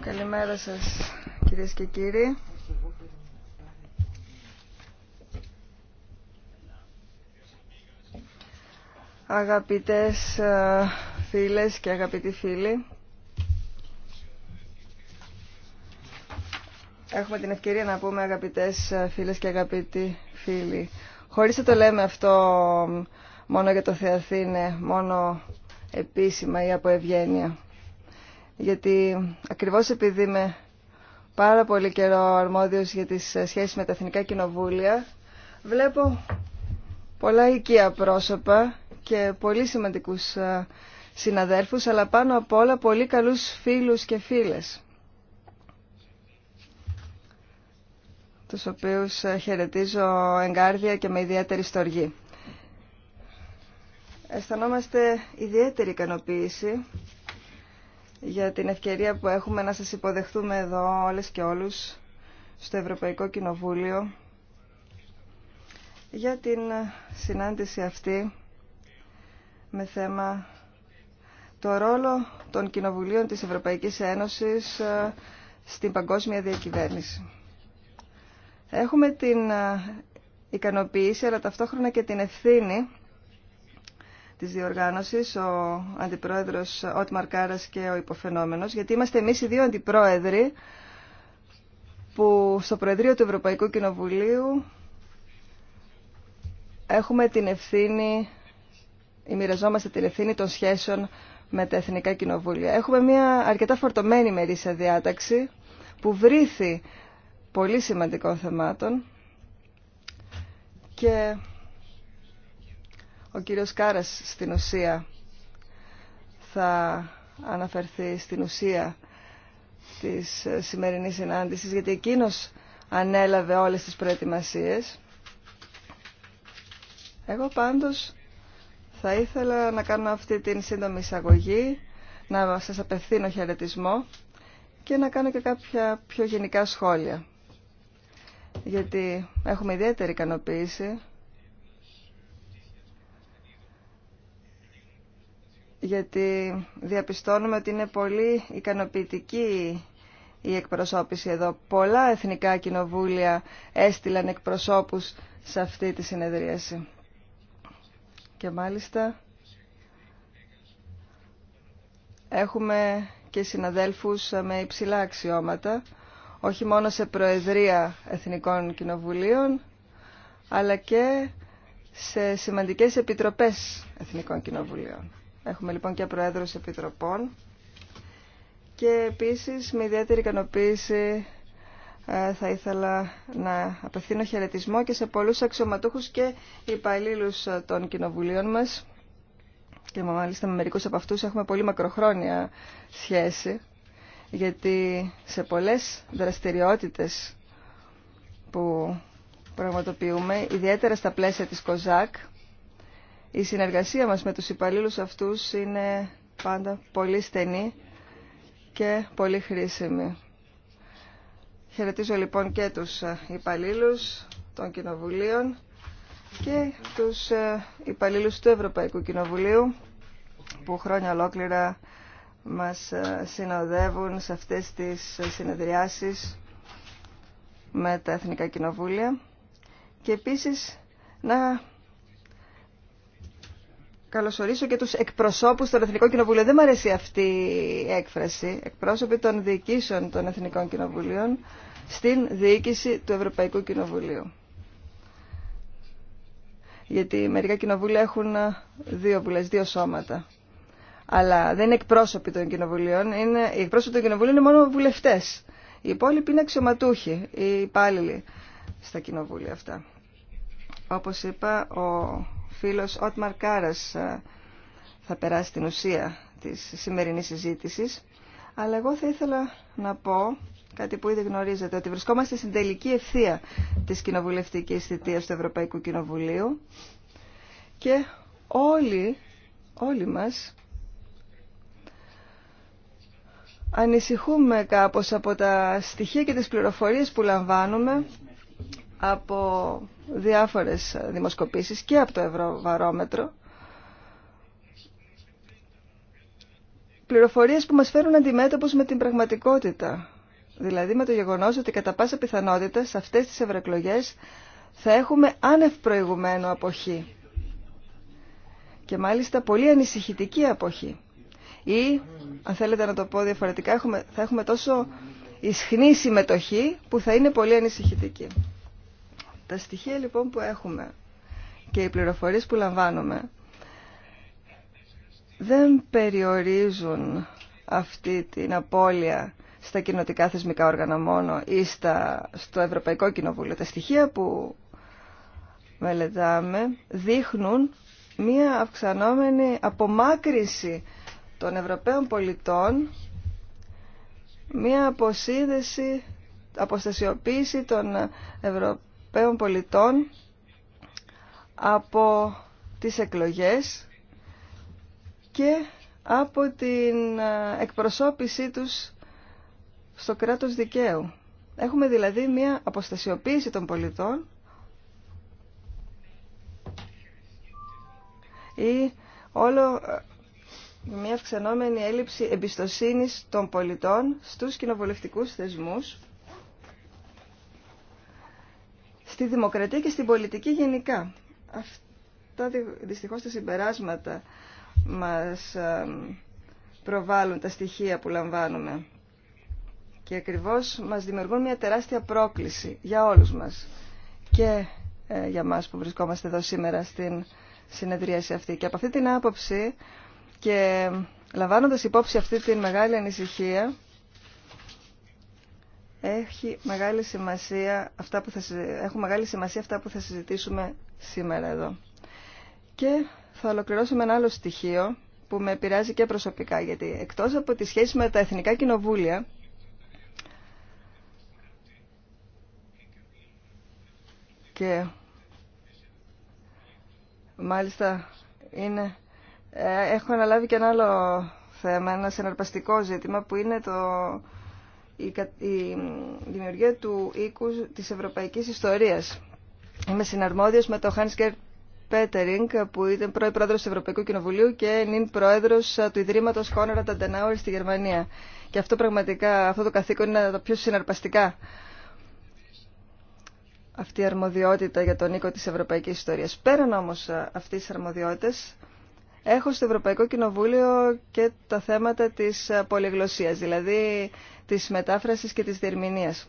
Καλημέρα σας κυρίες και κύριοι. Αγαπητές ε, φίλες και αγαπητοί φίλοι, έχουμε την ευκαιρία να πούμε αγαπητές ε, φίλες και αγαπητοί φίλοι. Χωρίς να το λέμε αυτό μόνο για το Θεαθήνε, μόνο επίσημα ή από ευγένεια γιατί ακριβώς επειδή είμαι πάρα πολύ καιρό αρμόδιος για τις σχέσεις με τα εθνικά κοινοβούλια, βλέπω πολλά οικία πρόσωπα και πολύ σημαντικούς ε, συναδέρφους, αλλά πάνω απ' όλα πολύ καλούς φίλους και φίλες. τους οποίους ε, χαιρετίζω εγκάρδια και με ιδιαίτερη στοργή. Αισθανόμαστε ιδιαίτερη ικανοποίηση για την ευκαιρία που έχουμε να σας υποδεχτούμε εδώ όλες και όλους στο Ευρωπαϊκό Κοινοβούλιο για την συνάντηση αυτή με θέμα το ρόλο των Κοινοβουλίων της Ευρωπαϊκής Ένωσης ε, στην παγκόσμια διακυβέρνηση. Έχουμε την ε, ικανοποίηση αλλά ταυτόχρονα και την ευθύνη Τη διοργάνωση, ο αντιπρόεδρος Ότμαρ και ο υποφαινόμενο. γιατί είμαστε εμεί οι δύο αντιπρόεδροι που στο Προεδρείο του Ευρωπαϊκού Κοινοβουλίου έχουμε την ευθύνη ή μοιραζόμαστε την ευθύνη των σχέσεων με τα Εθνικά Κοινοβούλια. Έχουμε μια αρκετά φορτωμένη μερίσια διάταξη που βρήθη πολύ σημαντικών θεμάτων και ο κύριος Κάρας στην ουσία θα αναφερθεί στην ουσία της σημερινής συνάντησης, γιατί εκείνος ανέλαβε όλες τις προετοιμασίες. Εγώ πάντως θα ήθελα να κάνω αυτή την σύντομη εισαγωγή, να σας απευθύνω χαιρετισμό και να κάνω και κάποια πιο γενικά σχόλια. Γιατί έχουμε ιδιαίτερη ικανοποίηση γιατί διαπιστώνουμε ότι είναι πολύ ικανοποιητική η εκπροσώπηση εδώ. Πολλά εθνικά κοινοβούλια έστειλαν εκπροσώπους σε αυτή τη συνεδρίαση. Και μάλιστα έχουμε και συναδέλφους με υψηλά αξιώματα, όχι μόνο σε Προεδρία Εθνικών Κοινοβουλίων, αλλά και σε σημαντικές επιτροπές Εθνικών Κοινοβουλίων. Έχουμε λοιπόν και Προέδρους Επιτροπών. Και επίσης με ιδιαίτερη ικανοποίηση ε, θα ήθελα να απευθύνω χαιρετισμό και σε πολλούς αξιωματούχους και υπαλλήλους ε, των κοινοβουλίων μας και μάλιστα με μερικούς από αυτούς έχουμε πολύ μακροχρόνια σχέση γιατί σε πολλές δραστηριότητες που πραγματοποιούμε ιδιαίτερα στα πλαίσια της ΚΟΖΑΚ η συνεργασία μας με τους υπαλλήλους αυτούς είναι πάντα πολύ στενή και πολύ χρήσιμη. Χαιρετίζω λοιπόν και τους ε, υπαλλήλους των κοινοβουλίων και τους ε, υπαλλήλους του Ευρωπαϊκού Κοινοβουλίου που χρόνια ολόκληρα μας ε, συνοδεύουν σε αυτές τις συνεδριάσεις με τα Εθνικά Κοινοβούλια και επίσης να καλωσορίσω και τους εκπροσώπους των Εθνικών Κοινοβουλίων. Δεν μου αρέσει αυτή η έκφραση. Εκπρόσωποι των διοικήσεων των Εθνικών Κοινοβουλίων στην διοίκηση του Ευρωπαϊκού Κοινοβουλίου. Γιατί μερικά κοινοβούλια έχουν δύο βουλές, δύο σώματα. Αλλά δεν είναι εκπρόσωποι των κοινοβουλίων. Είναι, οι εκπρόσωποι των κοινοβουλίων είναι μόνο βουλευτές. Οι υπόλοιποι είναι αξιωματούχοι, οι υπάλληλοι στα κοινοβούλια αυτά. Όπω είπα, ο φίλος Ότμαρ Κάρας ε, θα περάσει την ουσία της σημερινής συζήτησης. Αλλά εγώ θα ήθελα να πω κάτι που ήδη γνωρίζετε, ότι βρισκόμαστε στην τελική ευθεία της κοινοβουλευτικής θητείας του Ευρωπαϊκού Κοινοβουλίου και όλοι, όλοι μας ανησυχούμε κάπως από τα στοιχεία και τις πληροφορίες που λαμβάνουμε από διάφορες δημοσκοπήσεις και από το Ευρωβαρόμετρο πληροφορίες που μας φέρουν αντιμέτωπους με την πραγματικότητα. Δηλαδή με το γεγονός ότι κατά πάσα πιθανότητα σε αυτές τις ευρωεκλογέ θα έχουμε άνευ προηγουμένου αποχή. Και μάλιστα πολύ ανησυχητική αποχή. Ή, αν θέλετε να το πω διαφορετικά, θα έχουμε τόσο ισχνή συμμετοχή που θα είναι πολύ ανησυχητική. Τα στοιχεία λοιπόν που έχουμε και οι πληροφορίες που λαμβάνουμε δεν περιορίζουν αυτή την απώλεια στα κοινοτικά θεσμικά όργανα μόνο ή στο Ευρωπαϊκό Κοινοβούλιο. Τα στοιχεία που μελετάμε δείχνουν μία αυξανόμενη απομάκρυνση των Ευρωπαίων πολιτών, μία αποσύνδεση, αποστασιοποίηση των Ευρωπαίων Ευρωπαίων πολιτών από τις εκλογές και από την ε, εκπροσώπησή τους στο κράτος δικαίου. Έχουμε δηλαδή μια αποστασιοποίηση των πολιτών ή όλο ε, μια αυξανόμενη έλλειψη εμπιστοσύνης των πολιτών στους κοινοβουλευτικούς θεσμούς στη δημοκρατία και στην πολιτική γενικά. Αυτά δυστυχώς τα συμπεράσματα μας προβάλλουν τα στοιχεία που λαμβάνουμε και ακριβώς μας δημιουργούν μια τεράστια πρόκληση για όλους μας και ε, για μας που βρισκόμαστε εδώ σήμερα στην συνεδρίαση αυτή. Και από αυτή την άποψη και λαμβάνοντας υπόψη αυτή την μεγάλη ανησυχία έχει μεγάλη σημασία αυτά που θα, έχουν μεγάλη σημασία αυτά που θα συζητήσουμε σήμερα εδώ. Και θα ολοκληρώσω με ένα άλλο στοιχείο που με επηρεάζει και προσωπικά, γιατί εκτός από τη σχέση με τα εθνικά κοινοβούλια, και μάλιστα είναι, ε, έχω αναλάβει και ένα άλλο θέμα, ένα συναρπαστικό ζήτημα που είναι το η δημιουργία του οίκου της ευρωπαϊκής ιστορίας. Είμαι συναρμόδιος με το Hans Gerd Πέτερινγκ, που ήταν πρώην πρόεδρος του Ευρωπαϊκού Κοινοβουλίου και νυν πρόεδρος του Ιδρύματος Κόνερα Ταντενάουερ στη Γερμανία. Και αυτό πραγματικά, αυτό το καθήκον είναι το πιο συναρπαστικά. Αυτή η αρμοδιότητα για τον οίκο της ευρωπαϊκής ιστορίας. Πέραν όμως αυτής της αρμοδιότητας, έχω στο Ευρωπαϊκό Κοινοβούλιο και τα θέματα της πολυγλωσσίας, δηλαδή της μετάφρασης και της διερμηνίας.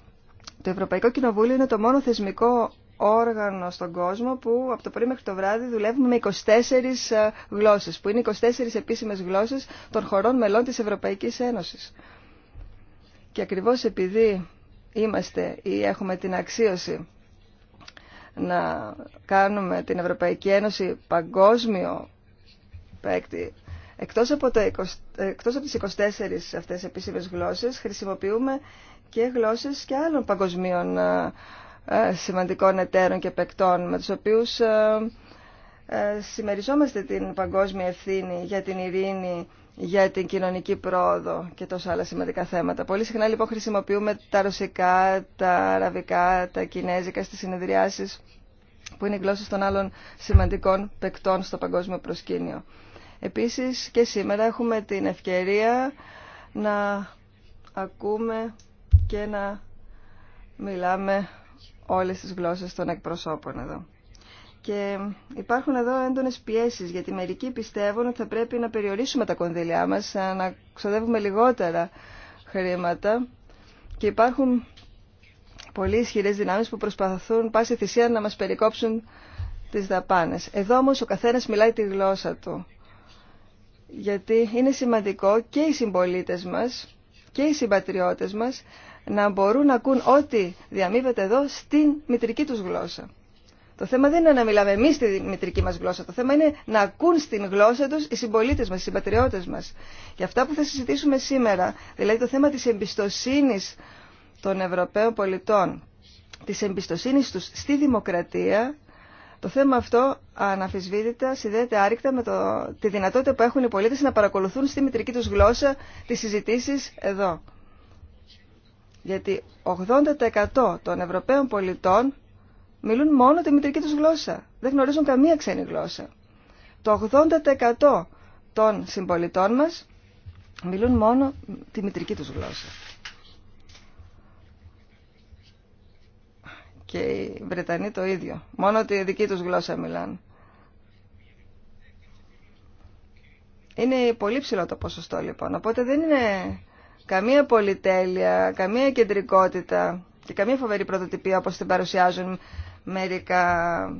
Το Ευρωπαϊκό Κοινοβούλιο είναι το μόνο θεσμικό όργανο στον κόσμο που από το πρωί μέχρι το βράδυ δουλεύουμε με 24 ε, γλώσσες, που είναι 24 επίσημες γλώσσες των χωρών μελών της Ευρωπαϊκής Ένωσης. Και ακριβώς επειδή είμαστε ή έχουμε την αξίωση να κάνουμε την Ευρωπαϊκή Ένωση παγκόσμιο παίκτη. Εκτός από, τα εκτός από τις 24 αυτές επίσημες γλώσσες, χρησιμοποιούμε και γλώσσες και άλλων παγκοσμίων ε, ε, σημαντικών εταίρων και παικτών, με τους οποίους ε, συμμεριζόμαστε την παγκόσμια ευθύνη για την ειρήνη, για την κοινωνική πρόοδο και τόσα άλλα σημαντικά θέματα. Πολύ συχνά λοιπόν χρησιμοποιούμε τα ρωσικά, τα αραβικά, τα κινέζικα στις συνεδριάσεις που είναι γλώσσες των άλλων σημαντικών παικτών στο παγκόσμιο προσκήνιο. Επίσης και σήμερα έχουμε την ευκαιρία να ακούμε και να μιλάμε όλες τις γλώσσες των εκπροσώπων εδώ. Και υπάρχουν εδώ έντονες πιέσεις, γιατί μερικοί πιστεύουν ότι θα πρέπει να περιορίσουμε τα κονδύλια μας, να ξοδεύουμε λιγότερα χρήματα και υπάρχουν πολύ ισχυρέ δυνάμεις που προσπαθούν πάση θυσία να μας περικόψουν τις δαπάνες. Εδώ όμως ο καθένας μιλάει τη γλώσσα του γιατί είναι σημαντικό και οι συμπολίτες μας και οι συμπατριώτες μας να μπορούν να ακούν ό,τι διαμείβεται εδώ στην μητρική τους γλώσσα. Το θέμα δεν είναι να μιλάμε εμεί τη μητρική μα γλώσσα. Το θέμα είναι να ακούν στην γλώσσα του οι συμπολίτε μα, οι συμπατριώτε μα. Και αυτά που θα συζητήσουμε σήμερα, δηλαδή το θέμα τη εμπιστοσύνη των Ευρωπαίων πολιτών, τη εμπιστοσύνη του στη δημοκρατία, το θέμα αυτό αναφυσβήτητα συνδέεται άρρηκτα με το, τη δυνατότητα που έχουν οι πολίτες να παρακολουθούν στη μητρική τους γλώσσα τις συζητήσεις εδώ. Γιατί 80% των Ευρωπαίων πολιτών μιλούν μόνο τη μητρική τους γλώσσα. Δεν γνωρίζουν καμία ξένη γλώσσα. Το 80% των συμπολιτών μας μιλούν μόνο τη μητρική τους γλώσσα. και οι Βρετανοί το ίδιο. Μόνο ότι η δική τους γλώσσα μιλάνε. Είναι πολύ ψηλό το ποσοστό λοιπόν, οπότε δεν είναι καμία πολυτέλεια, καμία κεντρικότητα και καμία φοβερή πρωτοτυπία όπως την παρουσιάζουν μερικά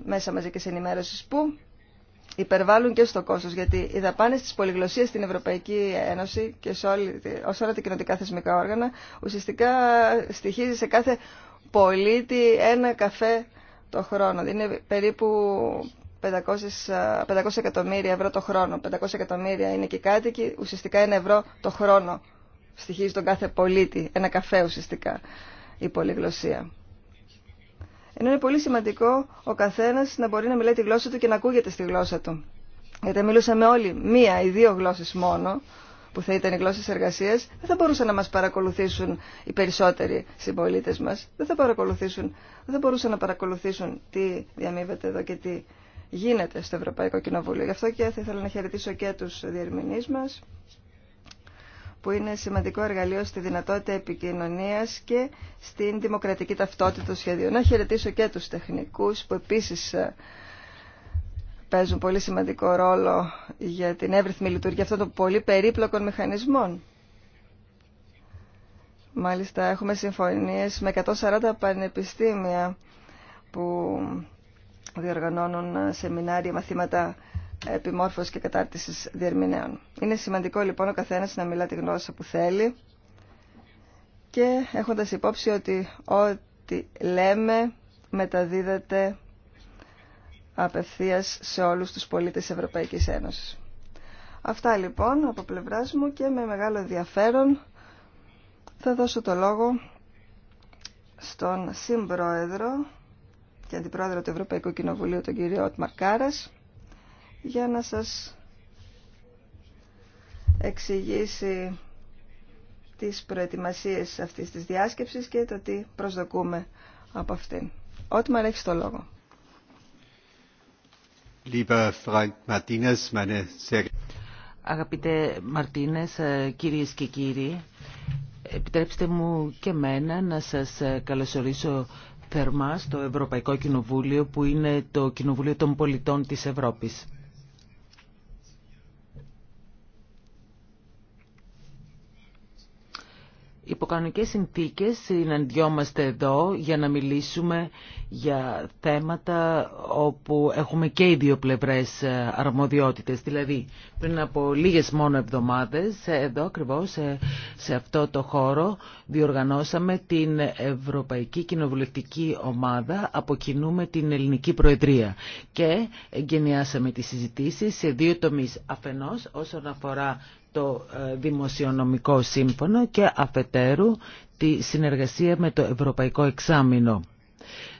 μέσα μαζικής ενημέρωσης που υπερβάλλουν και στο κόστος, γιατί οι δαπάνες της πολυγλωσσίας στην Ευρωπαϊκή Ένωση και σε όλα τα κοινοτικά θεσμικά όργανα ουσιαστικά στοιχίζει σε κάθε πολίτη ένα καφέ το χρόνο. Είναι περίπου 500, 500 εκατομμύρια ευρώ το χρόνο. 500 εκατομμύρια είναι και κάτι και ουσιαστικά ένα ευρώ το χρόνο στοιχίζει τον κάθε πολίτη. Ένα καφέ ουσιαστικά η πολυγλωσία. Ενώ είναι πολύ σημαντικό ο καθένας να μπορεί να μιλάει τη γλώσσα του και να ακούγεται στη γλώσσα του. Γιατί μιλούσαμε όλοι μία ή δύο γλώσσε μόνο που θα ήταν οι γλώσσε εργασία, δεν θα μπορούσαν να μα παρακολουθήσουν οι περισσότεροι συμπολίτε μα. Δεν θα δεν θα μπορούσαν να παρακολουθήσουν τι διαμείβεται εδώ και τι γίνεται στο Ευρωπαϊκό Κοινοβούλιο. Γι' αυτό και θα ήθελα να χαιρετήσω και του διερμηνείς μα, που είναι σημαντικό εργαλείο στη δυνατότητα επικοινωνίας και στην δημοκρατική ταυτότητα του σχεδίου. Να χαιρετήσω και τους τεχνικούς που επίσης ε, παίζουν πολύ σημαντικό ρόλο για την εύρυθμη λειτουργία αυτών των πολύ περίπλοκων μηχανισμών. Μάλιστα έχουμε συμφωνίες με 140 πανεπιστήμια που διοργανώνουν σεμινάρια, μαθήματα επιμόρφωσης και κατάρτισης διερμηνέων. Είναι σημαντικό λοιπόν ο καθένας να μιλά τη γνώση που θέλει και έχοντας υπόψη ότι ό,τι λέμε μεταδίδεται απευθείας σε όλους τους πολίτες της Ευρωπαϊκής Ένωσης. Αυτά λοιπόν από πλευράς μου και με μεγάλο ενδιαφέρον θα δώσω το λόγο στον Συμπρόεδρο και Αντιπρόεδρο του Ευρωπαϊκού Κοινοβουλίου, τον κύριο Ότμαρ Κάρας, για να σας εξηγήσει τις προετοιμασίες αυτής της διάσκεψης και το τι προσδοκούμε από αυτήν. Ότμαρ, έχεις το λόγο. Αγαπητέ Μαρτίνες, ε, κυρίες και κύριοι, επιτρέψτε μου και μένα να σας ε, καλωσορίσω θερμά στο Ευρωπαϊκό Κοινοβούλιο που είναι το Κοινοβούλιο των Πολιτών της Ευρώπης. υποκανονικές συνθήκες συναντιόμαστε εδώ για να μιλήσουμε για θέματα όπου έχουμε και οι δύο πλευρές αρμοδιότητες. Δηλαδή πριν από λίγες μόνο εβδομάδες εδώ ακριβώς σε, αυτό το χώρο διοργανώσαμε την Ευρωπαϊκή Κοινοβουλευτική Ομάδα από την Ελληνική Προεδρία και εγκαινιάσαμε τις συζητήσεις σε δύο τομείς αφενός όσον αφορά το ε, Δημοσιονομικό Σύμφωνο και αφετέρου τη συνεργασία με το Ευρωπαϊκό Εξάμεινο.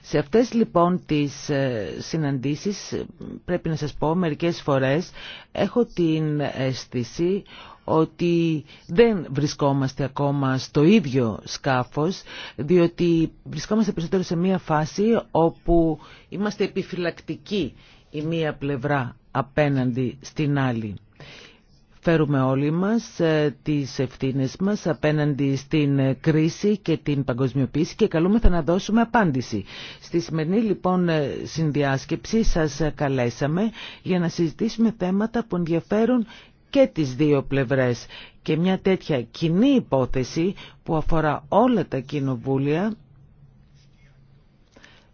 Σε αυτές λοιπόν τις ε, συναντήσεις, πρέπει να σας πω, μερικές φορές έχω την αίσθηση ότι δεν βρισκόμαστε ακόμα στο ίδιο σκάφος, διότι βρισκόμαστε περισσότερο σε μία φάση όπου είμαστε επιφυλακτικοί η μία πλευρά απέναντι στην άλλη φέρουμε όλοι μας ε, τις ευθύνες μας απέναντι στην κρίση και την παγκοσμιοποίηση και καλούμεθα να δώσουμε απάντηση. Στη σημερινή λοιπόν ε, συνδιάσκεψη σας καλέσαμε για να συζητήσουμε θέματα που ενδιαφέρουν και τις δύο πλευρές και μια τέτοια κοινή υπόθεση που αφορά όλα τα κοινοβούλια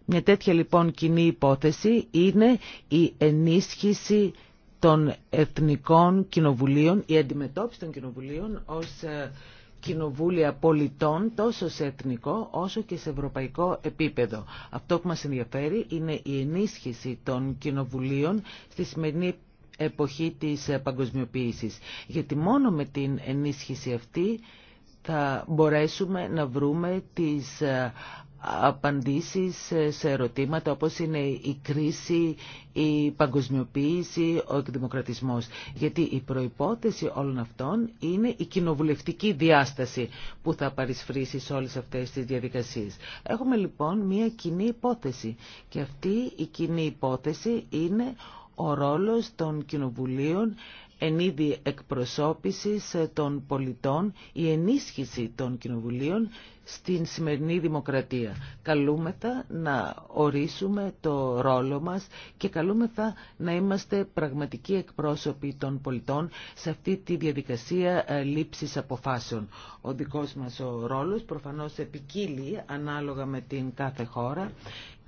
μια τέτοια λοιπόν κοινή υπόθεση είναι η ενίσχυση των εθνικών κοινοβουλίων, η αντιμετώπιση των κοινοβουλίων ως ε, κοινοβούλια πολιτών τόσο σε εθνικό όσο και σε ευρωπαϊκό επίπεδο. Αυτό που μας ενδιαφέρει είναι η ενίσχυση των κοινοβουλίων στη σημερινή εποχή της ε, παγκοσμιοποίησης. Γιατί μόνο με την ενίσχυση αυτή θα μπορέσουμε να βρούμε τις ε, απαντήσεις σε ερωτήματα όπως είναι η κρίση, η παγκοσμιοποίηση, ο εκδημοκρατισμός. Γιατί η προϋπόθεση όλων αυτών είναι η κοινοβουλευτική διάσταση που θα παρισφρήσει σε όλες αυτές τις διαδικασίες. Έχουμε λοιπόν μια κοινή υπόθεση και αυτή η κοινή υπόθεση είναι ο ρόλος των κοινοβουλίων ενίδη εκπροσώπησης ε, των πολιτών, η ενίσχυση των κοινοβουλίων στην σημερινή δημοκρατία. Καλούμεθα να ορίσουμε το ρόλο μας και καλούμεθα να είμαστε πραγματικοί εκπρόσωποι των πολιτών σε αυτή τη διαδικασία ε, λήψης αποφάσεων. Ο δικός μας ο ρόλος προφανώς επικύλει ανάλογα με την κάθε χώρα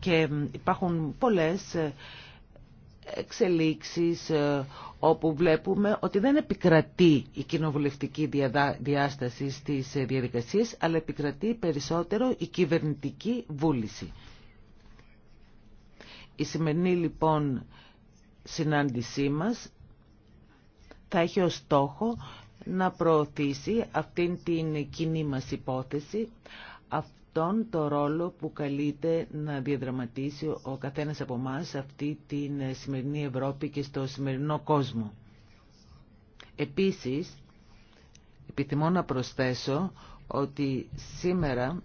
και υπάρχουν πολλές ε, εξελίξεις ε, όπου βλέπουμε ότι δεν επικρατεί η κοινοβουλευτική διάσταση στις ε, διαδικασίες αλλά επικρατεί περισσότερο η κυβερνητική βούληση. Η σημερινή λοιπόν συνάντησή μας θα έχει ως στόχο να προωθήσει αυτήν την κοινή μας υπόθεση, αυτόν το ρόλο που καλείται να διαδραματίσει ο καθένας από εμά σε αυτή την ε, σημερινή Ευρώπη και στο σημερινό κόσμο. Επίσης, επιθυμώ να προσθέσω ότι σήμερα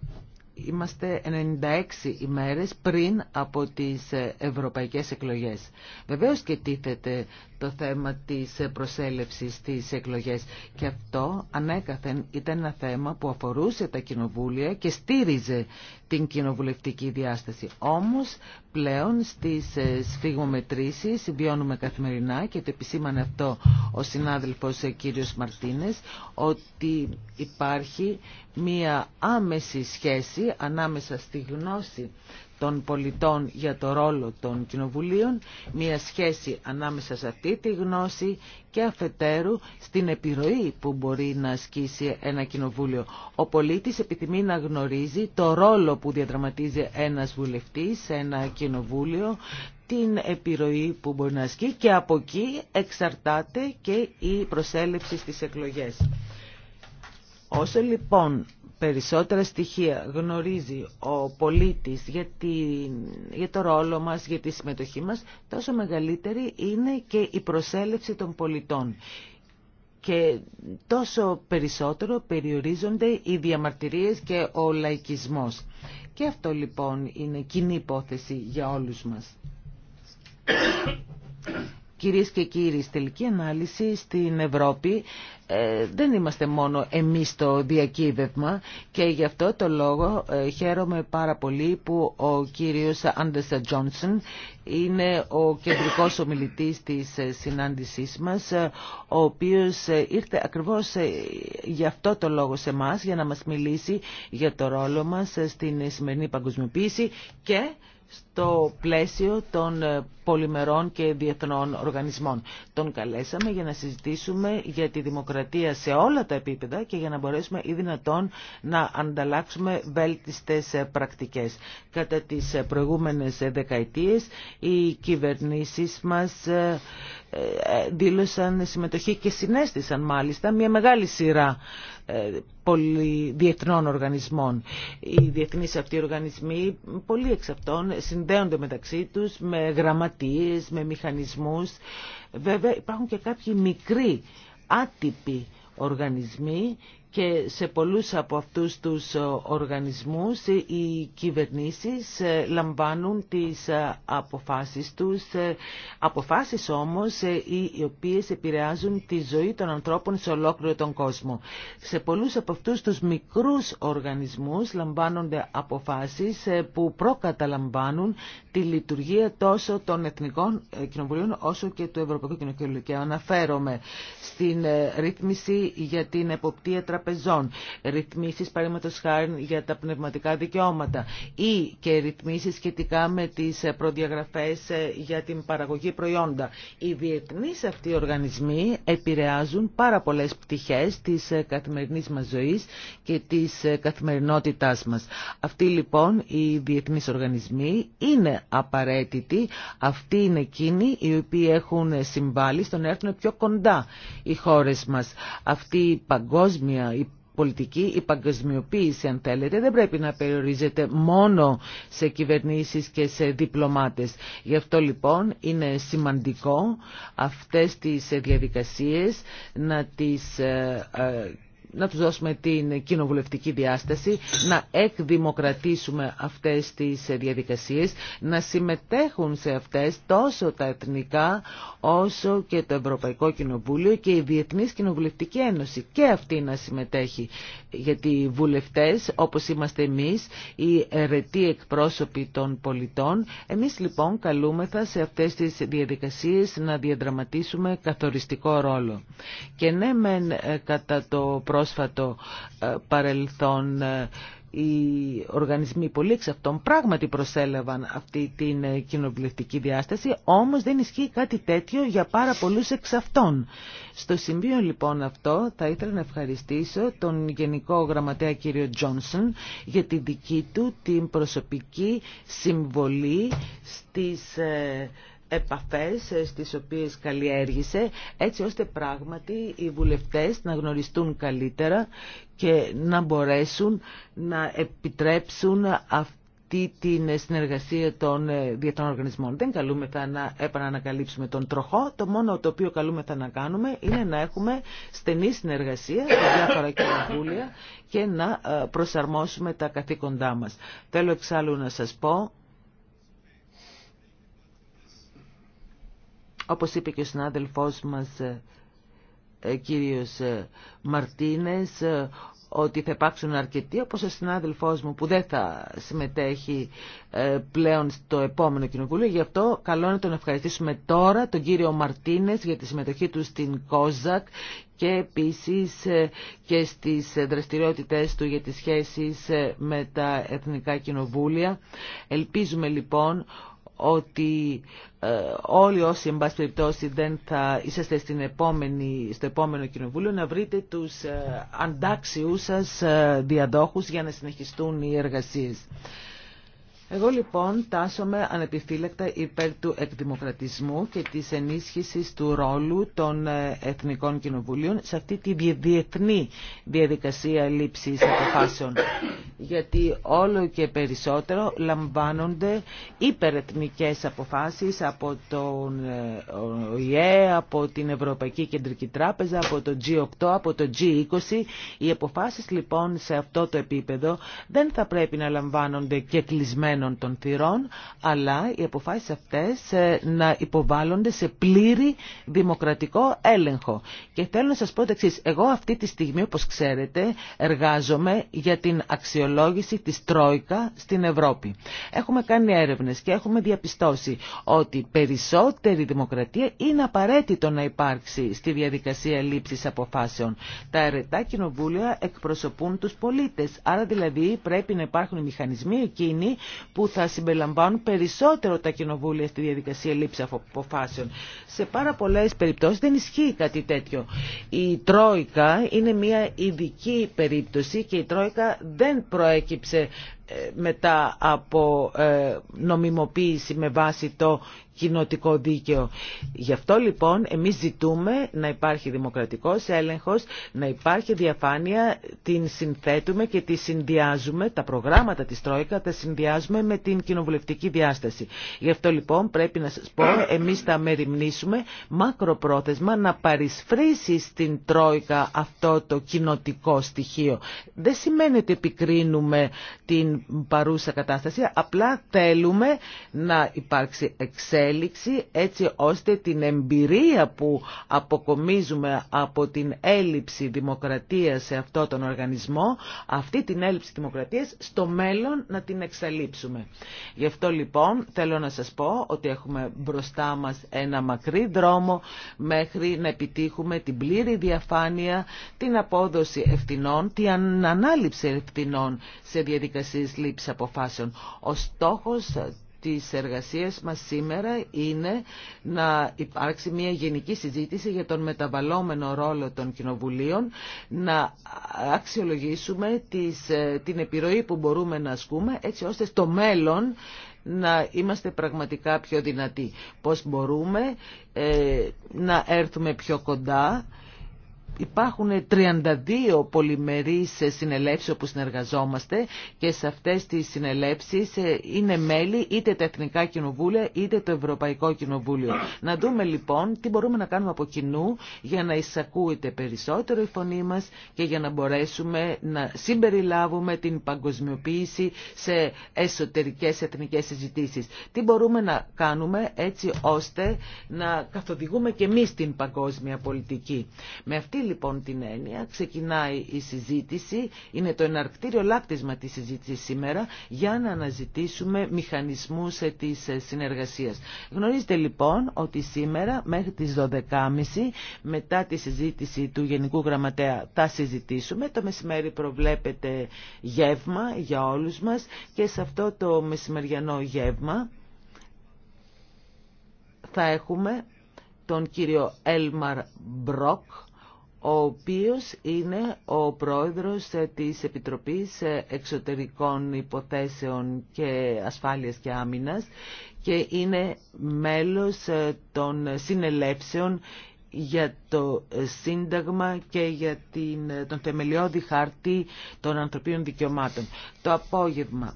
είμαστε 96 ημέρες πριν από τις ε, ευρωπαϊκές εκλογές. Βεβαίως και τίθεται το θέμα της προσέλευσης στις εκλογές. Και αυτό ανέκαθεν ήταν ένα θέμα που αφορούσε τα κοινοβούλια και στήριζε την κοινοβουλευτική διάσταση. Όμως πλέον στις ε, σφιγμομετρήσεις βιώνουμε καθημερινά και το επισήμανε αυτό ο συνάδελφος ε, κύριος Μαρτίνες ότι υπάρχει μία άμεση σχέση ανάμεσα στη γνώση των πολιτών για το ρόλο των κοινοβουλίων, μια σχέση ανάμεσα σε αυτή τη γνώση και αφετέρου στην επιρροή που μπορεί να ασκήσει ένα κοινοβούλιο. Ο πολίτης επιθυμεί να γνωρίζει το ρόλο που διαδραματίζει ένας βουλευτής σε ένα κοινοβούλιο, την επιρροή που μπορεί να ασκεί και από εκεί εξαρτάται και η προσέλευση στις εκλογές. Όσο λοιπόν περισσότερα στοιχεία γνωρίζει ο πολίτης για, το ρόλο μας, για τη συμμετοχή μας, τόσο μεγαλύτερη είναι και η προσέλευση των πολιτών. Και τόσο περισσότερο περιορίζονται οι διαμαρτυρίες και ο λαϊκισμός. Και αυτό λοιπόν είναι κοινή υπόθεση για όλους μας. Κυρίες και κύριοι, στη τελική ανάλυση στην Ευρώπη ε, δεν είμαστε μόνο εμείς το διακύβευμα και γι' αυτό το λόγο ε, χαίρομαι πάρα πολύ που ο κύριος Άντερσα Τζόνσον είναι ο κεντρικός ομιλητής της ε, συνάντησής μας ο οποίος ήρθε ακριβώς γι' αυτό το λόγο σε μας για να μας μιλήσει για το ρόλο μας στην σημερινή παγκοσμιοποίηση και στο πλαίσιο των ε, πολυμερών και διεθνών οργανισμών. Τον καλέσαμε για να συζητήσουμε για τη δημοκρατία σε όλα τα επίπεδα και για να μπορέσουμε ή δυνατόν να ανταλλάξουμε βέλτιστες ε, πρακτικές. Κατά τις ε, προηγούμενες δεκαετίες οι κυβερνήσεις μας δήλωσαν συμμετοχή και συνέστησαν μάλιστα μια μεγάλη σειρά ε, πολυδιεθνών οργανισμών. Οι διεθνείς αυτοί οργανισμοί, πολλοί εξ αυτών, συνδέονται μεταξύ τους με γραμματείες, με μηχανισμούς. Βέβαια υπάρχουν και κάποιοι μικροί άτυποι οργανισμοί και σε πολλούς από αυτούς τους ε, οργανισμούς ε, οι κυβερνήσεις ε, λαμβάνουν τις αποφάσεις τους, αποφάσεις όμως οι οποίες επηρεάζουν τη ζωή των ανθρώπων σε ολόκληρο τον κόσμο. Σε πολλούς από αυτούς τους μικρούς οργανισμούς λαμβάνονται αποφάσεις που προκαταλαμβάνουν τη λειτουργία τόσο των Εθνικών Κοινοβουλίων όσο και του Ευρωπαϊκού Κοινοβουλίου. Και αναφέρομαι στην ρύθμιση για την εποπτεία τραπεζών, ρυθμίσεις παρήματος χάρη για τα πνευματικά δικαιώματα ή και ρυθμίσεις σχετικά με τις προδιαγραφές ε, για την παραγωγή προϊόντα. Οι διεθνείς αυτοί οι οργανισμοί επηρεάζουν πάρα πολλές πτυχές της ε, καθημερινής μας ζωής και της ε, καθημερινότητάς μας. Αυτοί λοιπόν οι διεθνείς οργανισμοί είναι απαραίτητοι, αυτοί είναι εκείνοι οι οποίοι έχουν συμβάλει στο να έρθουν πιο κοντά οι χώρες μας. Αυτή η παγκόσμια η πολιτική, η παγκοσμιοποίηση αν θέλετε, δεν πρέπει να περιορίζεται μόνο σε κυβερνήσεις και σε διπλωμάτες. Γι' αυτό λοιπόν είναι σημαντικό αυτές τις διαδικασίες να τις ε, ε, να τους δώσουμε την κοινοβουλευτική διάσταση, να εκδημοκρατήσουμε αυτές τις διαδικασίες, να συμμετέχουν σε αυτές τόσο τα εθνικά όσο και το Ευρωπαϊκό Κοινοβούλιο και η Διεθνής Κοινοβουλευτική Ένωση και αυτή να συμμετέχει. Γιατί οι βουλευτές, όπως είμαστε εμείς, οι ερετοί εκπρόσωποι των πολιτών, εμείς λοιπόν καλούμεθα σε αυτές τις διαδικασίες να διαδραματίσουμε καθοριστικό ρόλο. Και ναι, ε, κατά το πρόσφατο ε, παρελθόν ε, οι οργανισμοί πολύ εξ αυτών πράγματι προσέλαβαν αυτή την ε, κοινοβουλευτική διάσταση, όμως δεν ισχύει κάτι τέτοιο για πάρα πολλούς εξ αυτών. Στο σημείο λοιπόν αυτό θα ήθελα να ευχαριστήσω τον Γενικό Γραμματέα κύριο Τζόνσον για τη δική του την προσωπική συμβολή στις επαφές ε, στις οποίες καλλιέργησε έτσι ώστε πράγματι οι βουλευτές να γνωριστούν καλύτερα και να μπορέσουν να επιτρέψουν αυτή την συνεργασία των ε, διεθνών οργανισμών. Δεν καλούμεθα να επανανακαλύψουμε τον τροχό. Το μόνο το οποίο καλούμεθα να κάνουμε είναι να έχουμε στενή συνεργασία με διάφορα κοινοβούλια και να ε, προσαρμόσουμε τα καθήκοντά μας. Θέλω εξάλλου να σας πω Όπως είπε και ο συνάδελφός μας ε, ε, κύριος ε, Μαρτίνες ότι θα υπάρξουν αρκετοί, όπως ο συνάδελφός μου που δεν θα συμμετέχει πλέον στο επόμενο κοινοβούλιο. Γι' αυτό καλό να τον ευχαριστήσουμε τώρα, τον κύριο Μαρτίνες, για τη συμμετοχή του στην ΚΟΖΑΚ και επίσης και στις δραστηριότητες του για τις σχέσεις με τα Εθνικά Κοινοβούλια. Ελπίζουμε λοιπόν ότι ε, όλοι όσοι εν πάση περιπτώσει δεν θα είσαστε στην επόμενη, στο επόμενο κοινοβούλιο να βρείτε τους ε, αντάξιούς σας ε, διαδόχους για να συνεχιστούν οι εργασίες. Εγώ λοιπόν τάσομαι ανεπιφύλακτα υπέρ του εκδημοκρατισμού και της ενίσχυσης του ρόλου των ε, Εθνικών Κοινοβουλίων σε αυτή τη διεθνή διαδικασία λήψης αποφάσεων. Γιατί όλο και περισσότερο λαμβάνονται υπερεθνικές αποφάσεις από τον ε, ΙΕ, από την Ευρωπαϊκή Κεντρική Τράπεζα, από το G8, από το G20. Οι αποφάσεις λοιπόν σε αυτό το επίπεδο δεν θα πρέπει να λαμβάνονται και κλεισμένα των θυρών, αλλά οι αποφάσεις αυτές ε, να υποβάλλονται σε πλήρη δημοκρατικό έλεγχο. Και θέλω να σας πω το εξής. Εγώ αυτή τη στιγμή, όπως ξέρετε, εργάζομαι για την αξιολόγηση της Τρόικα στην Ευρώπη. Έχουμε κάνει έρευνες και έχουμε διαπιστώσει ότι περισσότερη δημοκρατία είναι απαραίτητο να υπάρξει στη διαδικασία λήψης αποφάσεων. Τα αιρετά κοινοβούλια εκπροσωπούν τους πολίτες, άρα δηλαδή πρέπει να υπάρχουν μηχανισμοί εκείνοι που θα συμπεριλαμβάνουν περισσότερο τα κοινοβούλια στη διαδικασία λήψη αποφάσεων. Σε πάρα πολλέ περιπτώσει δεν ισχύει κάτι τέτοιο. Η Τρόικα είναι μια ειδική περίπτωση και η Τρόικα δεν προέκυψε ε, μετά από ε, νομιμοποίηση με βάση το κοινοτικό δίκαιο. Γι' αυτό λοιπόν εμείς ζητούμε να υπάρχει δημοκρατικός έλεγχος, να υπάρχει διαφάνεια, την συνθέτουμε και τη συνδυάζουμε, τα προγράμματα της Τρόικα τα συνδυάζουμε με την κοινοβουλευτική διάσταση. Γι' αυτό λοιπόν πρέπει να σας πω, εμείς θα μεριμνήσουμε μακροπρόθεσμα να παρισφρήσει στην Τρόικα αυτό το κοινοτικό στοιχείο. Δεν σημαίνει ότι επικρίνουμε την παρούσα κατάσταση, απλά θέλουμε να υπάρξει εξέλιξη έτσι ώστε την εμπειρία που αποκομίζουμε από την έλλειψη δημοκρατίας σε αυτό τον οργανισμό, αυτή την έλλειψη δημοκρατίας στο μέλλον να την εξαλείψουμε. Γι' αυτό λοιπόν θέλω να σας πω ότι έχουμε μπροστά μας ένα μακρύ δρόμο μέχρι να επιτύχουμε την πλήρη διαφάνεια, την απόδοση ευθυνών, την ανάληψη ευθυνών σε διαδικασίε της αποφάσεων. Ο στόχος της εργασίας μας σήμερα είναι να υπάρξει μια γενική συζήτηση για τον μεταβαλλόμενο ρόλο των κοινοβουλίων, να αξιολογήσουμε ε, την επιρροή που μπορούμε να ασκούμε έτσι ώστε στο μέλλον να είμαστε πραγματικά πιο δυνατοί. Πώς μπορούμε ε, να έρθουμε πιο κοντά Υπάρχουν 32 πολυμερείς συνελεύσεις όπου συνεργαζόμαστε και σε αυτές τις συνελεύσεις ε, είναι μέλη είτε τα Εθνικά Κοινοβούλια είτε το Ευρωπαϊκό Κοινοβούλιο. Να δούμε λοιπόν τι μπορούμε να κάνουμε από κοινού για να εισακούεται περισσότερο η φωνή μας και για να μπορέσουμε να συμπεριλάβουμε την παγκοσμιοποίηση σε εσωτερικές εθνικές συζητήσεις. Τι μπορούμε να κάνουμε έτσι ώστε να καθοδηγούμε και εμείς την παγκόσμια πολιτική. Με αυτή λοιπόν την έννοια ξεκινάει η συζήτηση, είναι το εναρκτήριο λάκτισμα της συζήτησης σήμερα για να αναζητήσουμε μηχανισμούς ε, της ε, συνεργασίας. Γνωρίζετε λοιπόν ότι σήμερα μέχρι τις 12.30 μετά τη συζήτηση του Γενικού Γραμματέα θα συζητήσουμε. Το μεσημέρι προβλέπεται γεύμα για όλους μας και σε αυτό το μεσημεριανό γεύμα θα έχουμε τον κύριο Έλμαρ Μπροκ, ο οποίος είναι ο πρόεδρος ε, της Επιτροπής ε, Εξωτερικών Υποθέσεων και Ασφάλειας και Άμυνας και είναι μέλος ε, των συνελεύσεων για το Σύνταγμα και για την, τον θεμελιώδη χάρτη των ανθρωπίνων δικαιωμάτων. Το απόγευμα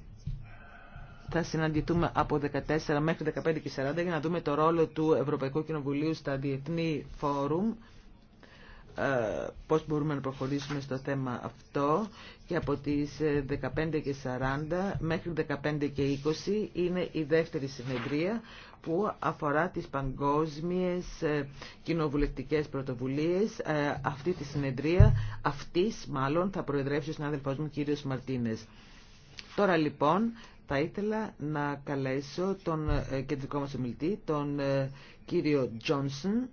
θα συναντηθούμε από 14 μέχρι 15 και 40 για να δούμε το ρόλο του Ευρωπαϊκού Κοινοβουλίου στα διεθνή φόρουμ. Ε, πώς μπορούμε να προχωρήσουμε στο θέμα αυτό και από τις 15 ε, και 40 μέχρι 15 και 20 είναι η δεύτερη συνεδρία που αφορά τις παγκόσμιες ε, κοινοβουλευτικές πρωτοβουλίες. Αυτή τη συνεδρία, αυτής μάλλον, θα προεδρεύσει ο συνάδελφός μου κύριος Μαρτίνες. Τώρα λοιπόν θα ήθελα να καλέσω τον κεντρικό μας ομιλητή, τον κύριο Τζόνσον,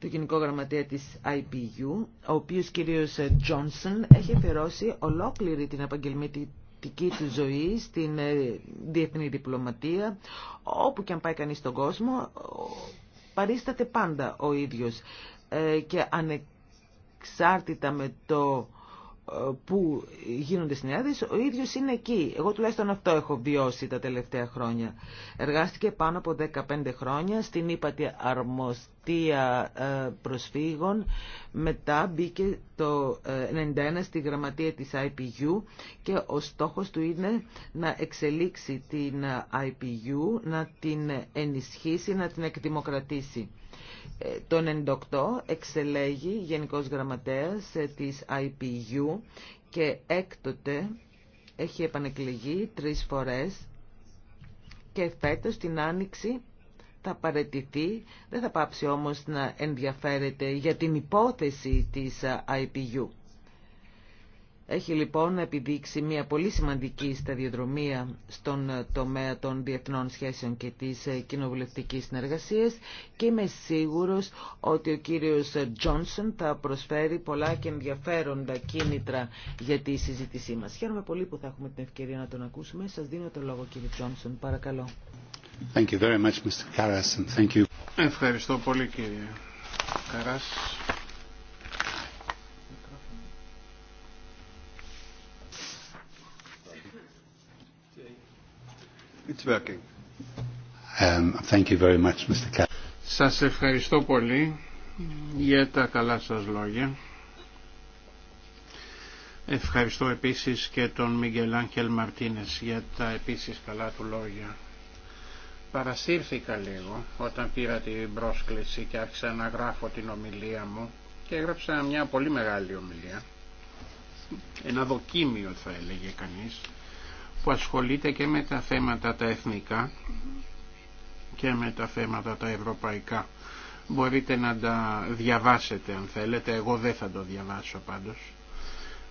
το Γενικό Γραμματέα της IPU, ο οποίος κυρίως Τζόνσον ε, έχει αφιερώσει ολόκληρη την επαγγελματική του ζωή στην ε, διεθνή διπλωματία, όπου και αν πάει κανείς στον κόσμο, παρίσταται πάντα ο ίδιος ε, και ανεξάρτητα με το που γίνονται συνέδρες, ο ίδιος είναι εκεί. Εγώ τουλάχιστον αυτό έχω βιώσει τα τελευταία χρόνια. Εργάστηκε πάνω από 15 χρόνια στην ύπατη αρμοστία ε, προσφύγων. Μετά μπήκε το 1991 ε, στη γραμματεία της IPU και ο στόχος του είναι να εξελίξει την ε, IPU, να την ενισχύσει, να την εκδημοκρατήσει. Το 1998 εξελέγει Γενικός Γραμματέας ε, της IPU και έκτοτε έχει επανεκλεγεί τρεις φορές και φέτος την Άνοιξη θα παρετηθεί, δεν θα πάψει όμως να ενδιαφέρεται για την υπόθεση της ε, IPU. Έχει λοιπόν επιδείξει μια πολύ σημαντική σταδιοδρομία στον τομέα των διεθνών σχέσεων και της ε, κοινοβουλευτικής συνεργασίας και είμαι σίγουρος ότι ο κύριος Τζόνσον θα προσφέρει πολλά και ενδιαφέροντα κίνητρα για τη συζήτησή μας. Χαίρομαι πολύ που θα έχουμε την ευκαιρία να τον ακούσουμε. Σας δίνω το λόγο κύριε Τζόνσον. Παρακαλώ. Ευχαριστώ πολύ κύριε Καράς Um, σας ευχαριστώ πολύ για τα καλά σας λόγια. Ευχαριστώ επίσης και τον Μιγγελ Άγχελ Μαρτίνες για τα επίσης καλά του λόγια. Παρασύρθηκα λίγο όταν πήρα την πρόσκληση και άρχισα να γράφω την ομιλία μου και έγραψα μια πολύ μεγάλη ομιλία. Ένα δοκίμιο θα έλεγε κανείς που ασχολείται και με τα θέματα τα εθνικά και με τα θέματα τα ευρωπαϊκά. Μπορείτε να τα διαβάσετε αν θέλετε, εγώ δεν θα το διαβάσω πάντως.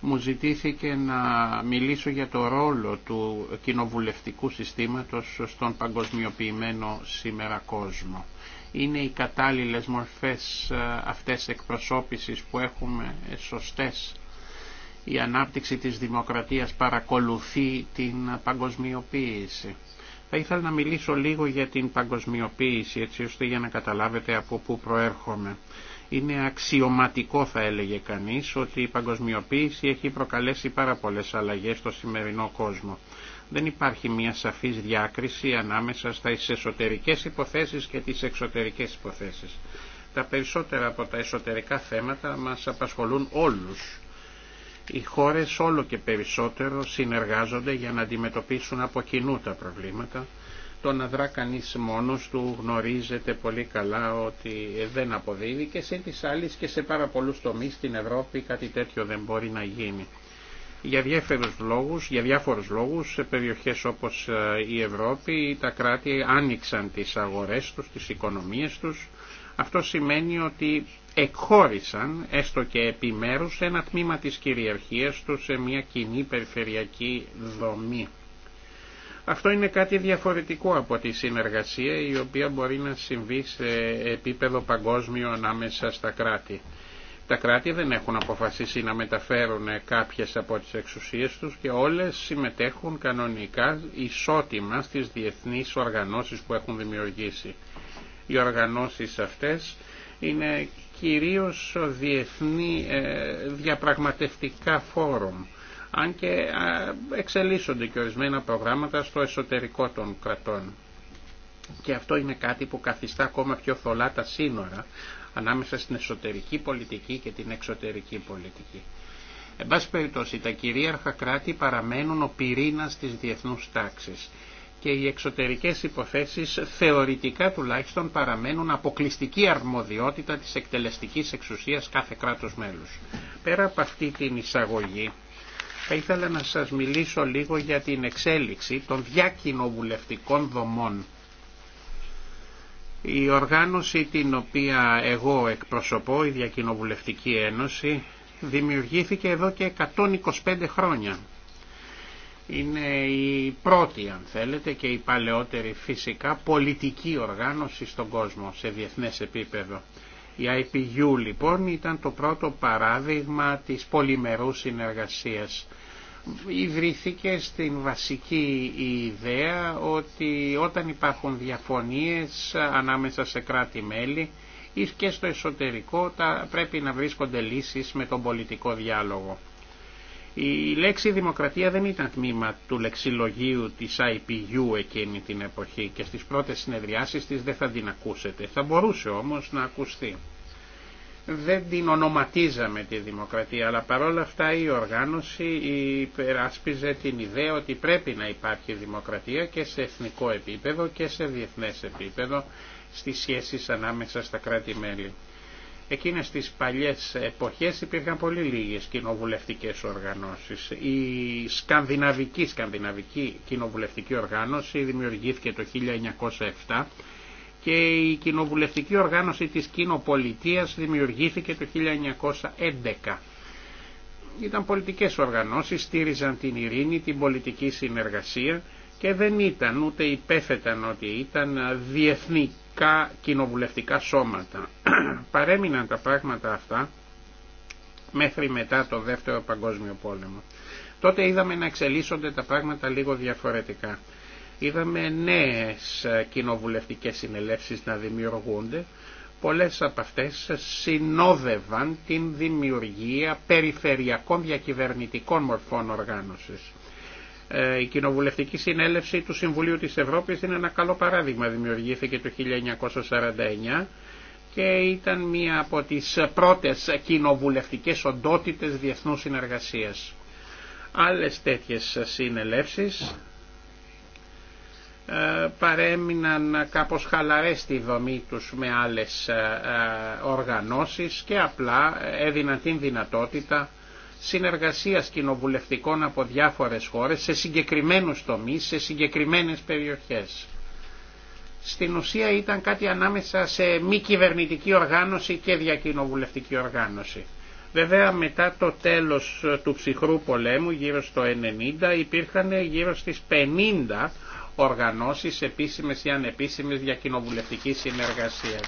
Μου ζητήθηκε να μιλήσω για το ρόλο του κοινοβουλευτικού συστήματος στον παγκοσμιοποιημένο σήμερα κόσμο. Είναι οι κατάλληλες μορφές ε, αυτές εκπροσώπησης που έχουμε ε, σωστές η ανάπτυξη της δημοκρατίας παρακολουθεί την παγκοσμιοποίηση. Θα ήθελα να μιλήσω λίγο για την παγκοσμιοποίηση, έτσι ώστε για να καταλάβετε από πού προέρχομαι. Είναι αξιωματικό θα έλεγε κανείς ότι η παγκοσμιοποίηση έχει προκαλέσει πάρα πολλές αλλαγές στο σημερινό κόσμο. Δεν υπάρχει μια σαφής διάκριση ανάμεσα στα εσωτερικές υποθέσεις και τις εξωτερικές υποθέσεις. Τα περισσότερα από τα εσωτερικά θέματα μας απασχολούν όλους οι χώρες όλο και περισσότερο συνεργάζονται για να αντιμετωπίσουν από κοινού τα προβλήματα. Το να δρά κανεί μόνος του γνωρίζεται πολύ καλά ότι δεν αποδίδει και σε τις άλλες και σε πάρα πολλούς τομείς στην Ευρώπη κάτι τέτοιο δεν μπορεί να γίνει. Για διάφορους λόγους, για διάφορους λόγους σε περιοχές όπως ε, η Ευρώπη τα κράτη άνοιξαν τις αγορές τους, τις οικονομίες τους αυτό σημαίνει ότι εκχώρησαν, έστω και επιμέρους, ένα τμήμα της κυριαρχίας τους σε μια κοινή περιφερειακή δομή. Αυτό είναι κάτι διαφορετικό από τη συνεργασία η οποία μπορεί να συμβεί σε επίπεδο παγκόσμιο ανάμεσα στα κράτη. Τα κράτη δεν έχουν αποφασίσει να μεταφέρουν κάποιες από τις εξουσίες τους και όλες συμμετέχουν κανονικά ισότιμα στις διεθνείς οργανώσεις που έχουν δημιουργήσει. Οι οργανώσεις αυτές είναι κυρίως διεθνή ε, διαπραγματευτικά φόρουμ αν και εξελίσσονται και ορισμένα προγράμματα στο εσωτερικό των κρατών. Και αυτό είναι κάτι που καθιστά ακόμα πιο θολά τα σύνορα ανάμεσα στην εσωτερική πολιτική και την εξωτερική πολιτική. Εν πάση περιπτώσει, τα κυρίαρχα κράτη παραμένουν ο πυρήνας της διεθνούς τάξης και οι εξωτερικές υποθέσεις θεωρητικά τουλάχιστον παραμένουν αποκλειστική αρμοδιότητα της εκτελεστικής εξουσίας κάθε κράτους μέλους. Πέρα από αυτή την εισαγωγή θα ήθελα να σας μιλήσω λίγο για την εξέλιξη των διακοινοβουλευτικών δομών. Η οργάνωση την οποία εγώ εκπροσωπώ, η Διακοινοβουλευτική Ένωση, δημιουργήθηκε εδώ και 125 χρόνια είναι η πρώτη αν θέλετε και η παλαιότερη φυσικά πολιτική οργάνωση στον κόσμο σε διεθνές επίπεδο. Η IPU λοιπόν ήταν το πρώτο παράδειγμα της πολυμερού συνεργασίας. Ιδρύθηκε στην βασική ιδέα ότι όταν υπάρχουν διαφωνίες ανάμεσα σε κράτη-μέλη ή και στο εσωτερικό τα πρέπει να βρίσκονται λύσεις με τον πολιτικό διάλογο. Η λέξη δημοκρατία δεν ήταν τμήμα του λεξιλογίου της IPU εκείνη την εποχή και στις πρώτες συνεδριάσεις της δεν θα την ακούσετε. Θα μπορούσε όμως να ακουστεί. Δεν την ονοματίζαμε τη δημοκρατία, αλλά παρόλα αυτά η οργάνωση υπεράσπιζε την ιδέα ότι πρέπει να υπάρχει δημοκρατία και σε εθνικό επίπεδο και σε διεθνές επίπεδο στις σχέσεις ανάμεσα στα κράτη-μέλη. Εκείνες τις παλιές εποχές υπήρχαν πολύ λίγες κοινοβουλευτικές οργανώσεις. Η σκανδιναβική, σκανδιναβική κοινοβουλευτική οργάνωση δημιουργήθηκε το 1907 και η κοινοβουλευτική οργάνωση της κοινοπολιτείας δημιουργήθηκε το 1911. Ήταν πολιτικές οργανώσεις, στήριζαν την ειρήνη, την πολιτική συνεργασία και δεν ήταν ούτε υπέθεταν ότι ήταν διεθνή τα κοινοβουλευτικά σώματα. Παρέμειναν τα πράγματα αυτά μέχρι μετά το Δεύτερο Παγκόσμιο Πόλεμο. Τότε είδαμε να εξελίσσονται τα πράγματα λίγο διαφορετικά. Είδαμε νέες κοινοβουλευτικές συνελεύσεις να δημιουργούνται. Πολλές από αυτές συνόδευαν την δημιουργία περιφερειακών διακυβερνητικών μορφών οργάνωσης. Ε, η Κοινοβουλευτική Συνέλευση του Συμβουλίου της Ευρώπης είναι ένα καλό παράδειγμα. Δημιουργήθηκε το 1949 και ήταν μία από τις πρώτες κοινοβουλευτικές οντότητες διεθνούς συνεργασίας. Άλλες τέτοιες συνελεύσεις ε, παρέμειναν κάπως χαλαρές στη δομή τους με άλλες ε, οργανώσεις και απλά έδιναν την δυνατότητα συνεργασίας κοινοβουλευτικών από διάφορες χώρες σε συγκεκριμένους τομείς, σε συγκεκριμένες περιοχές. Στην ουσία ήταν κάτι ανάμεσα σε μη κυβερνητική οργάνωση και διακοινοβουλευτική οργάνωση. Βέβαια μετά το τέλος του ψυχρού πολέμου γύρω στο 90 υπήρχαν γύρω στις 50 οργανώσεις επίσημες ή ανεπίσημες διακοινοβουλευτικής συνεργασίας.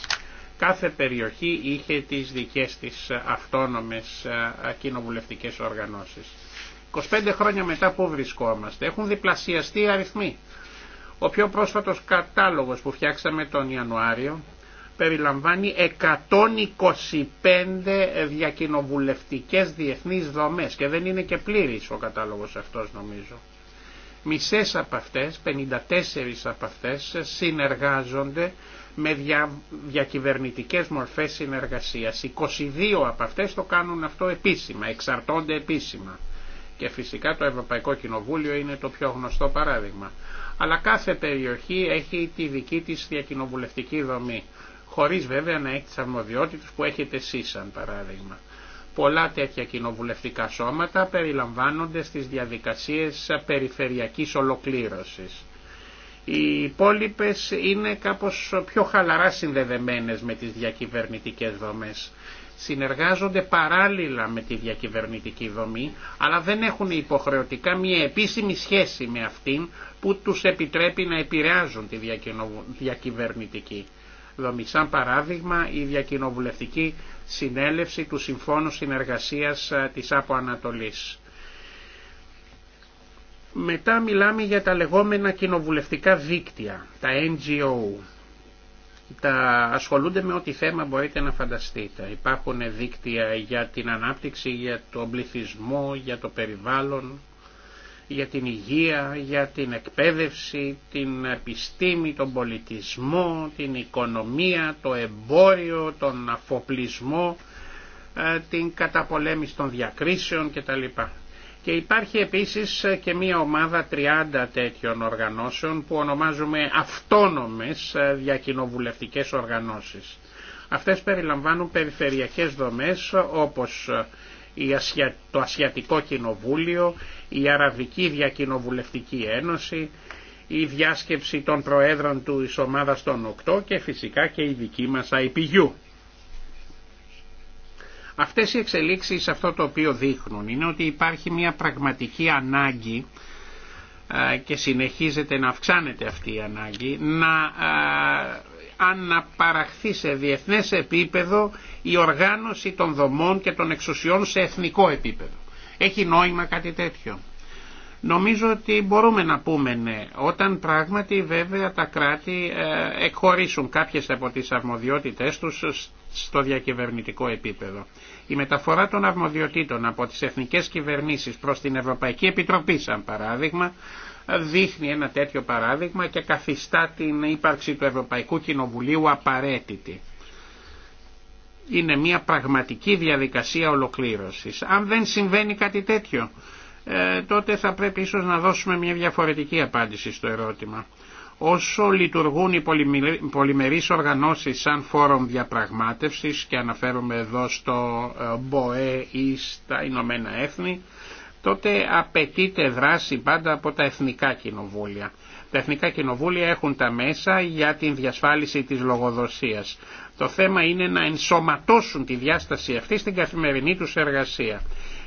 Κάθε περιοχή είχε τις δικές της αυτόνομες ε, κοινοβουλευτικές οργανώσεις. 25 χρόνια μετά που βρισκόμαστε έχουν διπλασιαστεί οι αριθμοί. Ο πιο πρόσφατος κατάλογος που φτιάξαμε τον Ιανουάριο περιλαμβάνει 125 διακοινοβουλευτικές διεθνείς δομές και δεν είναι και πλήρης ο κατάλογος αυτός νομίζω. Μισές από αυτές, 54 από αυτές συνεργάζονται με δια, διακυβερνητικές μορφές συνεργασίας. 22 από αυτές το κάνουν αυτό επίσημα, εξαρτώνται επίσημα. Και φυσικά το Ευρωπαϊκό Κοινοβούλιο είναι το πιο γνωστό παράδειγμα. Αλλά κάθε περιοχή έχει τη δική της διακοινοβουλευτική δομή, χωρίς βέβαια να έχει τις αρμοδιότητες που έχετε εσείς σαν παράδειγμα. Πολλά τέτοια κοινοβουλευτικά σώματα περιλαμβάνονται στις διαδικασίες περιφερειακής ολοκλήρωσης. Οι υπόλοιπε είναι κάπως πιο χαλαρά συνδεδεμένες με τις διακυβερνητικές δομές. Συνεργάζονται παράλληλα με τη διακυβερνητική δομή, αλλά δεν έχουν υποχρεωτικά μια επίσημη σχέση με αυτήν που τους επιτρέπει να επηρεάζουν τη διακυβερνητική δομή. Σαν παράδειγμα η διακοινοβουλευτική συνέλευση του Συμφώνου Συνεργασίας ε, της ΑΠΟ Ανατολής μετά μιλάμε για τα λεγόμενα κοινοβουλευτικά δίκτυα, τα NGO. Τα ασχολούνται με ό,τι θέμα μπορείτε να φανταστείτε. Υπάρχουν δίκτυα για την ανάπτυξη, για τον πληθυσμό, για το περιβάλλον, για την υγεία, για την εκπαίδευση, την επιστήμη, τον πολιτισμό, την οικονομία, το εμπόριο, τον αφοπλισμό, ε, την καταπολέμηση των διακρίσεων κτλ. Και υπάρχει επίσης και μια ομάδα 30 τέτοιων οργανώσεων που ονομάζουμε αυτόνομες διακοινοβουλευτικές οργανώσεις. Αυτές περιλαμβάνουν περιφερειακές δομές όπως το Ασιατικό Κοινοβούλιο, η Αραβική Διακοινοβουλευτική Ένωση, η διάσκεψη των προέδρων του της ομάδας των 8 και φυσικά και η δική μας IPU. Αυτές οι εξελίξεις αυτό το οποίο δείχνουν είναι ότι υπάρχει μια πραγματική ανάγκη ε, και συνεχίζεται να αυξάνεται αυτή η ανάγκη να ε, αναπαραχθεί σε διεθνές επίπεδο η οργάνωση των δομών και των εξουσιών σε εθνικό επίπεδο. Έχει νόημα κάτι τέτοιο. Νομίζω ότι μπορούμε να πούμε ναι, όταν πράγματι βέβαια τα κράτη ε, εκχωρήσουν κάποιες από τις αρμοδιότητές τους στο διακυβερνητικό επίπεδο. Η μεταφορά των αρμοδιοτήτων από τις εθνικές κυβερνήσεις προς την Ευρωπαϊκή Επιτροπή σαν παράδειγμα δείχνει ένα τέτοιο παράδειγμα και καθιστά την ύπαρξη του Ευρωπαϊκού Κοινοβουλίου απαραίτητη είναι μια πραγματική διαδικασία ολοκλήρωσης. Αν δεν συμβαίνει κάτι τέτοιο, ε, τότε θα πρέπει ίσως να δώσουμε μια διαφορετική απάντηση στο ερώτημα. Όσο λειτουργούν οι πολυμερείς οργανώσεις σαν φόρουμ διαπραγμάτευσης και αναφέρομαι εδώ στο ε, ΜΠΟΕ ή στα Ηνωμένα Έθνη, τότε απαιτείται δράση πάντα από τα εθνικά κοινοβούλια. Τα εθνικά κοινοβούλια έχουν τα μέσα για την διασφάλιση της λογοδοσίας. Το θέμα είναι να ενσωματώσουν τη διάσταση αυτή στην καθημερινή τους εργασία.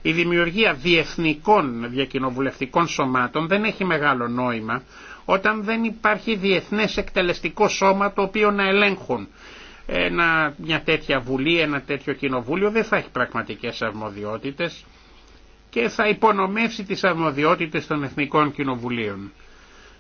Η δημιουργία διεθνικών διακοινοβουλευτικών σωμάτων δεν έχει μεγάλο νόημα όταν δεν υπάρχει διεθνές εκτελεστικό σώμα το οποίο να ελέγχουν. Ένα, μια τέτοια βουλή, ένα τέτοιο κοινοβούλιο δεν θα έχει πραγματικές αρμοδιότητες και θα υπονομεύσει τις αρμοδιότητες των εθνικών κοινοβουλίων.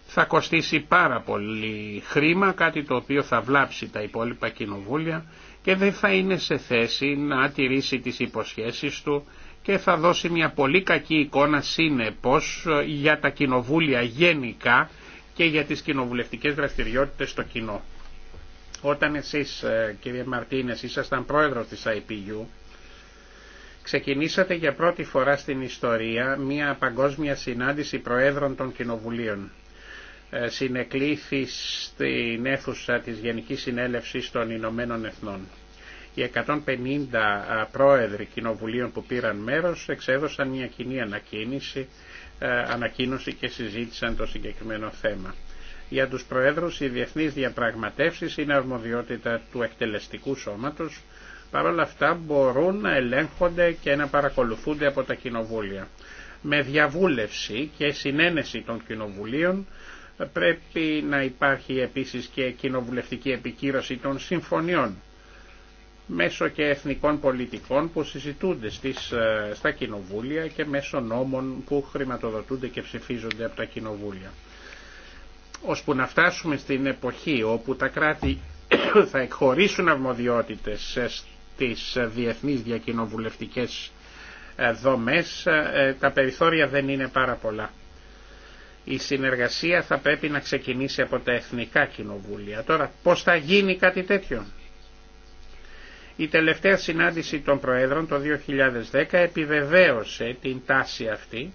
Θα κοστίσει πάρα πολύ χρήμα, κάτι το οποίο θα βλάψει τα υπόλοιπα κοινοβούλια και δεν θα είναι σε θέση να τηρήσει τις υποσχέσεις του και θα δώσει μια πολύ κακή εικόνα σύνεπως για τα κοινοβούλια γενικά και για τις κοινοβουλευτικές δραστηριότητες στο κοινό. Όταν εσείς ε, κύριε Μαρτίνες ήσασταν πρόεδρος της IPU ξεκινήσατε για πρώτη φορά στην ιστορία μια παγκόσμια συνάντηση προέδρων των κοινοβουλίων. Ε, συνεκλήθη στην αίθουσα της Γενικής Συνέλευσης των Ηνωμένων Εθνών. Οι 150 πρόεδροι κοινοβουλίων που πήραν μέρος εξέδωσαν μια κοινή ανακοίνωση και συζήτησαν το συγκεκριμένο θέμα. Για τους Προέδρους οι διεθνείς διαπραγματεύσεις είναι αρμοδιότητα του εκτελεστικού σώματος, παρόλα αυτά μπορούν να ελέγχονται και να παρακολουθούνται από τα κοινοβούλια. Με διαβούλευση και συνένεση των κοινοβουλίων πρέπει να υπάρχει επίσης και κοινοβουλευτική επικύρωση των συμφωνιών μέσω και εθνικών πολιτικών που συζητούνται στις, ε, στα κοινοβούλια και μέσω νόμων που χρηματοδοτούνται και ψηφίζονται από τα κοινοβούλια. Ώσπου να φτάσουμε στην εποχή όπου τα κράτη θα εκχωρήσουν αρμοδιότητες στις διεθνείς διακοινοβουλευτικές ε, δομές, ε, τα περιθώρια δεν είναι πάρα πολλά. Η συνεργασία θα πρέπει να ξεκινήσει από τα εθνικά κοινοβούλια. Τώρα πώς θα γίνει κάτι τέτοιο. Η τελευταία συνάντηση των Προέδρων το 2010 επιβεβαίωσε την τάση αυτή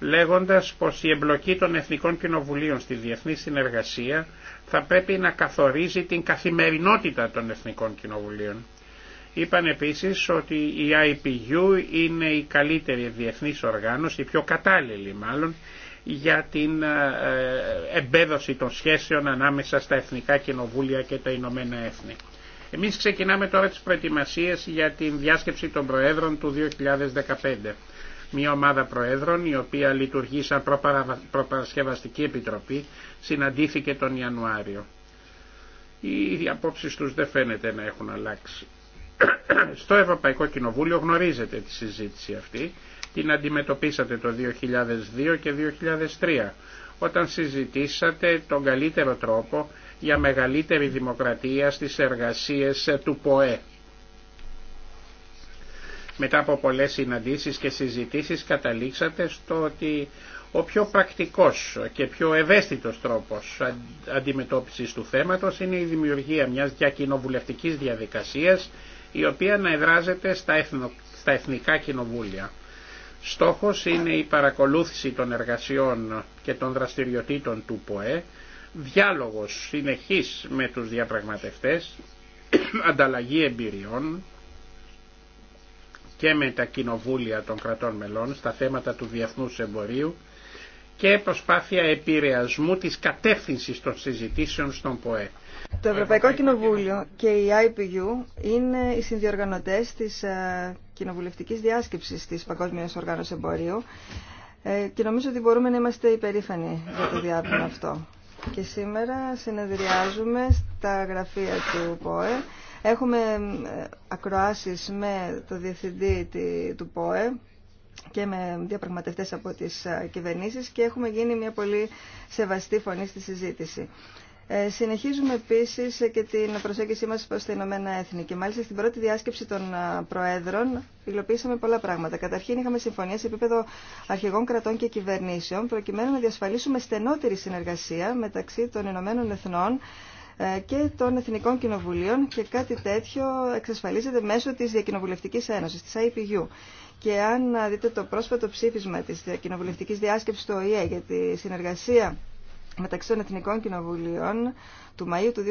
λέγοντας πως η εμπλοκή των Εθνικών Κοινοβουλίων στη διεθνή συνεργασία θα πρέπει να καθορίζει την καθημερινότητα των Εθνικών Κοινοβουλίων. Είπαν επίσης ότι η IPU είναι η καλύτερη διεθνής οργάνωση, η πιο κατάλληλη μάλλον, για την ε, εμπέδωση των σχέσεων ανάμεσα στα Εθνικά Κοινοβούλια και τα Ηνωμένα Έθνη. Εμείς ξεκινάμε τώρα τις προετοιμασίες για την διάσκεψη των Προέδρων του 2015. Μια ομάδα Προέδρων, η οποία λειτουργεί σαν προπαρασκευαστική επιτροπή, συναντήθηκε τον Ιανουάριο. Οι απόψεις τους δεν φαίνεται να έχουν αλλάξει. Στο Ευρωπαϊκό Κοινοβούλιο γνωρίζετε τη συζήτηση αυτή, την αντιμετωπίσατε το 2002 και 2003, όταν συζητήσατε τον καλύτερο τρόπο για μεγαλύτερη δημοκρατία στις εργασίες ε, του ΠΟΕ. Μετά από πολλές συναντήσεις και συζητήσεις καταλήξατε στο ότι ο πιο πρακτικός και πιο ευαίσθητος τρόπος αντιμετώπισης του θέματος είναι η δημιουργία μιας διακοινοβουλευτικής διαδικασίας η οποία να εδράζεται στα, εθνικά κοινοβούλια. Στόχος είναι η παρακολούθηση των εργασιών και των δραστηριοτήτων του ΠΟΕ διάλογος συνεχής με τους διαπραγματευτές, ανταλλαγή εμπειριών και με τα κοινοβούλια των κρατών μελών στα θέματα του διεθνούς εμπορίου και προσπάθεια επηρεασμού της κατεύθυνσης των συζητήσεων στον ΠΟΕ. Το Ευρωπαϊκό Κοινοβούλιο και η IPU είναι οι συνδιοργανωτές της ε, κοινοβουλευτικής διάσκεψης της Παγκόσμιας Οργάνωσης Εμπορίου ε, και νομίζω ότι μπορούμε να είμαστε υπερήφανοι για το διάβημα αυτό και σήμερα συνεδριάζουμε στα γραφεία του ΠΟΕ. Έχουμε ε, ακροάσεις με το Διευθυντή του ΠΟΕ και με διαπραγματευτές από τις ε, κυβερνήσεις και έχουμε γίνει μια πολύ σεβαστή φωνή στη συζήτηση. Ε, συνεχίζουμε επίση και την προσέγγιση μα προ τα Ηνωμένα Έθνη και μάλιστα στην πρώτη διάσκεψη των ε, Προέδρων υλοποιήσαμε πολλά πράγματα. Καταρχήν είχαμε συμφωνία σε επίπεδο αρχηγών κρατών και κυβερνήσεων προκειμένου να διασφαλίσουμε στενότερη συνεργασία μεταξύ των Ηνωμένων Εθνών ε, και των Εθνικών Κοινοβουλίων και κάτι τέτοιο εξασφαλίζεται μέσω τη Διακοινοβουλευτική Ένωση, τη IPU. Και αν δείτε το πρόσφατο ψήφισμα τη Διακοινοβουλευτική Διάσκεψη του ΟΗΕ για τη συνεργασία μεταξύ των Εθνικών Κοινοβουλίων του Μαΐου του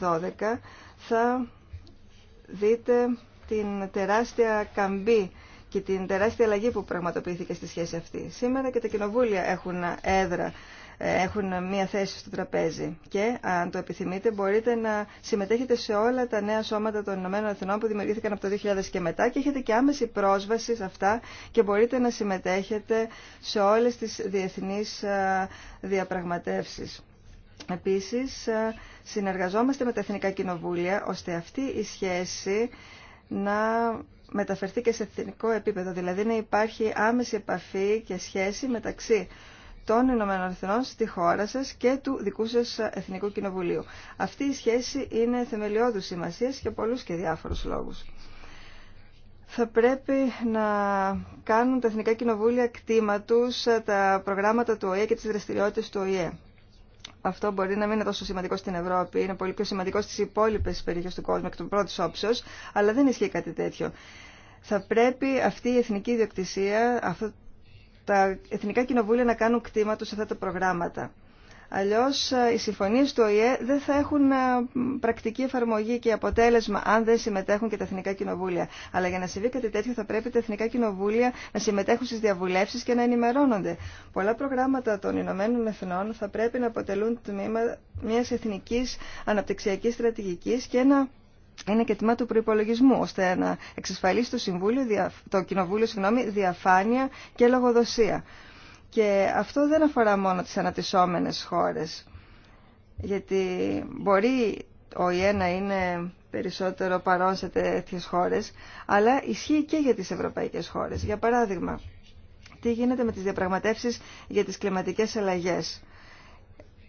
2012 θα δείτε την τεράστια καμπή και την τεράστια αλλαγή που πραγματοποιήθηκε στη σχέση αυτή. Σήμερα και τα κοινοβούλια έχουν έδρα έχουν μία θέση στο τραπέζι. Και αν το επιθυμείτε μπορείτε να συμμετέχετε σε όλα τα νέα σώματα των Ηνωμένων Εθνών που δημιουργήθηκαν από το 2000 και μετά και έχετε και άμεση πρόσβαση σε αυτά και μπορείτε να συμμετέχετε σε όλες τις διεθνείς διαπραγματεύσεις. Επίσης, συνεργαζόμαστε με τα Εθνικά Κοινοβούλια, ώστε αυτή η σχέση να μεταφερθεί και σε εθνικό επίπεδο, δηλαδή να υπάρχει άμεση επαφή και σχέση μεταξύ των Ηνωμένων Εθνών στη χώρα σας και του δικού σας Εθνικού Κοινοβουλίου. Αυτή η σχέση είναι θεμελιώδου σημασία για πολλούς και διάφορους λόγους. Θα πρέπει να κάνουν τα Εθνικά Κοινοβούλια κτήμα τους ε, τα προγράμματα του ΟΗΕ και τις δραστηριότητες του ΟΗΕ. Αυτό μπορεί να μην είναι τόσο σημαντικό στην Ευρώπη, είναι πολύ πιο σημαντικό στις υπόλοιπε περιοχές του κόσμου εκ των πρώτη όψεω, αλλά δεν ισχύει κάτι τέτοιο. Θα πρέπει αυτή η εθνική ιδιοκτησία, αυτό τα εθνικά κοινοβούλια να κάνουν κτήμα τους σε αυτά τα προγράμματα. Αλλιώς ε, οι συμφωνίες του ΟΗΕ δεν θα έχουν ε, πρακτική εφαρμογή και αποτέλεσμα αν δεν συμμετέχουν και τα εθνικά κοινοβούλια. Αλλά για να συμβεί κάτι τέτοιο θα πρέπει τα εθνικά κοινοβούλια να συμμετέχουν στις διαβουλεύσεις και να ενημερώνονται. Πολλά προγράμματα των Ηνωμένων Εθνών θα πρέπει να αποτελούν τμήμα μιας εθνικής αναπτυξιακής στρατηγικής και να είναι και τιμά του προπολογισμού, ώστε να εξασφαλίσει το, συμβούλιο, το Κοινοβούλιο συγγνώμη, διαφάνεια και λογοδοσία. Και αυτό δεν αφορά μόνο τις αναπτυσσόμενες χώρες, γιατί μπορεί ο ΙΕ να είναι περισσότερο παρόν σε τέτοιε χώρες, αλλά ισχύει και για τις ευρωπαϊκές χώρες. Για παράδειγμα, τι γίνεται με τις διαπραγματεύσεις για τις κλιματικές αλλαγές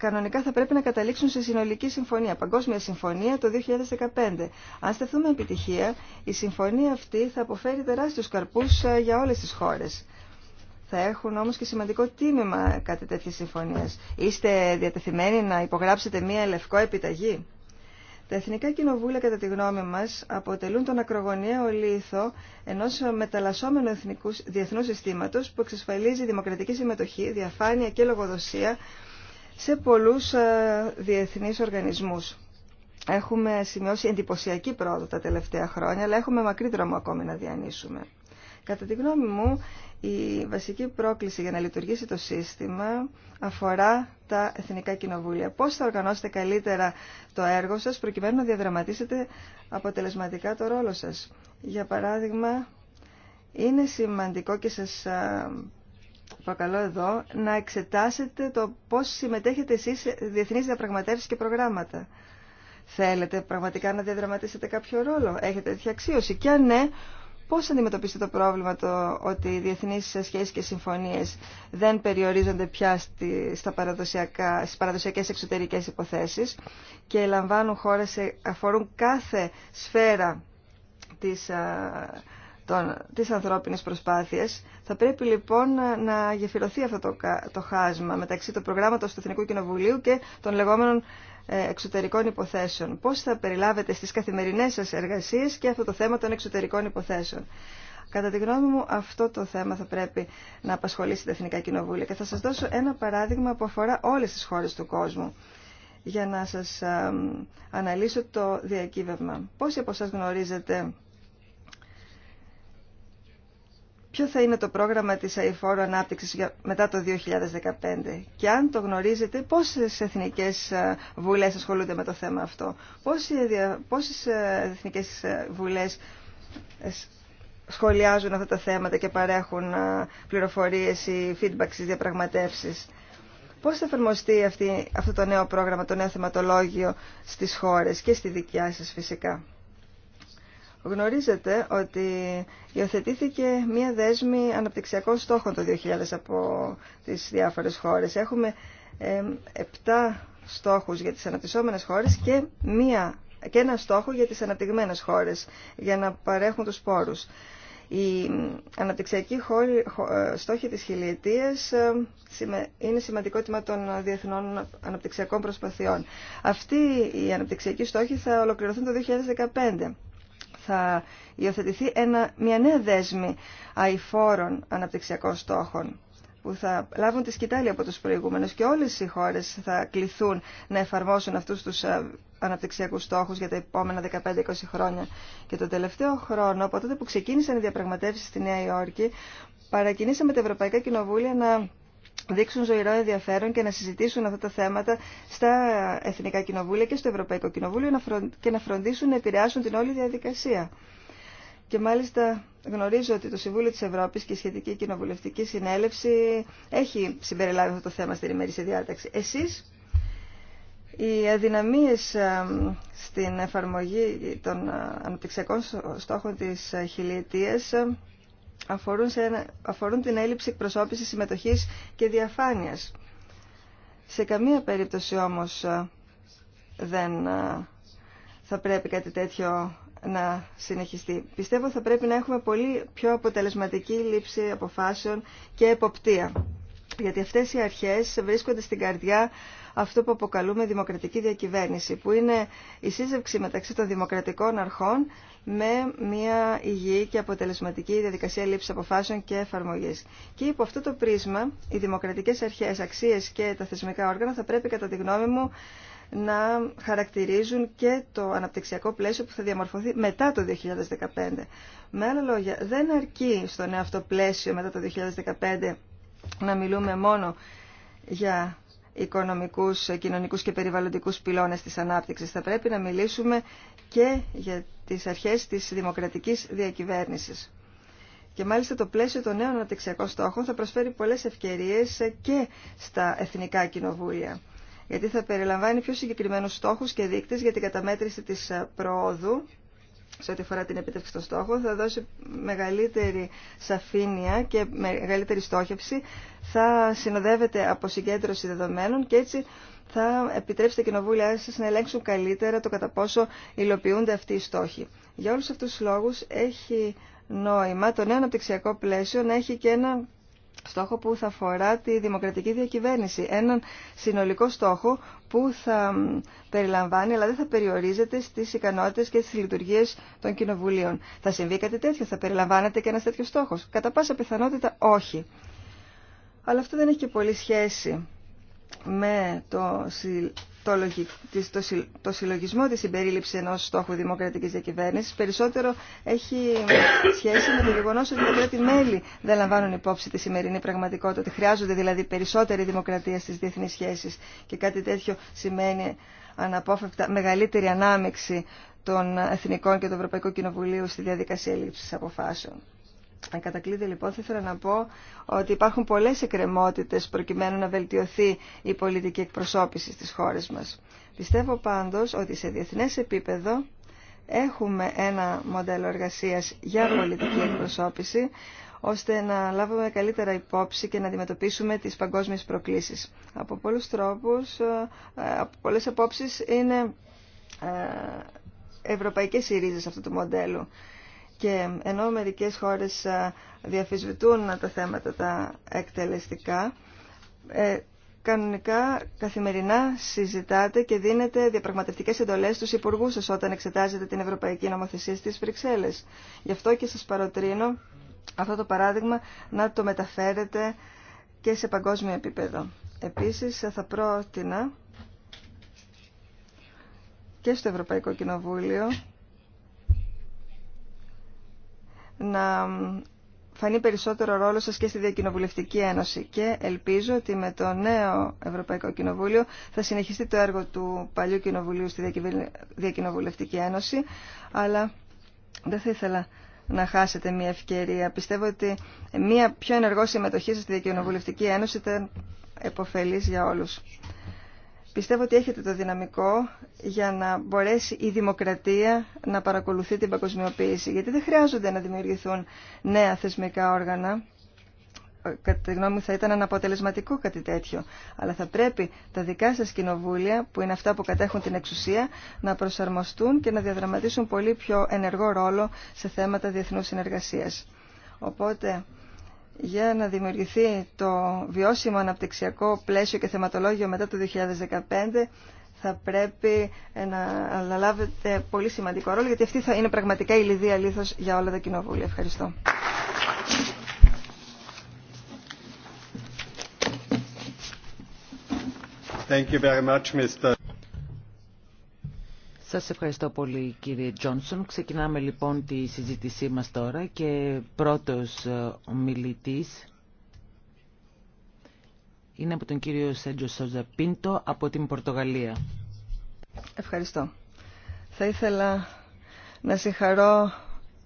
κανονικά θα πρέπει να καταλήξουν σε συνολική συμφωνία, παγκόσμια συμφωνία το 2015. Αν στεθούμε επιτυχία, η συμφωνία αυτή θα αποφέρει τεράστιους καρπούς ε, για όλες τις χώρες. Θα έχουν όμως και σημαντικό τίμημα κάτι τέτοιε συμφωνίες. Είστε διατεθειμένοι να υπογράψετε μία λευκό επιταγή. Τα εθνικά κοινοβούλια, κατά τη γνώμη μας, αποτελούν τον ακρογωνιαίο λίθο ενός μεταλλασσόμενου εθνικού διεθνού συστήματος που εξασφαλίζει δημοκρατική συμμετοχή, διαφάνεια και λογοδοσία σε πολλούς ε, διεθνείς οργανισμούς. Έχουμε σημειώσει εντυπωσιακή πρόοδο τα τελευταία χρόνια, αλλά έχουμε μακρύ δρόμο ακόμη να διανύσουμε. Κατά τη γνώμη μου, η βασική πρόκληση για να λειτουργήσει το σύστημα αφορά τα εθνικά κοινοβούλια. Πώς θα οργανώσετε καλύτερα το έργο σας προκειμένου να διαδραματίσετε αποτελεσματικά το ρόλο σας. Για παράδειγμα, είναι σημαντικό και σας ε, Παρακαλώ εδώ να εξετάσετε το πώς συμμετέχετε εσείς σε διεθνείς διαπραγματεύσεις και προγράμματα. Θέλετε πραγματικά να διαδραματίσετε κάποιο ρόλο. Έχετε τέτοια αξίωση. Και αν ναι, πώς αντιμετωπίσετε το πρόβλημα το ότι οι διεθνείς σχέσεις και συμφωνίες δεν περιορίζονται πια στα παραδοσιακά, στις παραδοσιακές εξωτερικές υποθέσεις και λαμβάνουν χώρες, αφορούν κάθε σφαίρα της των, της ανθρώπινης προσπάθειας. Θα πρέπει λοιπόν να γεφυρωθεί αυτό το, το χάσμα μεταξύ του προγράμματος του Εθνικού Κοινοβουλίου και των λεγόμενων ε, εξωτερικών υποθέσεων. Πώς θα περιλάβετε στις καθημερινές σας εργασίες και αυτό το θέμα των εξωτερικών υποθέσεων. Κατά τη γνώμη μου αυτό το θέμα θα πρέπει να απασχολήσει τα Εθνικά Κοινοβούλια και θα σας δώσω ένα παράδειγμα που αφορά όλες τις χώρες του κόσμου για να σας ε, αναλύσω το διακύβευμα. Πόσοι από εσάς γνωρίζετε ποιο θα είναι το πρόγραμμα της αηφόρου ανάπτυξης μετά το 2015 και αν το γνωρίζετε πόσες εθνικές ε, βουλές ασχολούνται με το θέμα αυτό, πόσες ε, εθνικές ε, βουλές σχολιάζουν αυτά τα θέματα και παρέχουν πληροφορίες ή feedback στις διαπραγματεύσεις. Πώς θα εφαρμοστεί αυτή, αυτό το νέο πρόγραμμα, το νέο θεματολόγιο στις χώρες και στη δικιά σας φυσικά. Γνωρίζετε ότι υιοθετήθηκε μία δέσμη αναπτυξιακών στόχων το 2000 από τις διάφορες χώρες. Έχουμε ε, 7 στόχους για τις αναπτυσσόμενες χώρες και, μία, και ένα στόχο για τις αναπτυγμένες χώρες για να παρέχουν τους πόρους. Οι αναπτυξιακοί ε, στόχοι της χιλιετίας είναι σημαντικό τμήμα των διεθνών αναπτυξιακών προσπαθειών. Αυτοί οι αναπτυξιακοί στόχοι θα ολοκληρωθούν το 2015 θα υιοθετηθεί ένα, μια νέα δέσμη αηφόρων αναπτυξιακών στόχων που θα λάβουν τη σκητάλη από τους προηγούμενους και όλες οι χώρες θα κληθούν να εφαρμόσουν αυτούς τους ε, αναπτυξιακούς στόχους για τα επόμενα 15-20 χρόνια. Και τον τελευταίο χρόνο, από τότε που ξεκίνησαν οι διαπραγματεύσεις στη Νέα Υόρκη, παρακινήσαμε τα Ευρωπαϊκά Κοινοβούλια να δείξουν ζωηρό ενδιαφέρον και να συζητήσουν αυτά τα θέματα στα Εθνικά Κοινοβούλια και στο Ευρωπαϊκό Κοινοβούλιο και να φροντίσουν να επηρεάσουν την όλη διαδικασία. Και μάλιστα γνωρίζω ότι το Συμβούλιο της Ευρώπης και η Σχετική Κοινοβουλευτική Συνέλευση έχει συμπεριλάβει αυτό το θέμα στην ημερήσια διάταξη. Εσείς, οι αδυναμίες ε, στην εφαρμογή των ε, αναπτυξιακών στόχων της ε, χιλιετίας αφορούν, σε αφορούν την έλλειψη εκπροσώπησης συμμετοχής και διαφάνειας. Σε καμία περίπτωση όμως ε, δεν ε, θα πρέπει κάτι τέτοιο να συνεχιστεί. Πιστεύω θα πρέπει να έχουμε πολύ πιο αποτελεσματική λήψη αποφάσεων και εποπτεία. Γιατί αυτές οι αρχές βρίσκονται στην καρδιά αυτό που αποκαλούμε δημοκρατική διακυβέρνηση, που είναι η σύζευξη μεταξύ των δημοκρατικών αρχών με μια υγιή και αποτελεσματική διαδικασία λήψη αποφάσεων και εφαρμογή. Και υπό αυτό το πρίσμα, οι δημοκρατικέ αρχέ, αξίε και τα θεσμικά όργανα θα πρέπει, κατά τη γνώμη μου, να χαρακτηρίζουν και το αναπτυξιακό πλαίσιο που θα διαμορφωθεί μετά το 2015. Με άλλα λόγια, δεν αρκεί στο νέο αυτό πλαίσιο μετά το 2015 να μιλούμε μόνο για οικονομικούς, κοινωνικούς και περιβαλλοντικούς πυλώνες της ανάπτυξης. Θα πρέπει να μιλήσουμε και για τις αρχές της δημοκρατικής διακυβέρνησης. Και μάλιστα το πλαίσιο των νέων αναπτυξιακών στόχων θα προσφέρει πολλές ευκαιρίες και στα εθνικά κοινοβούλια. Γιατί θα περιλαμβάνει πιο συγκεκριμένους στόχους και δείκτες για την καταμέτρηση της πρόοδου σε ό,τι αφορά την επίτευξη των στόχων, θα δώσει μεγαλύτερη σαφήνεια και μεγαλύτερη στόχευση, θα συνοδεύεται από συγκέντρωση δεδομένων και έτσι θα επιτρέψει τα κοινοβούλια σα να ελέγξουν καλύτερα το κατά πόσο υλοποιούνται αυτοί οι στόχοι. Για όλου αυτού του λόγου έχει νόημα το νέο αναπτυξιακό πλαίσιο να έχει και ένα στόχο που θα αφορά τη δημοκρατική διακυβέρνηση. Έναν συνολικό στόχο που θα περιλαμβάνει, αλλά δεν θα περιορίζεται στις ικανότητες και στις λειτουργίες των κοινοβουλίων. Θα συμβεί κάτι τέτοιο, θα περιλαμβάνεται και ένας τέτοιος στόχος. Κατά πάσα πιθανότητα όχι. Αλλά αυτό δεν έχει και πολύ σχέση με το το, το, το συλλογισμό της συμπερίληψη ενός στόχου δημοκρατικής διακυβέρνησης περισσότερο έχει σχέση με το γεγονός ότι οι κράτη-μέλη δεν λαμβάνουν υπόψη τη σημερινή πραγματικότητα, χρειάζονται δηλαδή περισσότερη δημοκρατία στις διεθνείς σχέσεις και κάτι τέτοιο σημαίνει αναπόφευκτα μεγαλύτερη ανάμειξη των Εθνικών και του Ευρωπαϊκού Κοινοβουλίου στη διαδικασία λήψης αποφάσεων. Αν κατακλείδη λοιπόν θα ήθελα να πω ότι υπάρχουν πολλές εκκρεμότητες προκειμένου να βελτιωθεί η πολιτική εκπροσώπηση στις χώρες μας. Πιστεύω πάντως ότι σε διεθνές επίπεδο έχουμε ένα μοντέλο εργασίας για πολιτική εκπροσώπηση ώστε να λάβουμε καλύτερα υπόψη και να αντιμετωπίσουμε τις παγκόσμιες προκλήσεις. Από πολλούς τρόπους, ε, από πολλές απόψεις είναι ε, ευρωπαϊκές οι ρίζες αυτού του μοντέλου. Και ενώ μερικές χώρες διαφυσβητούν τα θέματα τα εκτελεστικά, ε, κανονικά καθημερινά συζητάτε και δίνετε διαπραγματευτικές εντολές στους υπουργούς σας όταν εξετάζετε την Ευρωπαϊκή Νομοθεσία στις Βρυξέλλες. Γι' αυτό και σας παροτρύνω αυτό το παράδειγμα να το μεταφέρετε και σε παγκόσμιο επίπεδο. Επίσης θα πρότεινα και στο Ευρωπαϊκό Κοινοβούλιο να φανεί περισσότερο ρόλο σας και στη Διακοινοβουλευτική Ένωση και ελπίζω ότι με το νέο Ευρωπαϊκό Κοινοβούλιο θα συνεχιστεί το έργο του παλιού Κοινοβουλίου στη Διακοινοβουλευτική Ένωση αλλά δεν θα ήθελα να χάσετε μια ευκαιρία. Πιστεύω ότι μια πιο ενεργό συμμετοχή στη Διακοινοβουλευτική Ένωση ήταν επωφελής για όλους. Πιστεύω ότι έχετε το δυναμικό για να μπορέσει η δημοκρατία να παρακολουθεί την παγκοσμιοποίηση. Γιατί δεν χρειάζονται να δημιουργηθούν νέα θεσμικά όργανα. Ε, κατά τη γνώμη μου θα ήταν αναποτελεσματικό κάτι τέτοιο. Αλλά θα πρέπει τα δικά σας κοινοβούλια, που είναι αυτά που κατέχουν την εξουσία, να προσαρμοστούν και να διαδραματίσουν πολύ πιο ενεργό ρόλο σε θέματα διεθνούς συνεργασίας. Οπότε για να δημιουργηθεί το βιώσιμο αναπτυξιακό πλαίσιο και θεματολόγιο μετά το 2015 θα πρέπει ε, να αναλάβετε πολύ σημαντικό ρόλο γιατί αυτή θα είναι πραγματικά η λιδία λίθος για όλα τα κοινοβούλια. Ευχαριστώ. Thank you very much, Mr. Σας ευχαριστώ πολύ κύριε Τζόνσον. Ξεκινάμε λοιπόν τη συζήτησή μας τώρα και πρώτος ε, ο μιλητής είναι από τον κύριο Σέντζο Σόζα Πίντο από την Πορτογαλία. Ευχαριστώ. Θα ήθελα να συγχαρώ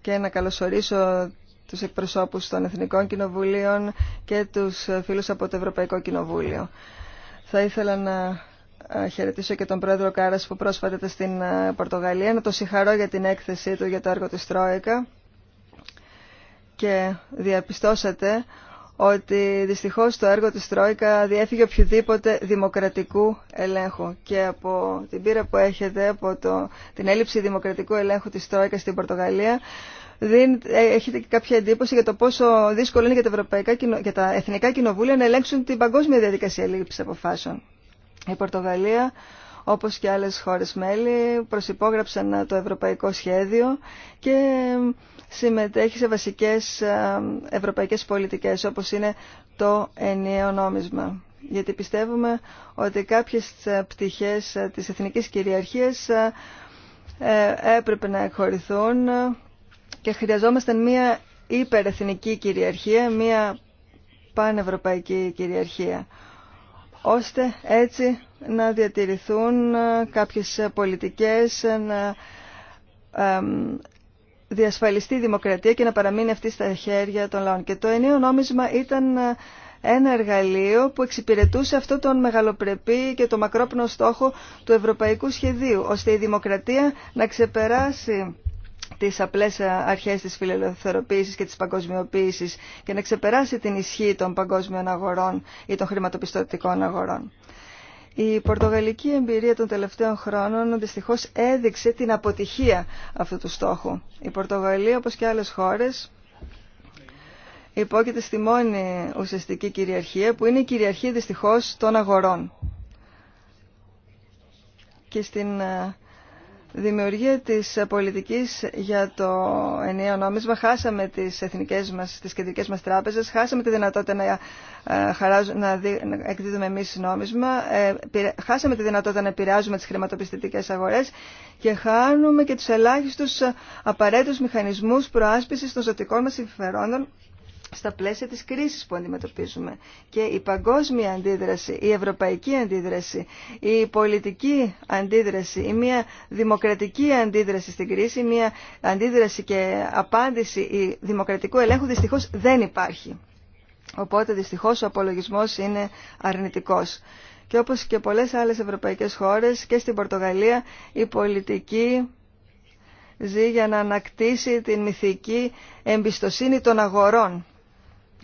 και να καλωσορίσω τους εκπροσώπους των Εθνικών Κοινοβουλίων και τους φίλους από το Ευρωπαϊκό Κοινοβούλιο. Θα ήθελα να ε, χαιρετήσω και τον πρόεδρο Κάρας που πρόσφατα ήταν στην ε, Πορτογαλία, να το συγχαρώ για την έκθεσή του για το έργο της Τρόικα και διαπιστώσατε ότι δυστυχώς το έργο της Τρόικα διέφυγε οποιοδήποτε δημοκρατικού ελέγχου και από την πείρα που έχετε από το, την έλλειψη δημοκρατικού ελέγχου της Τρόικα στην Πορτογαλία ε, έχετε και κάποια εντύπωση για το πόσο δύσκολο είναι για τα, ευρωπαϊκά, για τα εθνικά κοινοβούλια να ελέγξουν την παγκόσμια διαδικασία λήψη αποφάσεων. Η Πορτογαλία, όπως και άλλες χώρες μέλη, προσυπόγραψαν το ευρωπαϊκό σχέδιο και συμμετέχει σε βασικές ε, ευρωπαϊκές πολιτικές, όπως είναι το ενιαίο νόμισμα. Γιατί πιστεύουμε ότι κάποιες ε, πτυχές ε, της εθνικής κυριαρχίας έπρεπε να εκχωρηθούν και χρειαζόμαστε μια υπερεθνική κυριαρχία, μια πανευρωπαϊκή κυριαρχία ώστε έτσι να διατηρηθούν ε, κάποιες πολιτικές, ε, να διασφαλιστεί η δημοκρατία και να παραμείνει αυτή στα χέρια των λαών. Και το ενίο νόμισμα ήταν ε, ένα εργαλείο που εξυπηρετούσε αυτό τον μεγαλοπρεπή και το μακρόπνο στόχο του ευρωπαϊκού σχεδίου, ώστε η δημοκρατία να ξεπεράσει τις απλές ε, αρχές της φιλελευθερωποίησης και της παγκοσμιοποίησης και να ξεπεράσει την ισχύ των παγκόσμιων αγορών ή των χρηματοπιστωτικών αγορών. Η πορτογαλική εμπειρία των τελευταίων χρόνων δυστυχώς έδειξε την αποτυχία αυτού του στόχου. Η Πορτογαλία, όπως και άλλες χώρες, υπόκειται στη μόνη ουσιαστική κυριαρχία, που είναι η κυριαρχία δυστυχώς των τελευταιων χρονων δυστυχω εδειξε την αποτυχια αυτου του στοχου η πορτογαλια οπως και αλλες χωρες υποκειται στη μονη ουσιαστικη κυριαρχια που ειναι η κυριαρχια δυστυχω των αγορων Και στην ε, δημιουργία της πολιτικής για το ενιαίο νόμισμα χάσαμε τις εθνικές μας, τις κεντρικές μας τράπεζες, χάσαμε τη δυνατότητα να, ε, εκδίδουμε εμείς νόμισμα, ε, χάσαμε τη δυνατότητα να επηρεάζουμε τις χρηματοπιστωτικές αγορές και χάνουμε και τους ελάχιστους ε, απαραίτητους μηχανισμούς προάσπισης των ζωτικών μας συμφερόντων στα πλαίσια της κρίσης που αντιμετωπίζουμε. Και η παγκόσμια αντίδραση, η ευρωπαϊκή αντίδραση, η πολιτική αντίδραση, η μια δημοκρατική αντίδραση στην κρίση, μια αντίδραση και απάντηση δημοκρατικού ελέγχου δυστυχώς δεν υπάρχει. Οπότε δυστυχώς ο απολογισμός είναι αρνητικός. Και όπως και πολλές άλλες ευρωπαϊκές χώρες και στην Πορτογαλία η πολιτική ζει για να ανακτήσει την μυθική εμπιστοσύνη των αγορών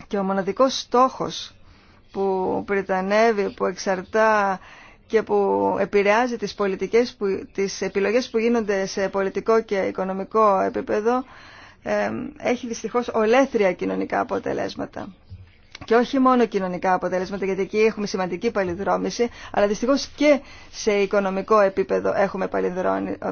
και ο μοναδικός στόχος που πριτανεύει, που εξαρτά και που επηρεάζει τις, πολιτικές που, τις επιλογές που γίνονται σε πολιτικό και οικονομικό επίπεδο ε, έχει δυστυχώς ολέθρια κοινωνικά αποτελέσματα και όχι μόνο κοινωνικά αποτελέσματα, γιατί εκεί έχουμε σημαντική παλιδρόμηση αλλά δυστυχώ και σε οικονομικό επίπεδο έχουμε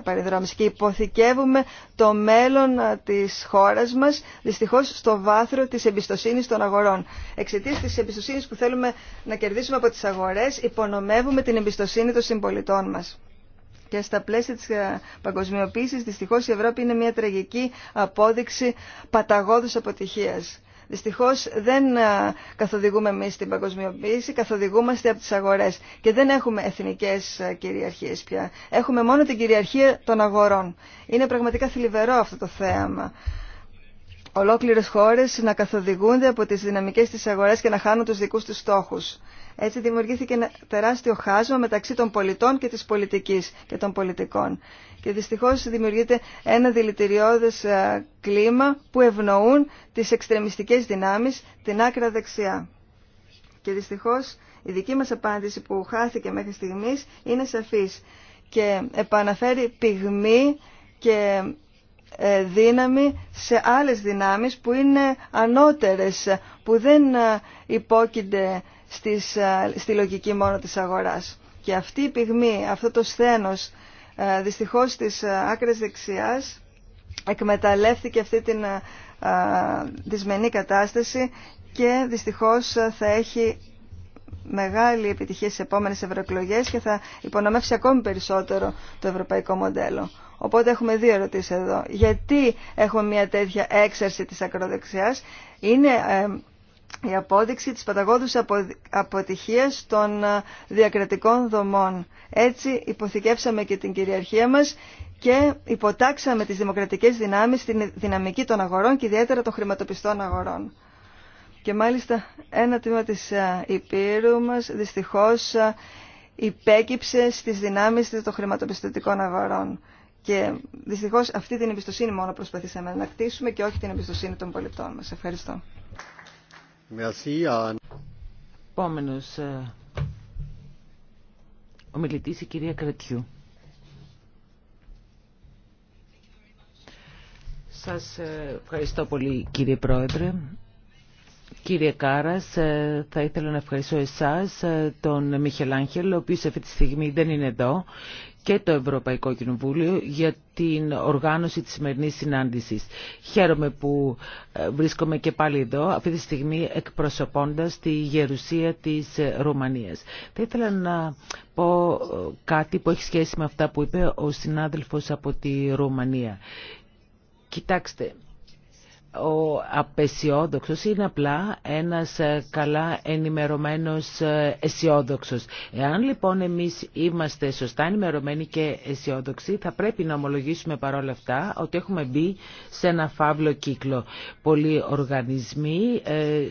παλιδρόμηση και υποθηκεύουμε το μέλλον τη χώρα μα δυστυχώ στο βάθρο τη εμπιστοσύνη των αγορών. Εξαιτία τη εμπιστοσύνη που θέλουμε να κερδίσουμε από τι αγορέ, υπονομεύουμε την εμπιστοσύνη των συμπολιτών μα. Και στα πλαίσια της παγκοσμιοποίησης, δυστυχώς η Ευρώπη είναι μια τραγική απόδειξη παταγώδους αποτυχίας. Δυστυχώ δεν ε, καθοδηγούμε εμεί την παγκοσμιοποίηση, καθοδηγούμαστε από τις αγορές και δεν έχουμε εθνικές ε, κυριαρχίες πια. Έχουμε μόνο την κυριαρχία των αγορών. Είναι πραγματικά θλιβερό αυτό το θέαμα. Ολόκληρε χώρες να καθοδηγούνται από τις δυναμικές τη αγορές και να χάνουν τους δικούς τους στόχου. Έτσι δημιουργήθηκε ένα τεράστιο χάσμα μεταξύ των πολιτών και της πολιτικής και των πολιτικών. Και δυστυχώς δημιουργείται ένα δηλητηριώδες ε, κλίμα που ευνοούν τις εξτρεμιστικές δυνάμεις την άκρα δεξιά. Και δυστυχώς η δική μας απάντηση που χάθηκε μέχρι στιγμής είναι σαφής και επαναφέρει πυγμή και ε, δύναμη σε άλλες δυνάμεις που είναι ανώτερες, που δεν ε, υπόκεινται ε, στη λογική μόνο της αγοράς. Και αυτή η πυγμή, αυτό το σθένος ε, δυστυχώς της ε, άκρης δεξιάς εκμεταλλεύτηκε αυτή την δυσμενή κατάσταση και δυστυχώς θα έχει μεγάλη επιτυχία στις επόμενες ευρωεκλογέ και θα υπονομεύσει ακόμη περισσότερο το ευρωπαϊκό μοντέλο. Οπότε έχουμε δύο ερωτήσεις εδώ. Γιατί έχουμε μια τέτοια έξαρση της ακροδεξιάς. Είναι η απόδειξη της παταγόδους αποτυχίας των ε, διακρατικών δομών. Έτσι υποθηκεύσαμε και την κυριαρχία μας και υποτάξαμε τις δημοκρατικές δυνάμεις στην δυναμική των αγορών και ιδιαίτερα των χρηματοπιστών αγορών. Και μάλιστα ένα τμήμα της ε, Υπήρου μας δυστυχώς ε, υπέκυψε στις δυνάμεις των χρηματοπιστωτικών αγορών. Και δυστυχώς αυτή την εμπιστοσύνη μόνο προσπαθήσαμε να κτίσουμε και όχι την εμπιστοσύνη των πολιτών μας. Ευχαριστώ. Ε, Επόμενος ε, ο μιλητής, η κυρία Κρατιού. Σας ε, ευχαριστώ πολύ κύριε Πρόεδρε. Κύριε Κάρας, ε, θα ήθελα να ευχαριστώ εσάς, ε, τον Μιχελάνχελ, ο οποίος αυτή τη στιγμή δεν είναι εδώ, και το Ευρωπαϊκό Κοινοβούλιο για την οργάνωση της σημερινή συνάντησης. Χαίρομαι που ε, βρίσκομαι και πάλι εδώ, αυτή τη στιγμή εκπροσωπώντας τη γερουσία της Ρουμανίας. Θα ήθελα να πω κάτι που έχει σχέση με αυτά που είπε ο συνάδελφος από τη Ρουμανία. Κοιτάξτε, ο απεσιόδοξος είναι απλά ένας ε, καλά ενημερωμένος ε, αισιόδοξο. Εάν λοιπόν εμείς είμαστε σωστά ενημερωμένοι και αισιόδοξοι θα πρέπει να ομολογήσουμε παρόλα αυτά ότι έχουμε μπει σε ένα φαύλο κύκλο. Πολλοί οργανισμοί ε,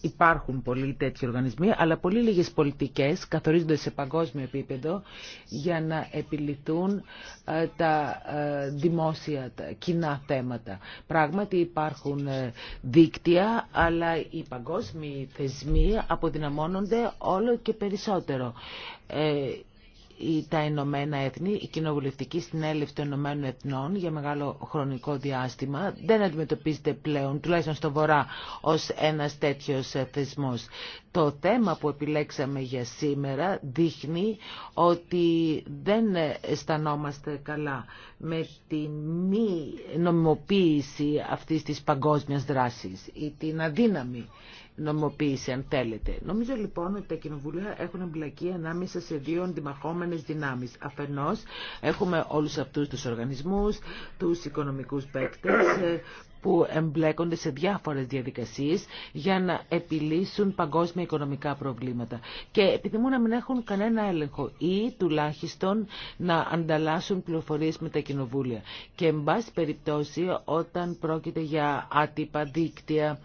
Υπάρχουν πολλοί τέτοιοι οργανισμοί, αλλά πολύ λίγες πολιτικές καθορίζονται σε παγκόσμιο επίπεδο για να επιληθούν ε, τα ε, δημόσια, τα κοινά θέματα. Πράγματι υπάρχουν ε, δίκτυα, αλλά οι παγκόσμιοι θεσμοί αποδυναμώνονται όλο και περισσότερο τα Ηνωμένα Έθνη, η κοινοβουλευτική συνέλευση των Ηνωμένων Εθνών για μεγάλο χρονικό διάστημα δεν αντιμετωπίζεται πλέον, τουλάχιστον στο Βορρά, ως ένας τέτοιος θεσμός. Το θέμα που επιλέξαμε για σήμερα δείχνει ότι δεν αισθανόμαστε καλά με τη μη νομιμοποίηση αυτής της παγκόσμιας δράσης ή την αδύναμη νομοποίηση αν θέλετε. Νομίζω λοιπόν ότι τα κοινοβουλία έχουν εμπλακεί ανάμεσα σε δύο αντιμαχόμενες δυνάμεις. Αφενός έχουμε όλους αυτούς τους οργανισμούς, τους οικονομικούς παίκτες ε, που εμπλέκονται σε διάφορες διαδικασίες για να επιλύσουν παγκόσμια οικονομικά προβλήματα και επιθυμούν να μην έχουν κανένα έλεγχο ή τουλάχιστον να ανταλλάσσουν πληροφορίες με τα κοινοβούλια. Και εν πάση περιπτώσει όταν πρόκειται για άτυπα δίκτυα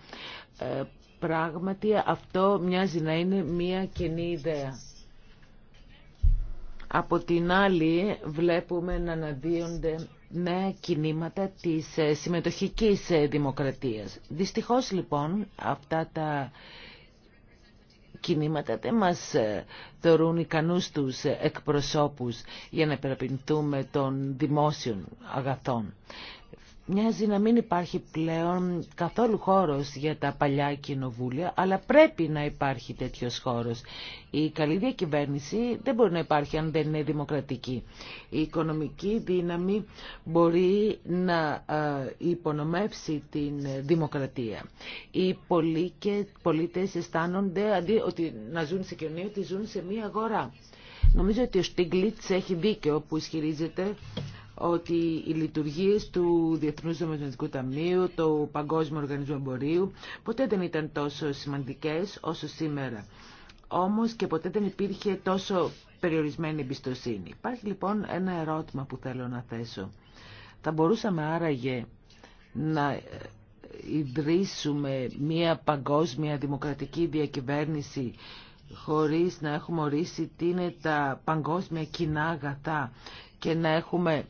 ε, Πράγματι αυτό μοιάζει να είναι μία κοινή ιδέα. Από την άλλη βλέπουμε να αναδύονται νέα κινήματα της ε, συμμετοχικής ε, δημοκρατίας. Δυστυχώς λοιπόν αυτά τα κινήματα δεν μας ε, θεωρούν ικανούς τους εκπροσώπους για να περαπινθούμε των δημόσιων αγαθών μοιάζει να μην υπάρχει πλέον καθόλου χώρος για τα παλιά κοινοβούλια, αλλά πρέπει να υπάρχει τέτοιος χώρος. Η καλή διακυβέρνηση δεν μπορεί να υπάρχει αν δεν είναι δημοκρατική. Η οικονομική δύναμη μπορεί να ε, υπονομεύσει την δημοκρατία. Οι πολίτες αισθάνονται αντί ότι να ζουν σε κοινωνία, ότι ζουν σε μία αγορά. Νομίζω ότι ο Στίγκλιτς έχει δίκαιο που ισχυρίζεται ότι οι λειτουργίες του Διεθνούς Νομισματικού Ταμείου, του Παγκόσμιου Οργανισμού Εμπορίου, ποτέ δεν ήταν τόσο σημαντικές όσο σήμερα. Όμως και ποτέ δεν υπήρχε τόσο περιορισμένη εμπιστοσύνη. Υπάρχει λοιπόν ένα ερώτημα που θέλω να θέσω. Θα μπορούσαμε άραγε να ιδρύσουμε μια παγκόσμια δημοκρατική διακυβέρνηση χωρίς να έχουμε ορίσει τι είναι τα παγκόσμια κοινά αγαθά και να έχουμε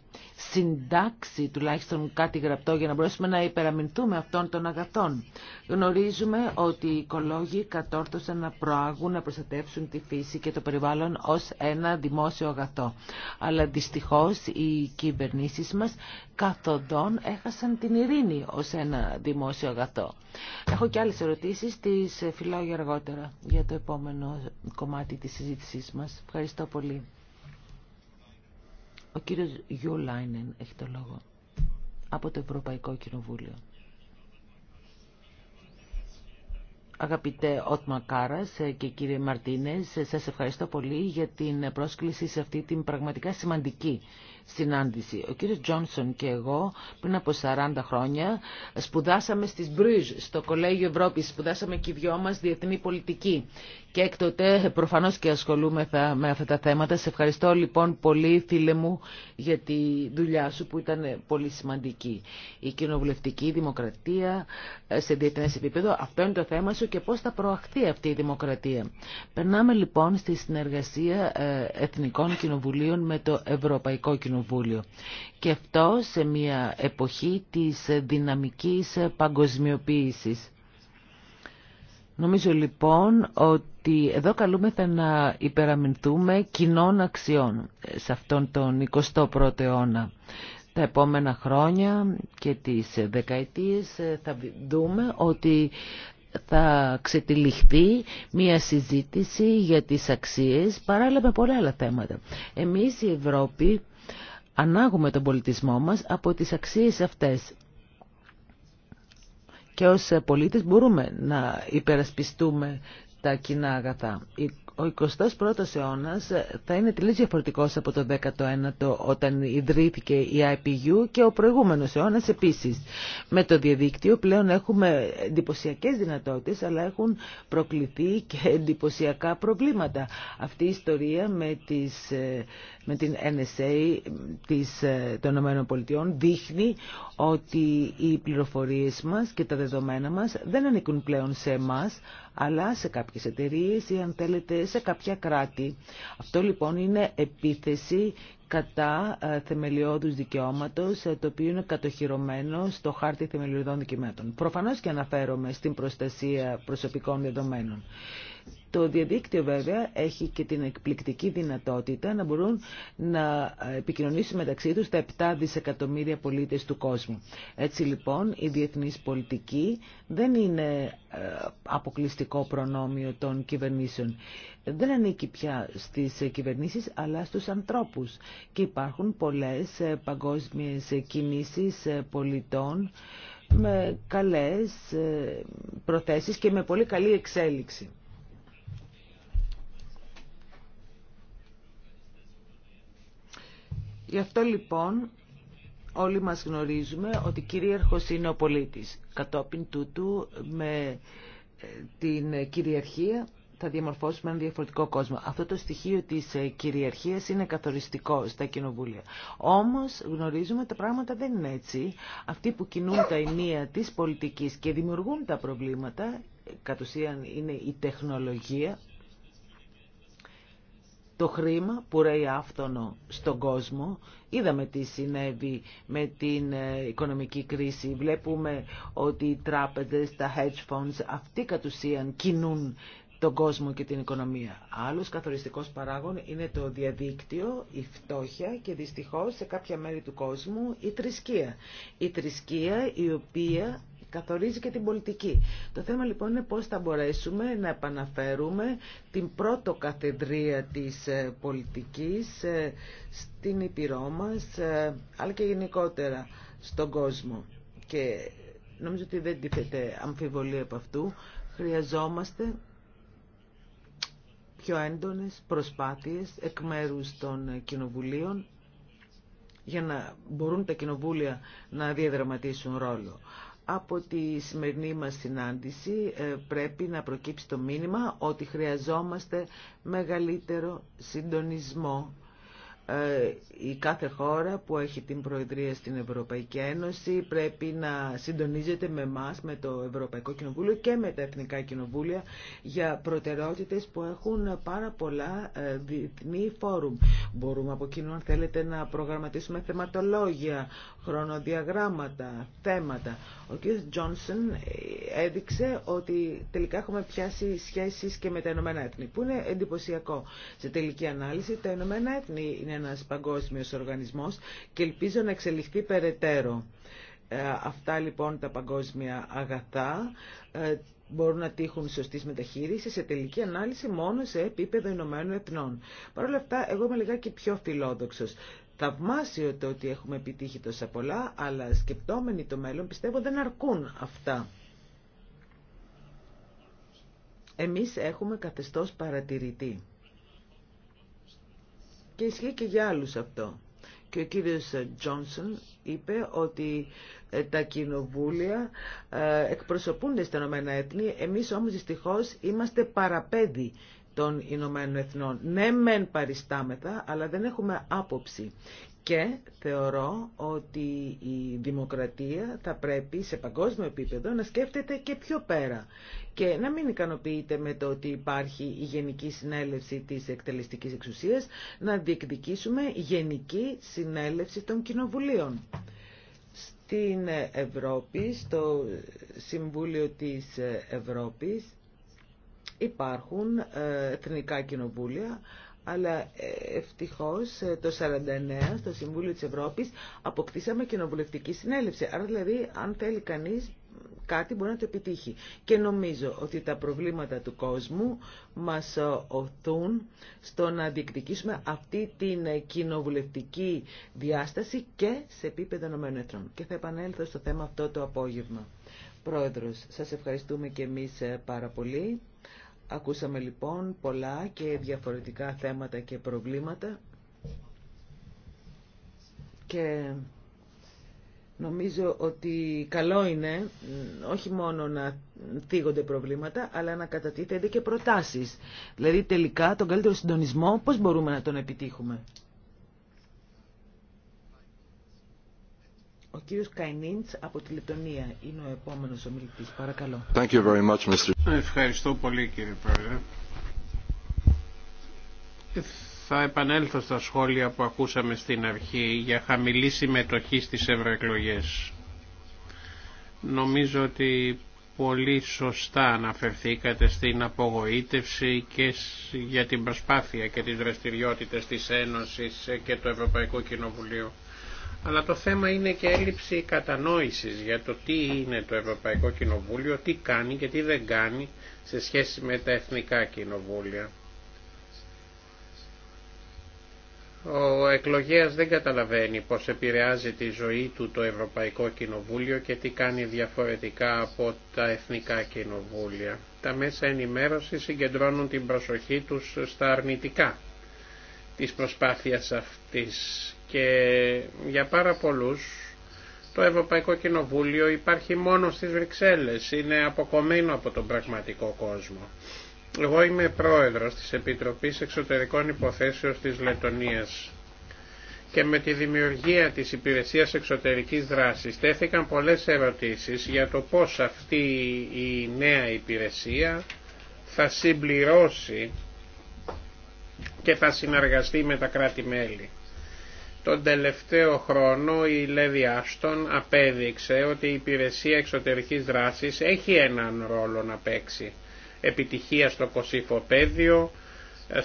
συντάξει τουλάχιστον κάτι γραπτό για να μπορέσουμε να υπεραμεινθούμε αυτών των αγαθών. Γνωρίζουμε ότι οι οικολόγοι κατόρθωσαν να προάγουν, να προστατεύσουν τη φύση και το περιβάλλον ως ένα δημόσιο αγαθό. Αλλά δυστυχώς οι κυβερνήσει μας καθοδόν έχασαν την ειρήνη ως ένα δημόσιο αγαθό. Έχω και άλλες ερωτήσεις, τις φιλάω για αργότερα για το επόμενο κομμάτι της συζήτησής μας. Ευχαριστώ πολύ. Ο κύριος Λάινεν έχει το λόγο από το Ευρωπαϊκό Κοινοβούλιο. Αγαπητέ Ότμα Κάρας και κύριε Μαρτίνες, σας ευχαριστώ πολύ για την πρόσκληση σε αυτή την πραγματικά σημαντική συνάντηση. Ο κύριος Τζόνσον και εγώ πριν από 40 χρόνια σπουδάσαμε στις Μπρουζ, στο Κολέγιο Ευρώπης, σπουδάσαμε και οι δυο μας διεθνή πολιτική και έκτοτε προφανώς και ασχολούμαι με αυτά τα θέματα. Σε ευχαριστώ λοιπόν πολύ φίλε μου για τη δουλειά σου που ήταν πολύ σημαντική. Η κοινοβουλευτική δημοκρατία ε, σε διεθνές επίπεδο, αυτό είναι το θέμα σου και πώς θα προαχθεί αυτή η δημοκρατία. Περνάμε λοιπόν στη συνεργασία ε, Εθνικών Κοινοβουλίων με το Ευρωπαϊκό Κοινοβούλιο. Και αυτό σε μια εποχή της δυναμικής παγκοσμιοποίησης. Νομίζω λοιπόν ότι εδώ καλούμεθα να υπεραμεινθούμε κοινών αξιών ε, σε αυτόν τον 21ο αιώνα. Τα επόμενα χρόνια και τις ε, δεκαετίες ε, θα δούμε ότι θα ξετυλιχθεί μια συζήτηση για τις αξίες παράλληλα με πολλά άλλα θέματα. Εμείς η Ευρώπη ανάγουμε τον πολιτισμό μας από τις αξίες αυτές και ως πολίτες μπορούμε να υπερασπιστούμε τα κοινά αγαθά ο 21ος αιώνας θα είναι τελείως διαφορετικός από το 19ο όταν ιδρύθηκε η IPU και ο προηγούμενος αιώνας επίσης. Με το διαδίκτυο πλέον έχουμε εντυπωσιακέ δυνατότητες αλλά έχουν προκληθεί και εντυπωσιακά προβλήματα. Αυτή η ιστορία με, τις, με την NSA της, των ΗΠΑ δείχνει ότι οι πληροφορίες μας και τα δεδομένα μας δεν ανήκουν πλέον σε εμάς αλλά σε κάποιες εταιρείες ή αν θέλετε σε κάποια κράτη. Αυτό λοιπόν είναι επίθεση κατά ε, θεμελιώδους δικαιώματος, ε, το οποίο είναι κατοχυρωμένο στο χάρτη θεμελιωδών δικαιωμάτων. Προφανώς και αναφέρομαι στην προστασία προσωπικών δεδομένων. Το διαδίκτυο βέβαια έχει και την εκπληκτική δυνατότητα να μπορούν να επικοινωνήσουν μεταξύ τους τα 7 δισεκατομμύρια πολίτες του κόσμου. Έτσι λοιπόν η διεθνής πολιτική δεν είναι ε, αποκλειστικό προνόμιο των κυβερνήσεων. Δεν ανήκει πια στις κυβερνήσεις αλλά στους ανθρώπους και υπάρχουν πολλές ε, παγκόσμιες κινήσεις ε, πολιτών με καλές προθέσεις και με πολύ καλή εξέλιξη. Γι' αυτό λοιπόν όλοι μας γνωρίζουμε ότι κυρίαρχος είναι ο πολίτης. Κατόπιν τούτου με ε, την κυριαρχία θα διαμορφώσουμε ένα διαφορετικό κόσμο. Αυτό το στοιχείο της ε, κυριαρχίας είναι καθοριστικό στα κοινοβούλια. Όμως γνωρίζουμε ότι τα πράγματα δεν είναι έτσι. Αυτοί που κινούν τα ενία της πολιτικής και δημιουργούν τα προβλήματα, κατ' ουσίαν είναι η τεχνολογία, το χρήμα που ρέει άφθονο στον κόσμο. Είδαμε τι συνέβη με την ε, οικονομική κρίση. Βλέπουμε ότι οι τράπεζες, τα hedge funds, αυτοί κατ' ουσίαν κινούν τον κόσμο και την οικονομία. Άλλος καθοριστικός παράγων είναι το διαδίκτυο, η φτώχεια και δυστυχώς σε κάποια μέρη του κόσμου η θρησκεία. Η θρησκεία η οποία καθορίζει και την πολιτική. Το θέμα λοιπόν είναι πώς θα μπορέσουμε να επαναφέρουμε την πρώτο καθεδρία της ε, πολιτικής ε, στην Ήπειρό μας, ε, αλλά και γενικότερα στον κόσμο. Και νομίζω ότι δεν τίθεται αμφιβολία από αυτού. Χρειαζόμαστε πιο έντονες προσπάθειες εκ μέρους των κοινοβουλίων για να μπορούν τα κοινοβούλια να διαδραματίσουν ρόλο. Από τη σημερινή μας συνάντηση ε, πρέπει να προκύψει το μήνυμα ότι χρειαζόμαστε μεγαλύτερο συντονισμό ε, η κάθε χώρα που έχει την Προεδρία στην Ευρωπαϊκή Ένωση πρέπει να συντονίζεται με εμά, με το Ευρωπαϊκό Κοινοβούλιο και με τα Εθνικά Κοινοβούλια για προτεραιότητες που έχουν πάρα πολλά ε, διεθνή φόρουμ. Μπορούμε από κοινού αν θέλετε να προγραμματίσουμε θεματολόγια, χρονοδιαγράμματα, θέματα. Ο κ. Τζόνσον ε, έδειξε ότι τελικά έχουμε πιάσει σχέσεις και με τα Ηνωμένα Έθνη, που είναι εντυπωσιακό. Σε τελική ανάλυση τα Ηνωμένα Έθνη είναι ένας παγκόσμιος οργανισμός και ελπίζω να εξελιχθεί περαιτέρω. Ε, αυτά λοιπόν τα παγκόσμια αγαθά ε, μπορούν να τύχουν σωστή μεταχείριση σε τελική ανάλυση μόνο σε επίπεδο Ηνωμένων Εθνών. Παρ' όλα αυτά, εγώ είμαι λιγάκι πιο φιλόδοξο. Θαυμάσιο το ότι έχουμε επιτύχει τόσα πολλά, αλλά σκεπτόμενοι το μέλλον πιστεύω δεν αρκούν αυτά. Εμείς έχουμε καθεστώς παρατηρητή. Και ισχύει και για άλλους αυτό. Και ο κύριος Τζόνσον είπε ότι ε, τα κοινοβούλια ε, εκπροσωπούνται στα Ηνωμένα Έθνη, εμείς όμως δυστυχώς είμαστε παραπέδι των Ηνωμένων Εθνών. Ναι, μεν παριστάμεθα, αλλά δεν έχουμε άποψη και θεωρώ ότι η δημοκρατία θα πρέπει σε παγκόσμιο επίπεδο να σκέφτεται και πιο πέρα και να μην ικανοποιείται με το ότι υπάρχει η Γενική Συνέλευση της Εκτελεστικής Εξουσίας, να διεκδικήσουμε Γενική Συνέλευση των Κοινοβουλίων. Στην Ευρώπη, στο Συμβούλιο της Ευρώπης, υπάρχουν ε, εθνικά κοινοβούλια, αλλά ε, ευτυχώς ε, το 49 στο Συμβούλιο της Ευρώπης αποκτήσαμε κοινοβουλευτική συνέλευση. Άρα δηλαδή αν θέλει κανείς κάτι μπορεί να το επιτύχει. Και νομίζω ότι τα προβλήματα του κόσμου μας ε, οθούν στο να διεκδικήσουμε αυτή την κοινοβουλευτική διάσταση και σε επίπεδο ΗΕ. Και θα επανέλθω στο θέμα αυτό το απόγευμα. Πρόεδρος, σας ευχαριστούμε και εμείς πάρα πολύ. Ακούσαμε λοιπόν πολλά και διαφορετικά θέματα και προβλήματα και νομίζω ότι καλό είναι όχι μόνο να θίγονται προβλήματα αλλά να κατατίθενται και προτάσεις. Δηλαδή τελικά τον καλύτερο συντονισμό πώς μπορούμε να τον επιτύχουμε. Ο κύριος Καϊνίντς από τη Λετωνία είναι ο επόμενος ομιλητής. Παρακαλώ. Ευχαριστώ πολύ κύριε Πρόεδρε. Θα επανέλθω στα σχόλια που ακούσαμε στην αρχή για χαμηλή συμμετοχή στις ευρωεκλογέ. Νομίζω ότι πολύ σωστά αναφερθήκατε στην απογοήτευση και για την προσπάθεια και τις δραστηριότητες της Ένωσης και του Ευρωπαϊκού Κοινοβουλίου αλλά το θέμα είναι και έλλειψη κατανόησης για το τι είναι το Ευρωπαϊκό Κοινοβούλιο, τι κάνει και τι δεν κάνει σε σχέση με τα εθνικά κοινοβούλια. Ο εκλογέας δεν καταλαβαίνει πώς επηρεάζει τη ζωή του το Ευρωπαϊκό Κοινοβούλιο και τι κάνει διαφορετικά από τα εθνικά κοινοβούλια. Τα μέσα ενημέρωσης συγκεντρώνουν την προσοχή τους στα αρνητικά της προσπάθειας αυτής και για πάρα πολλούς το Ευρωπαϊκό Κοινοβούλιο υπάρχει μόνο στις Βρυξέλλες, είναι αποκομμένο από τον πραγματικό κόσμο. Εγώ είμαι πρόεδρος της Επιτροπής Εξωτερικών Υποθέσεων της Λετωνίας και με τη δημιουργία της Υπηρεσίας Εξωτερικής Δράσης τέθηκαν πολλές ερωτήσεις για το πώς αυτή η νέα υπηρεσία θα συμπληρώσει και θα συνεργαστεί με τα κράτη-μέλη. Τον τελευταίο χρόνο η Λέβη Άστον απέδειξε ότι η υπηρεσία εξωτερικής δράσης έχει έναν ρόλο να παίξει. Επιτυχία στο Κωσίφο-Πέδιο,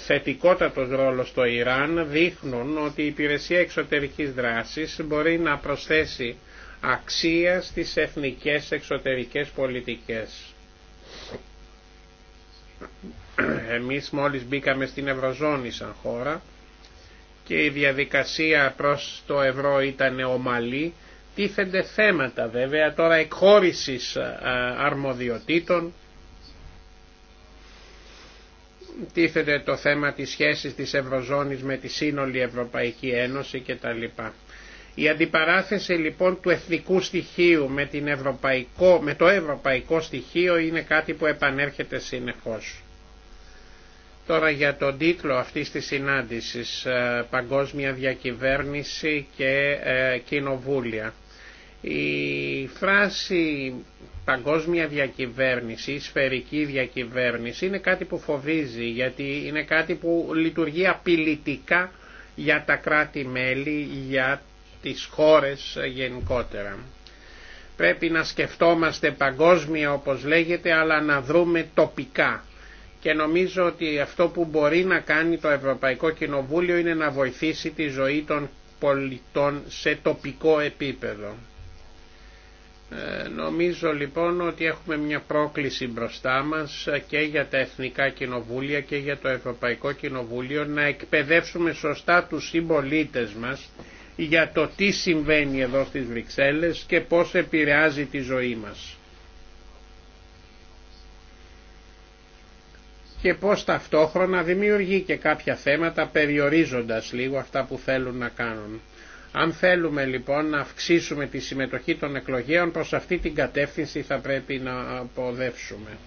θετικότατος ρόλος στο Ιράν δείχνουν ότι η υπηρεσία εξωτερικής δράσης μπορεί να προσθέσει αξία στις εθνικές εξωτερικές πολιτικές. Εμείς μόλις μπήκαμε στην Ευρωζώνη σαν χώρα και η διαδικασία προς το ευρώ ήταν ομαλή, τίθενται θέματα βέβαια τώρα εκχώρησης αρμοδιοτήτων, τίθενται το θέμα της σχέσης της Ευρωζώνης με τη σύνολη Ευρωπαϊκή Ένωση κτλ. Η αντιπαράθεση λοιπόν του εθνικού στοιχείου με, την ευρωπαϊκό, με το ευρωπαϊκό στοιχείο είναι κάτι που επανέρχεται συνεχώς. Τώρα για τον τίτλο αυτής της συνάντησης ε, «Παγκόσμια διακυβέρνηση και ε, κοινοβούλια». Η φράση «παγκόσμια διακυβέρνηση» «σφαιρική διακυβέρνηση» είναι κάτι που φοβίζει γιατί είναι κάτι που λειτουργεί απειλητικά για τα κράτη-μέλη, για τις χώρες γενικότερα. Πρέπει να σκεφτόμαστε παγκόσμια όπως λέγεται αλλά να δρούμε τοπικά και νομίζω ότι αυτό που μπορεί να κάνει το Ευρωπαϊκό Κοινοβούλιο είναι να βοηθήσει τη ζωή των πολιτών σε τοπικό επίπεδο. Ε, νομίζω λοιπόν ότι έχουμε μια πρόκληση μπροστά μας και για τα Εθνικά Κοινοβούλια και για το Ευρωπαϊκό Κοινοβούλιο να εκπαιδεύσουμε σωστά τους συμπολίτε μας για το τι συμβαίνει εδώ στις Βρυξέλλες και πώς επηρεάζει τη ζωή μας. και πώς ταυτόχρονα δημιουργεί και κάποια θέματα περιορίζοντας λίγο αυτά που θέλουν να κάνουν. Αν θέλουμε λοιπόν να αυξήσουμε τη συμμετοχή των εκλογέων προς αυτή την κατεύθυνση θα πρέπει να αποδεύσουμε.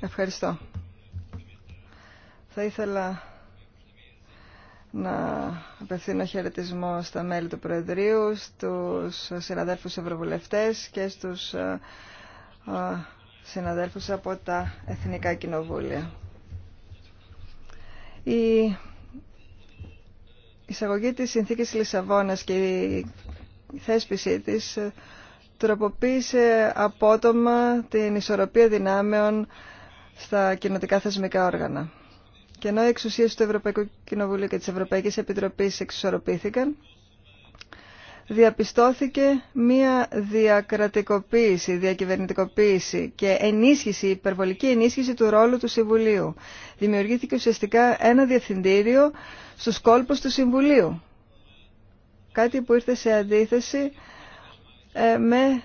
Ευχαριστώ. Θα ήθελα να απευθύνω χαιρετισμό στα μέλη του Προεδρείου, στους συναδέλφους ευρωβουλευτές και στους ε, ε, συναδέλφους από τα Εθνικά Κοινοβούλια. Η εισαγωγή της συνθήκης Λισαβόνας και η θέσπιση της τροποποίησε απότομα την ισορροπία δυνάμεων στα κοινοτικά θεσμικά όργανα. Και ενώ οι εξουσίες του Ευρωπαϊκού Κοινοβουλίου και της Ευρωπαϊκής Επιτροπής εξισορροπήθηκαν, διαπιστώθηκε μία διακρατικοποίηση, διακυβερνητικοποίηση και ενίσχυση, υπερβολική ενίσχυση του ρόλου του Συμβουλίου. Δημιουργήθηκε ουσιαστικά ένα διευθυντήριο στους κόλπους του Συμβουλίου. Κάτι που ήρθε σε αντίθεση ε, με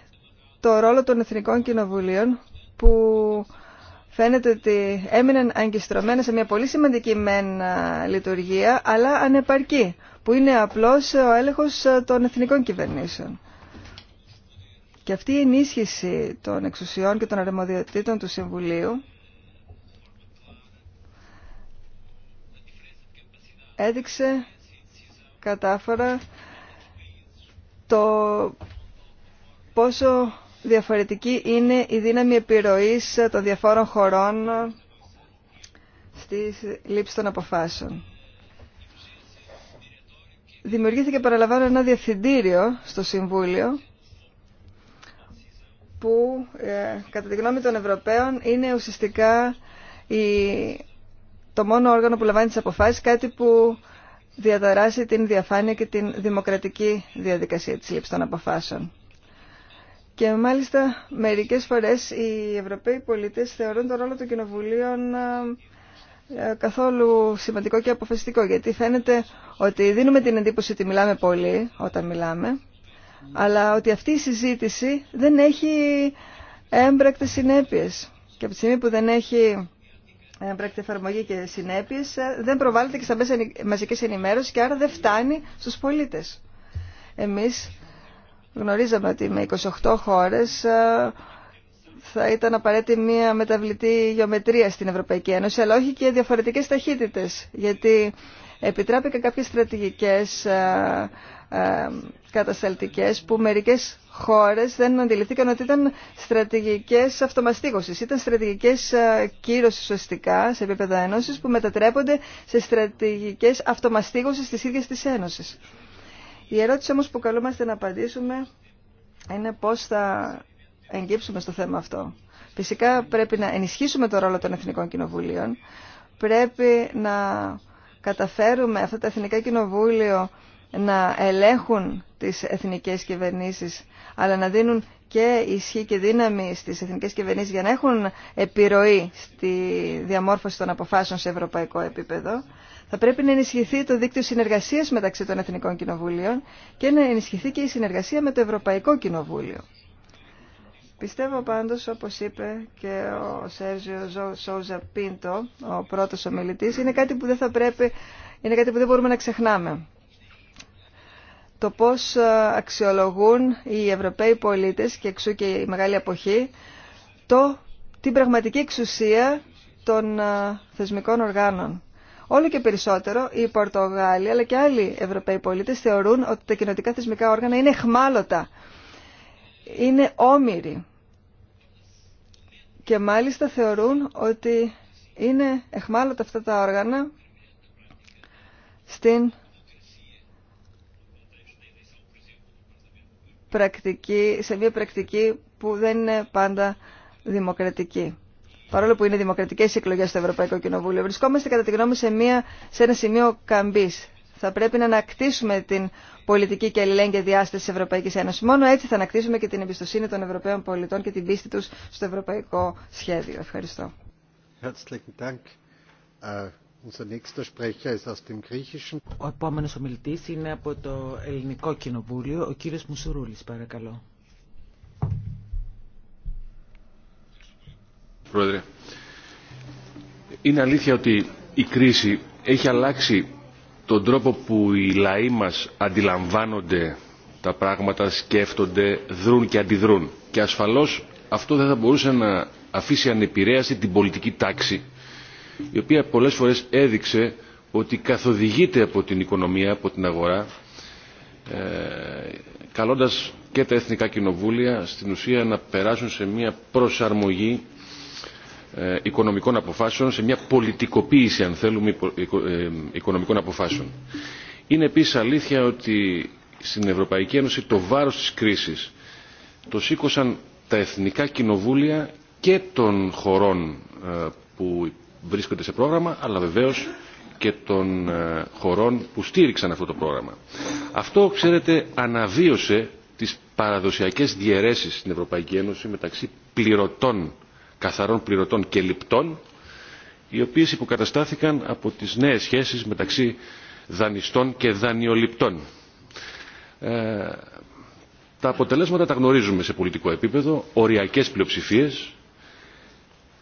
το ρόλο των Εθνικών Κοινοβουλίων που φαίνεται ότι έμειναν αγκιστρωμένα σε μια πολύ σημαντική μεν λειτουργία, αλλά ανεπαρκή, που είναι απλώς ε, ο έλεγχος ε, των εθνικών κυβερνήσεων. Και αυτή η ενίσχυση των εξουσιών και των αρμοδιοτήτων του Συμβουλίου έδειξε κατάφορα το πόσο διαφορετική είναι η δύναμη επιρροής των διαφόρων χωρών στις λήψεις των αποφάσεων. Δημιουργήθηκε, παραλαμβάνω, ένα διευθυντήριο στο Συμβούλιο που, ε, κατά τη γνώμη των Ευρωπαίων, είναι ουσιαστικά η... το μόνο όργανο που λαμβάνει τις αποφάσεις, κάτι που διαταράσει την διαφάνεια και την δημοκρατική διαδικασία της λήψης των αποφάσεων. Και μάλιστα μερικές φορές οι Ευρωπαίοι πολίτες θεωρούν τον ρόλο των κοινοβουλίων ε, καθόλου σημαντικό και αποφασιστικό γιατί φαίνεται ότι δίνουμε την εντύπωση ότι μιλάμε πολύ όταν μιλάμε αλλά ότι αυτή η συζήτηση δεν έχει έμπρακτες συνέπειες και από τη στιγμή που δεν έχει έμπρακτη εφαρμογή και συνέπειες ε, δεν προβάλλεται και στα μέσα μαζικής ενημέρωσης και άρα δεν φτάνει στους πολίτες. Εμείς γνωρίζαμε ότι με 28 χώρες ε, θα ήταν απαραίτητη μια μεταβλητή γεωμετρία στην Ευρωπαϊκή Ένωση, αλλά όχι και διαφορετικές ταχύτητες, γιατί επιτράπηκαν κάποιες στρατηγικές ε, ε, κατασταλτικές που μερικές χώρες δεν αντιληφθήκαν ότι ήταν στρατηγικές αυτομαστίγωσης. Ήταν στρατηγικές κύρωσης ουσιαστικά σε επίπεδα ένωσης που μετατρέπονται σε στρατηγικές αυτομαστίγωσης της ίδιας της ένωσης. Η ερώτηση όμως που καλούμαστε να απαντήσουμε είναι πώς θα εγκύψουμε στο θέμα αυτό. Φυσικά πρέπει να ενισχύσουμε το ρόλο των Εθνικών Κοινοβουλίων, πρέπει να καταφέρουμε αυτά τα Εθνικά Κοινοβούλια να ελέγχουν τις εθνικές κυβερνήσεις, αλλά να δίνουν και ισχύ και δύναμη στις εθνικές κυβερνήσεις για να έχουν επιρροή στη διαμόρφωση των αποφάσεων σε ευρωπαϊκό επίπεδο. Θα πρέπει να ενισχυθεί το δίκτυο συνεργασία μεταξύ των Εθνικών Κοινοβουλίων και να ενισχυθεί και η συνεργασία με το Ευρωπαϊκό Κοινοβούλιο. Πιστεύω πάντως, όπως είπε και ο Σέρζιο Σόουζα Πίντο, ο πρώτος ομιλητής, είναι κάτι που δεν θα πρέπει, είναι κάτι που δεν μπορούμε να ξεχνάμε. Το πώς ε, αξιολογούν οι Ευρωπαίοι πολίτε, και εξού και η μεγάλη αποχή, το, την πραγματική εξουσία των ε, θεσμικών οργάνων. Όλο και περισσότερο οι Πορτογάλοι αλλά και άλλοι Ευρωπαίοι πολίτες θεωρούν ότι τα κοινοτικά θεσμικά όργανα είναι εχμάλωτα, είναι όμοιροι και μάλιστα θεωρούν ότι είναι εχμάλωτα αυτά τα όργανα στην σε μια πρακτική που δεν είναι πάντα δημοκρατική παρόλο που είναι δημοκρατικές εκλογέ στο Ευρωπαϊκό Κοινοβούλιο, βρισκόμαστε κατά τη γνώμη σε, μια, σε ένα σημείο καμπή. Θα πρέπει να ανακτήσουμε την πολιτική και αλληλέγγυα διάσταση τη Ευρωπαϊκής Ένωσης. Μόνο έτσι θα ανακτήσουμε και την εμπιστοσύνη των Ευρωπαίων πολιτών και την πίστη του στο ευρωπαϊκό σχέδιο. Ευχαριστώ. Äh, ο επόμενο ομιλητή είναι από το Ελληνικό Κοινοβούλιο, ο κύριο Μουσουρούλη, παρακαλώ. Πρόεδρε, είναι αλήθεια ότι η κρίση έχει αλλάξει τον τρόπο που οι λαοί μας αντιλαμβάνονται τα πράγματα, σκέφτονται, δρούν και αντιδρούν. Και ασφαλώς αυτό δεν θα μπορούσε να αφήσει ανεπηρέαση την πολιτική τάξη, η οποία πολλές φορές έδειξε ότι καθοδηγείται από την οικονομία, από την αγορά, ε, καλώντας και τα εθνικά κοινοβούλια στην ουσία να περάσουν σε μια προσαρμογή ε, οικονομικών αποφάσεων σε μια πολιτικοποίηση αν θέλουμε ε, ε, οικονομικών αποφάσεων. Είναι επίσης αλήθεια ότι στην Ευρωπαϊκή Ένωση το βάρος της κρίσης το σήκωσαν τα εθνικά κοινοβούλια και των χωρών που βρίσκονται σε πρόγραμμα αλλά βεβαίως και των χωρών που στήριξαν αυτό το πρόγραμμα. Αυτό, ξέρετε, αναβίωσε τις παραδοσιακές διαιρέσεις στην Ευρωπαϊκή Ένωση μεταξύ πληρωτών καθαρών πληρωτών και λιπτών, οι οποίες υποκαταστάθηκαν από τις νέες σχέσεις μεταξύ δανειστών και δανειοληπτών. Ε, τα αποτελέσματα τα γνωρίζουμε σε πολιτικό επίπεδο, οριακές πλειοψηφίες,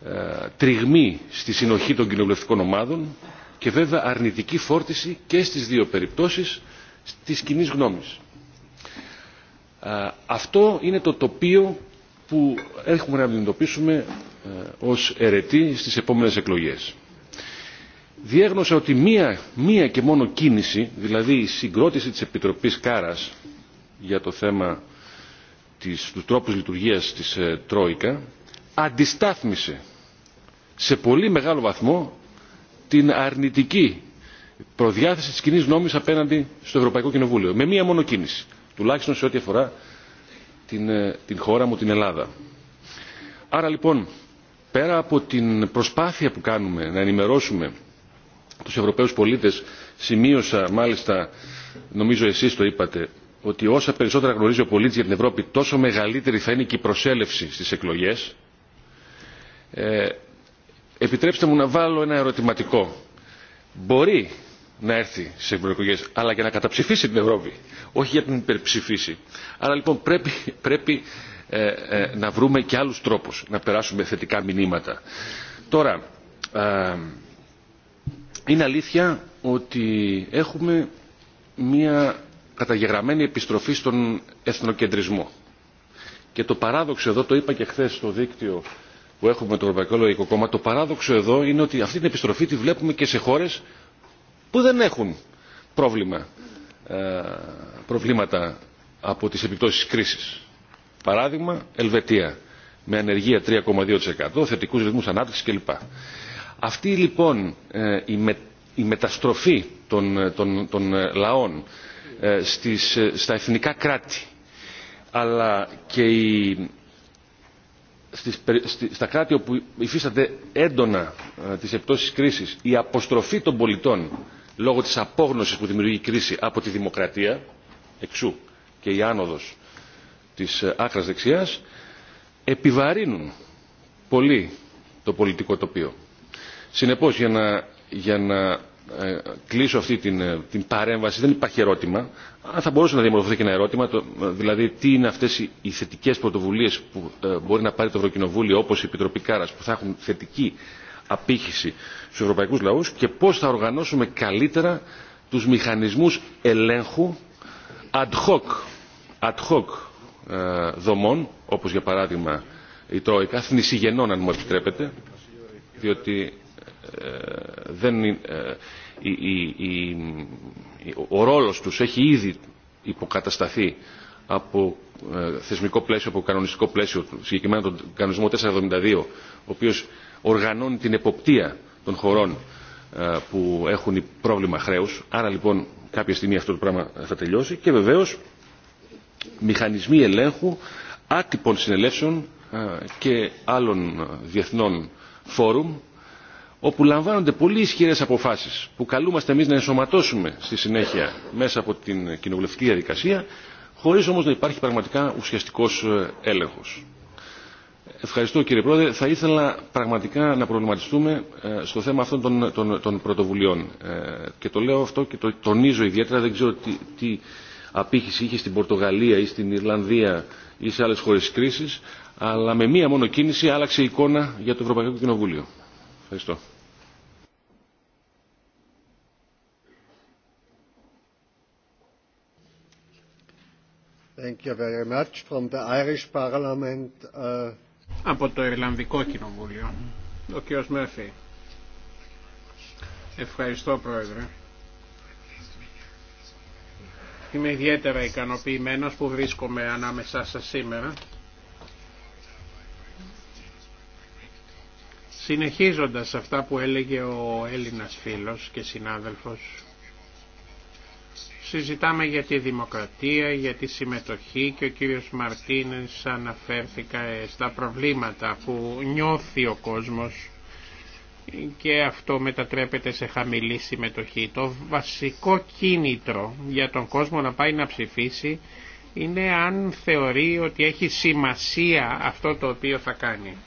ε, τριγμή στη συνοχή των κοινοβουλευτικών ομάδων και βέβαια αρνητική φόρτιση και στις δύο περιπτώσεις της κοινή γνώμης. Ε, αυτό είναι το τοπίο που έχουμε να αντιμετωπίσουμε ε, ως αιρετή στις επόμενες εκλογές. Διέγνωσα ότι μία, μία και μόνο κίνηση, δηλαδή η συγκρότηση της Επιτροπής Κάρας για το θέμα της, του τρόπου λειτουργίας της ε, Τρόικα, αντιστάθμισε σε πολύ μεγάλο βαθμό την αρνητική προδιάθεση της κοινή νόμης απέναντι στο Ευρωπαϊκό Κοινοβούλιο. Με μία μόνο κίνηση, τουλάχιστον σε ό,τι αφορά την, ε, την χώρα μου, την Ελλάδα. Άρα λοιπόν, πέρα από την προσπάθεια που κάνουμε να ενημερώσουμε τους Ευρωπαίους πολίτες, σημείωσα μάλιστα, νομίζω εσείς το είπατε, ότι όσα περισσότερα γνωρίζει ο πολίτης για την Ευρώπη, τόσο μεγαλύτερη θα είναι και η προσέλευση στις εκλογές. Ε, επιτρέψτε μου να βάλω ένα ερωτηματικό. Μπορεί να έρθει στι ευρωεκλογέ, αλλά για να καταψηφίσει την Ευρώπη, όχι για την υπερψηφίσει. Άρα λοιπόν πρέπει, ε, ε, να βρούμε και άλλου τρόπου να περάσουμε θετικά μηνύματα. Τώρα, ε, είναι αλήθεια ότι έχουμε μία καταγεγραμμένη επιστροφή στον εθνοκεντρισμό. Και το παράδοξο εδώ, το είπα και χθε στο δίκτυο που έχουμε το Ευρωπαϊκό Λογικό Κόμμα, το παράδοξο εδώ είναι ότι αυτή την επιστροφή τη βλέπουμε και σε χώρες που δεν έχουν ε, προβλήματα από τις επιπτώσεις κρίσης. Παράδειγμα, Ελβετία με ανεργία 3,2%, θετικούς ρυθμούς ανάπτυξης κλπ. Αυτή λοιπόν ε, η, η μεταστροφή των, λαών ε, στις, στα εθνικά κράτη αλλά και στις, στα κράτη όπου υφίσταται έντονα τις επιπτώσεις κρίσης η αποστροφή των πολιτών λόγω της απόγνωσης που δημιουργεί η κρίση από τη δημοκρατία, εξού και η άνοδος της ε, άκρας δεξιάς, επιβαρύνουν πολύ το πολιτικό τοπίο. Συνεπώς, για να, για να ε, κλείσω αυτή την, ε, την παρέμβαση, δεν υπάρχει ερώτημα. Αν θα μπορούσε να δημορφωθεί και ένα ερώτημα, δηλαδή τι είναι αυτές οι, οι θετικές πρωτοβουλίες που μπορεί να πάρει το Ευρωκοινοβούλιο, όπως η Επιτροπή Κάρας, που θα έχουν θετική απήχηση στους ευρωπαϊκούς λαούς και πώς θα οργανώσουμε καλύτερα τους μηχανισμούς ελέγχου ad hoc, ad hoc ε, δομών, όπως για παράδειγμα η Τρόικα, θνησιγενών αν μου επιτρέπετε, διότι ε, δεν, ε, ο ρόλος τους έχει ήδη υποκατασταθεί από θεσμικό πλαίσιο, από κανονιστικό πλαίσιο, συγκεκριμένα τον κανονισμό 472, ο οποίος οργανώνει την εποπτεία των χωρών ε, που έχουν πρόβλημα χρέους. Άρα λοιπόν κάποια στιγμή αυτό το πράγμα θα τελειώσει και βεβαίως μηχανισμοί ελέγχου άτυπων συνελεύσεων ε, και άλλων ε, διεθνών φόρουμ όπου λαμβάνονται πολύ ισχυρές αποφάσεις που καλούμαστε εμείς να ενσωματώσουμε στη συνέχεια μέσα από την κοινοβουλευτική διαδικασία χωρίς όμως να υπάρχει πραγματικά ουσιαστικός έλεγχος. Ευχαριστώ κύριε Πρόεδρε. Θα ήθελα πραγματικά να προβληματιστούμε ε, στο θέμα αυτών των, των, πρωτοβουλειών. Ε, και το λέω αυτό και το τονίζω ιδιαίτερα. Δεν ξέρω τι, τι απήχηση είχε στην Πορτογαλία ή στην Ιρλανδία ή σε άλλες χώρες κρίσης, αλλά με μία μόνο κίνηση άλλαξε η εικόνα για το Ευρωπαϊκό Κοινοβούλιο. Ευχαριστώ. Thank you uh, από το Ιρλανδικό Κοινοβούλιο, ο κ. Μέρφυ. Ευχαριστώ, Πρόεδρε. Είμαι ιδιαίτερα ικανοποιημένος που βρίσκομαι ανάμεσά σας σήμερα. Συνεχίζοντας αυτά που έλεγε ο Έλληνας φίλος και συνάδελφος Συζητάμε για τη δημοκρατία, για τη συμμετοχή και ο κύριος Μαρτίνες αναφέρθηκα στα προβλήματα που νιώθει ο κόσμος και αυτό μετατρέπεται σε χαμηλή συμμετοχή. Το βασικό κίνητρο για τον κόσμο να πάει να ψηφίσει είναι αν θεωρεί ότι έχει σημασία αυτό το οποίο θα κάνει.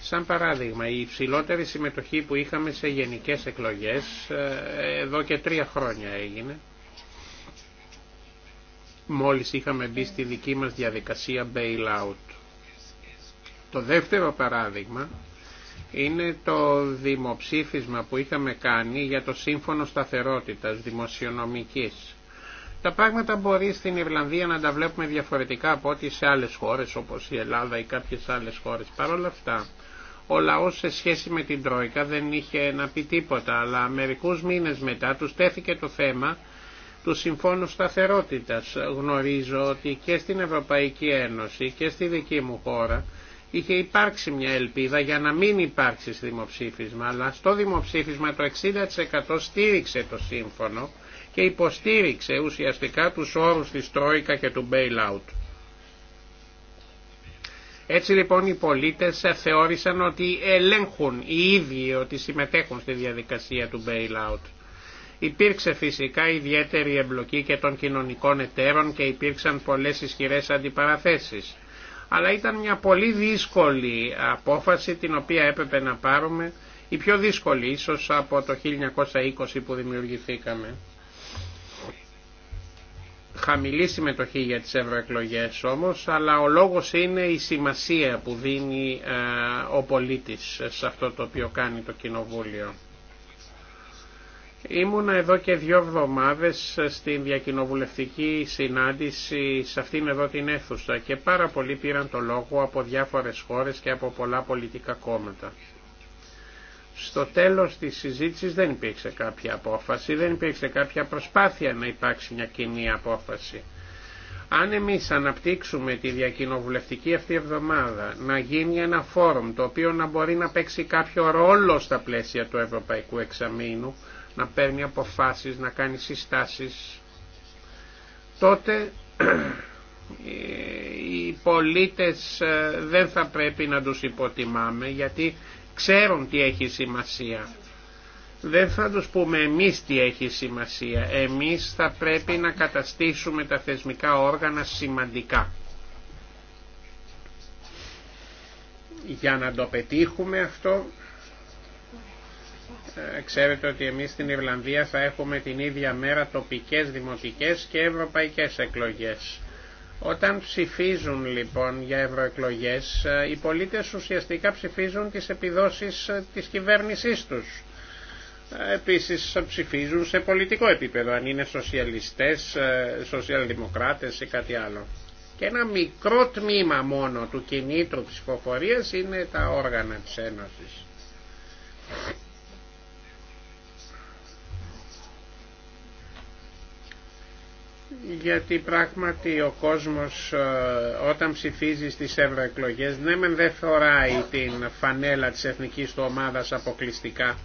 Σαν παράδειγμα, η υψηλότερη συμμετοχή που είχαμε σε γενικές εκλογές ε, εδώ και τρία χρόνια έγινε μόλις είχαμε μπει στη δική μας διαδικασία bailout. Το δεύτερο παράδειγμα είναι το δημοψήφισμα που είχαμε κάνει για το Σύμφωνο Σταθερότητας Δημοσιονομικής. Τα πράγματα μπορεί στην Ιρλανδία να τα βλέπουμε διαφορετικά από ό,τι σε άλλες χώρες όπως η Ελλάδα ή κάποιες άλλες χώρες. Παρ' όλα αυτά, ο λαός σε σχέση με την Τρόικα δεν είχε να πει τίποτα, αλλά μερικούς μήνες μετά του τέθηκε το θέμα του Συμφώνου Σταθερότητας. Γνωρίζω ότι και στην Ευρωπαϊκή Ένωση και στη δική μου χώρα είχε υπάρξει μια ελπίδα για να μην υπάρξει δημοψήφισμα, αλλά στο δημοψήφισμα το 60% στήριξε το σύμφωνο και υποστήριξε ουσιαστικά τους όρους της Τρόικα και του Bailout. Έτσι λοιπόν οι πολίτες θεώρησαν ότι ελέγχουν οι ίδιοι ότι συμμετέχουν στη διαδικασία του Bailout. Υπήρξε φυσικά ιδιαίτερη εμπλοκή και των κοινωνικών εταίρων και υπήρξαν πολλές ισχυρές αντιπαραθέσεις. Αλλά ήταν μια πολύ δύσκολη απόφαση την οποία έπρεπε να πάρουμε, η πιο δύσκολη ίσως από το 1920 που δημιουργηθήκαμε. Χαμηλή συμμετοχή για τις ευρωεκλογές όμως, αλλά ο λόγος είναι η σημασία που δίνει ε, ο πολίτης σε αυτό το οποίο κάνει το κοινοβούλιο. Ήμουνα εδώ και δύο εβδομάδες στην διακοινοβουλευτική συνάντηση σε αυτήν εδώ την αίθουσα και πάρα πολλοί πήραν το λόγο από διάφορες χώρες και από πολλά πολιτικά κόμματα. Στο τέλος της συζήτησης δεν υπήρξε κάποια απόφαση, δεν υπήρξε κάποια προσπάθεια να υπάρξει μια κοινή απόφαση. Αν εμείς αναπτύξουμε τη διακοινοβουλευτική αυτή εβδομάδα να γίνει ένα φόρουμ το οποίο να μπορεί να παίξει κάποιο ρόλο στα πλαίσια του Ευρωπαϊκού Εξαμήνου, να παίρνει αποφάσεις, να κάνει συστάσεις, τότε ε, οι πολίτες ε, δεν θα πρέπει να τους υποτιμάμε γιατί ξέρουν τι έχει σημασία. Δεν θα τους πούμε εμείς τι έχει σημασία. Εμείς θα πρέπει να καταστήσουμε τα θεσμικά όργανα σημαντικά. Για να το πετύχουμε αυτό ε, ξέρετε ότι εμείς στην Ιρλανδία θα έχουμε την ίδια μέρα τοπικές, δημοτικές και ευρωπαϊκές εκλογές. Όταν ψηφίζουν λοιπόν για ευρωεκλογές, ε, οι πολίτες ουσιαστικά ψηφίζουν τις επιδόσεις ε, της κυβέρνησής τους. Επίσης ψηφίζουν σε πολιτικό επίπεδο, αν είναι σοσιαλιστές, σοσιαλδημοκράτες ή κάτι άλλο. Και ένα μικρό τμήμα μόνο του κινήτρου ψηφοφορίας είναι τα όργανα της Ένωσης. γιατί πράγματι ο κόσμος ε, όταν ψηφίζει στις ευρωεκλογέ ναι μεν δεν φοράει την φανέλα της εθνικής του ομάδας αποκλειστικά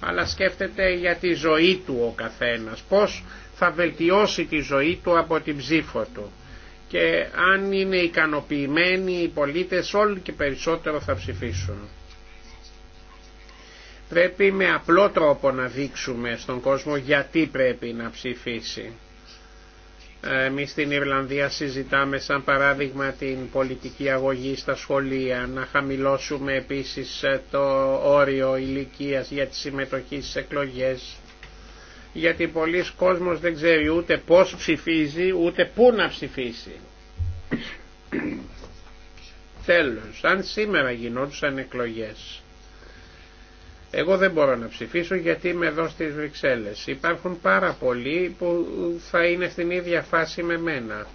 αλλά σκέφτεται για τη ζωή του ο καθένας, πώς θα βελτιώσει τη ζωή του από την ψήφο του. Και αν είναι ικανοποιημένοι οι πολίτες όλοι και περισσότερο θα ψηφίσουν. Πρέπει με απλό τρόπο να δείξουμε στον κόσμο γιατί πρέπει να ψηφίσει. Εμεί στην Ιρλανδία συζητάμε σαν παράδειγμα την πολιτική αγωγή στα σχολεία, να χαμηλώσουμε επίσης ε, το όριο ηλικίας για τη συμμετοχή στις εκλογές, γιατί πολλοί κόσμος δεν ξέρει ούτε πώς ψηφίζει, ούτε πού να ψηφίσει. Τέλος, αν σήμερα γινόντουσαν εκλογές, εγώ δεν μπορώ να ψηφίσω γιατί είμαι εδώ στις Βρυξέλλες. Υπάρχουν πάρα πολλοί που θα είναι στην ίδια φάση με μένα.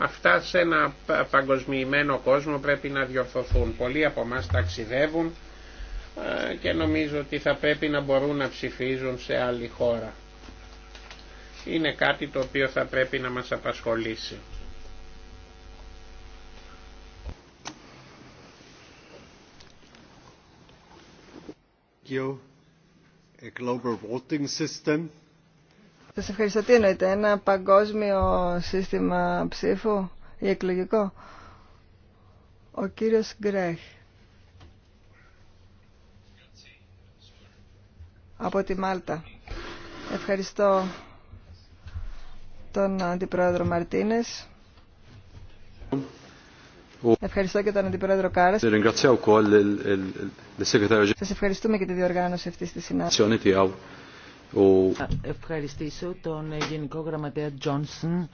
Αυτά σε ένα παγκοσμιημένο κόσμο πρέπει να διορθωθούν. Πολλοί από εμά ταξιδεύουν ε, και νομίζω ότι θα πρέπει να μπορούν να ψηφίζουν σε άλλη χώρα. Είναι κάτι το οποίο θα πρέπει να μας απασχολήσει. Σα ευχαριστώ. Τι εννοείτε, ένα παγκόσμιο σύστημα ψήφου ή εκλογικό. Ο κύριος Γκρέχ. Από τη Μάλτα. Ευχαριστώ τον Αντιπρόεδρο Μαρτίνες. Ευχαριστώ και τον Αντιπρόεδρο Κάρα. Σας ευχαριστούμε και τη διοργάνωση αυτή τη συνάντησης. Θα ευχαριστήσω τον Γενικό Γραμματέα Τζόνσον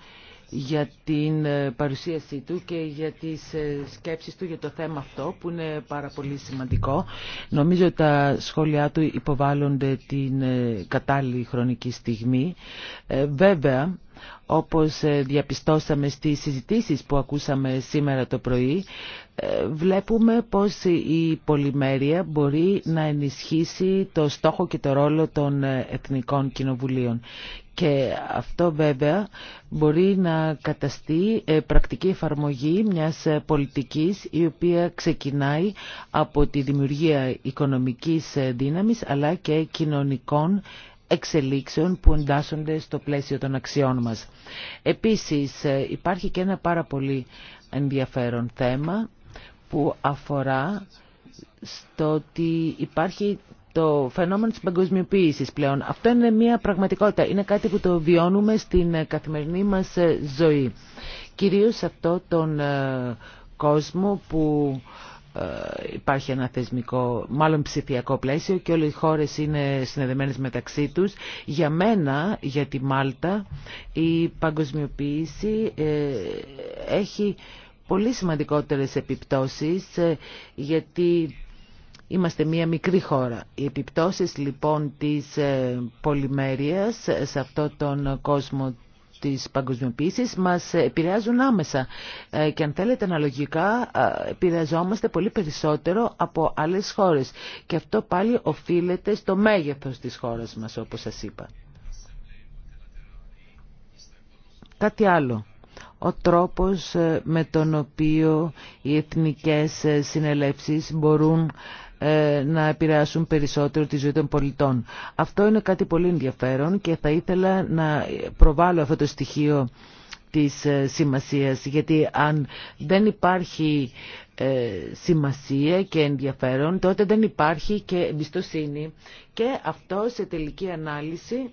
για την ε, παρουσίασή του και για τις ε, σκέψεις του για το θέμα αυτό που είναι πάρα πολύ σημαντικό. Νομίζω ότι τα σχόλιά του υποβάλλονται την ε, κατάλληλη χρονική στιγμή. Βέβαια, όπως ε, διαπιστώσαμε στις συζητήσεις που ακούσαμε σήμερα το πρωί, ε, βλέπουμε πως η πολυμέρεια μπορεί να ενισχύσει το στόχο και το ρόλο των ε, Εθνικών Κοινοβουλίων. Και αυτό βέβαια μπορεί να καταστεί πρακτική εφαρμογή μιας πολιτικής η οποία ξεκινάει από τη δημιουργία οικονομικής δύναμης αλλά και κοινωνικών εξελίξεων που εντάσσονται στο πλαίσιο των αξιών μας. Επίσης ε, υπάρχει και ένα πάρα πολύ ενδιαφέρον θέμα που αφορά στο ότι υπάρχει το φαινόμενο της παγκοσμιοποίησης πλέον. Αυτό είναι μια πραγματικότητα, είναι κάτι που το βιώνουμε στην ε, καθημερινή μας ε, ζωή. Κυρίως αυτό τον κόσμο που ε, υπάρχει ένα θεσμικό, μάλλον ψηφιακό πλαίσιο και όλες οι χώρες είναι συνεδεμένες μεταξύ τους. Για μένα, για τη Μάλτα, η παγκοσμιοποίηση ε, έχει πολύ σημαντικότερες επιπτώσεις ε, γιατί είμαστε μία μικρή χώρα. Οι επιπτώσεις λοιπόν της πολυμέρειας σε αυτόν τον κόσμο της παγκοσμιοποίησης μας επηρεάζουν άμεσα ε, και αν θέλετε αναλογικά ε, επηρεαζόμαστε πολύ περισσότερο από άλλες χώρες και αυτό πάλι οφείλεται στο μέγεθος της χώρας μας όπως σας είπα. Κάτι άλλο ο τρόπος ε, με τον οποίο οι εθνικές συνελεύσεις μπορούν ε, να επηρεάσουν περισσότερο τη ζωή των πολιτών. Αυτό είναι κάτι πολύ ενδιαφέρον και θα ήθελα να προβάλλω αυτό το στοιχείο της ε, σημασίας γιατί αν δεν υπάρχει ε, σημασία και ενδιαφέρον τότε δεν υπάρχει και εμπιστοσύνη και αυτό σε τελική ανάλυση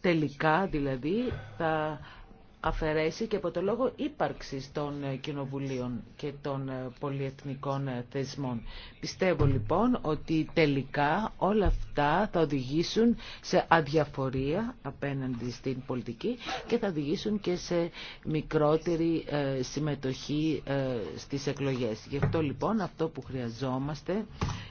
τελικά δηλαδή θα αφαιρέσει και από το λόγο ύπαρξης των κοινοβουλίων και των πολυεθνικών θεσμών. Πιστεύω λοιπόν ότι τελικά όλα αυτά θα οδηγήσουν σε αδιαφορία απέναντι στην πολιτική και θα οδηγήσουν και σε μικρότερη ε, συμμετοχή ε, στις εκλογές. Γι' αυτό λοιπόν αυτό που χρειαζόμαστε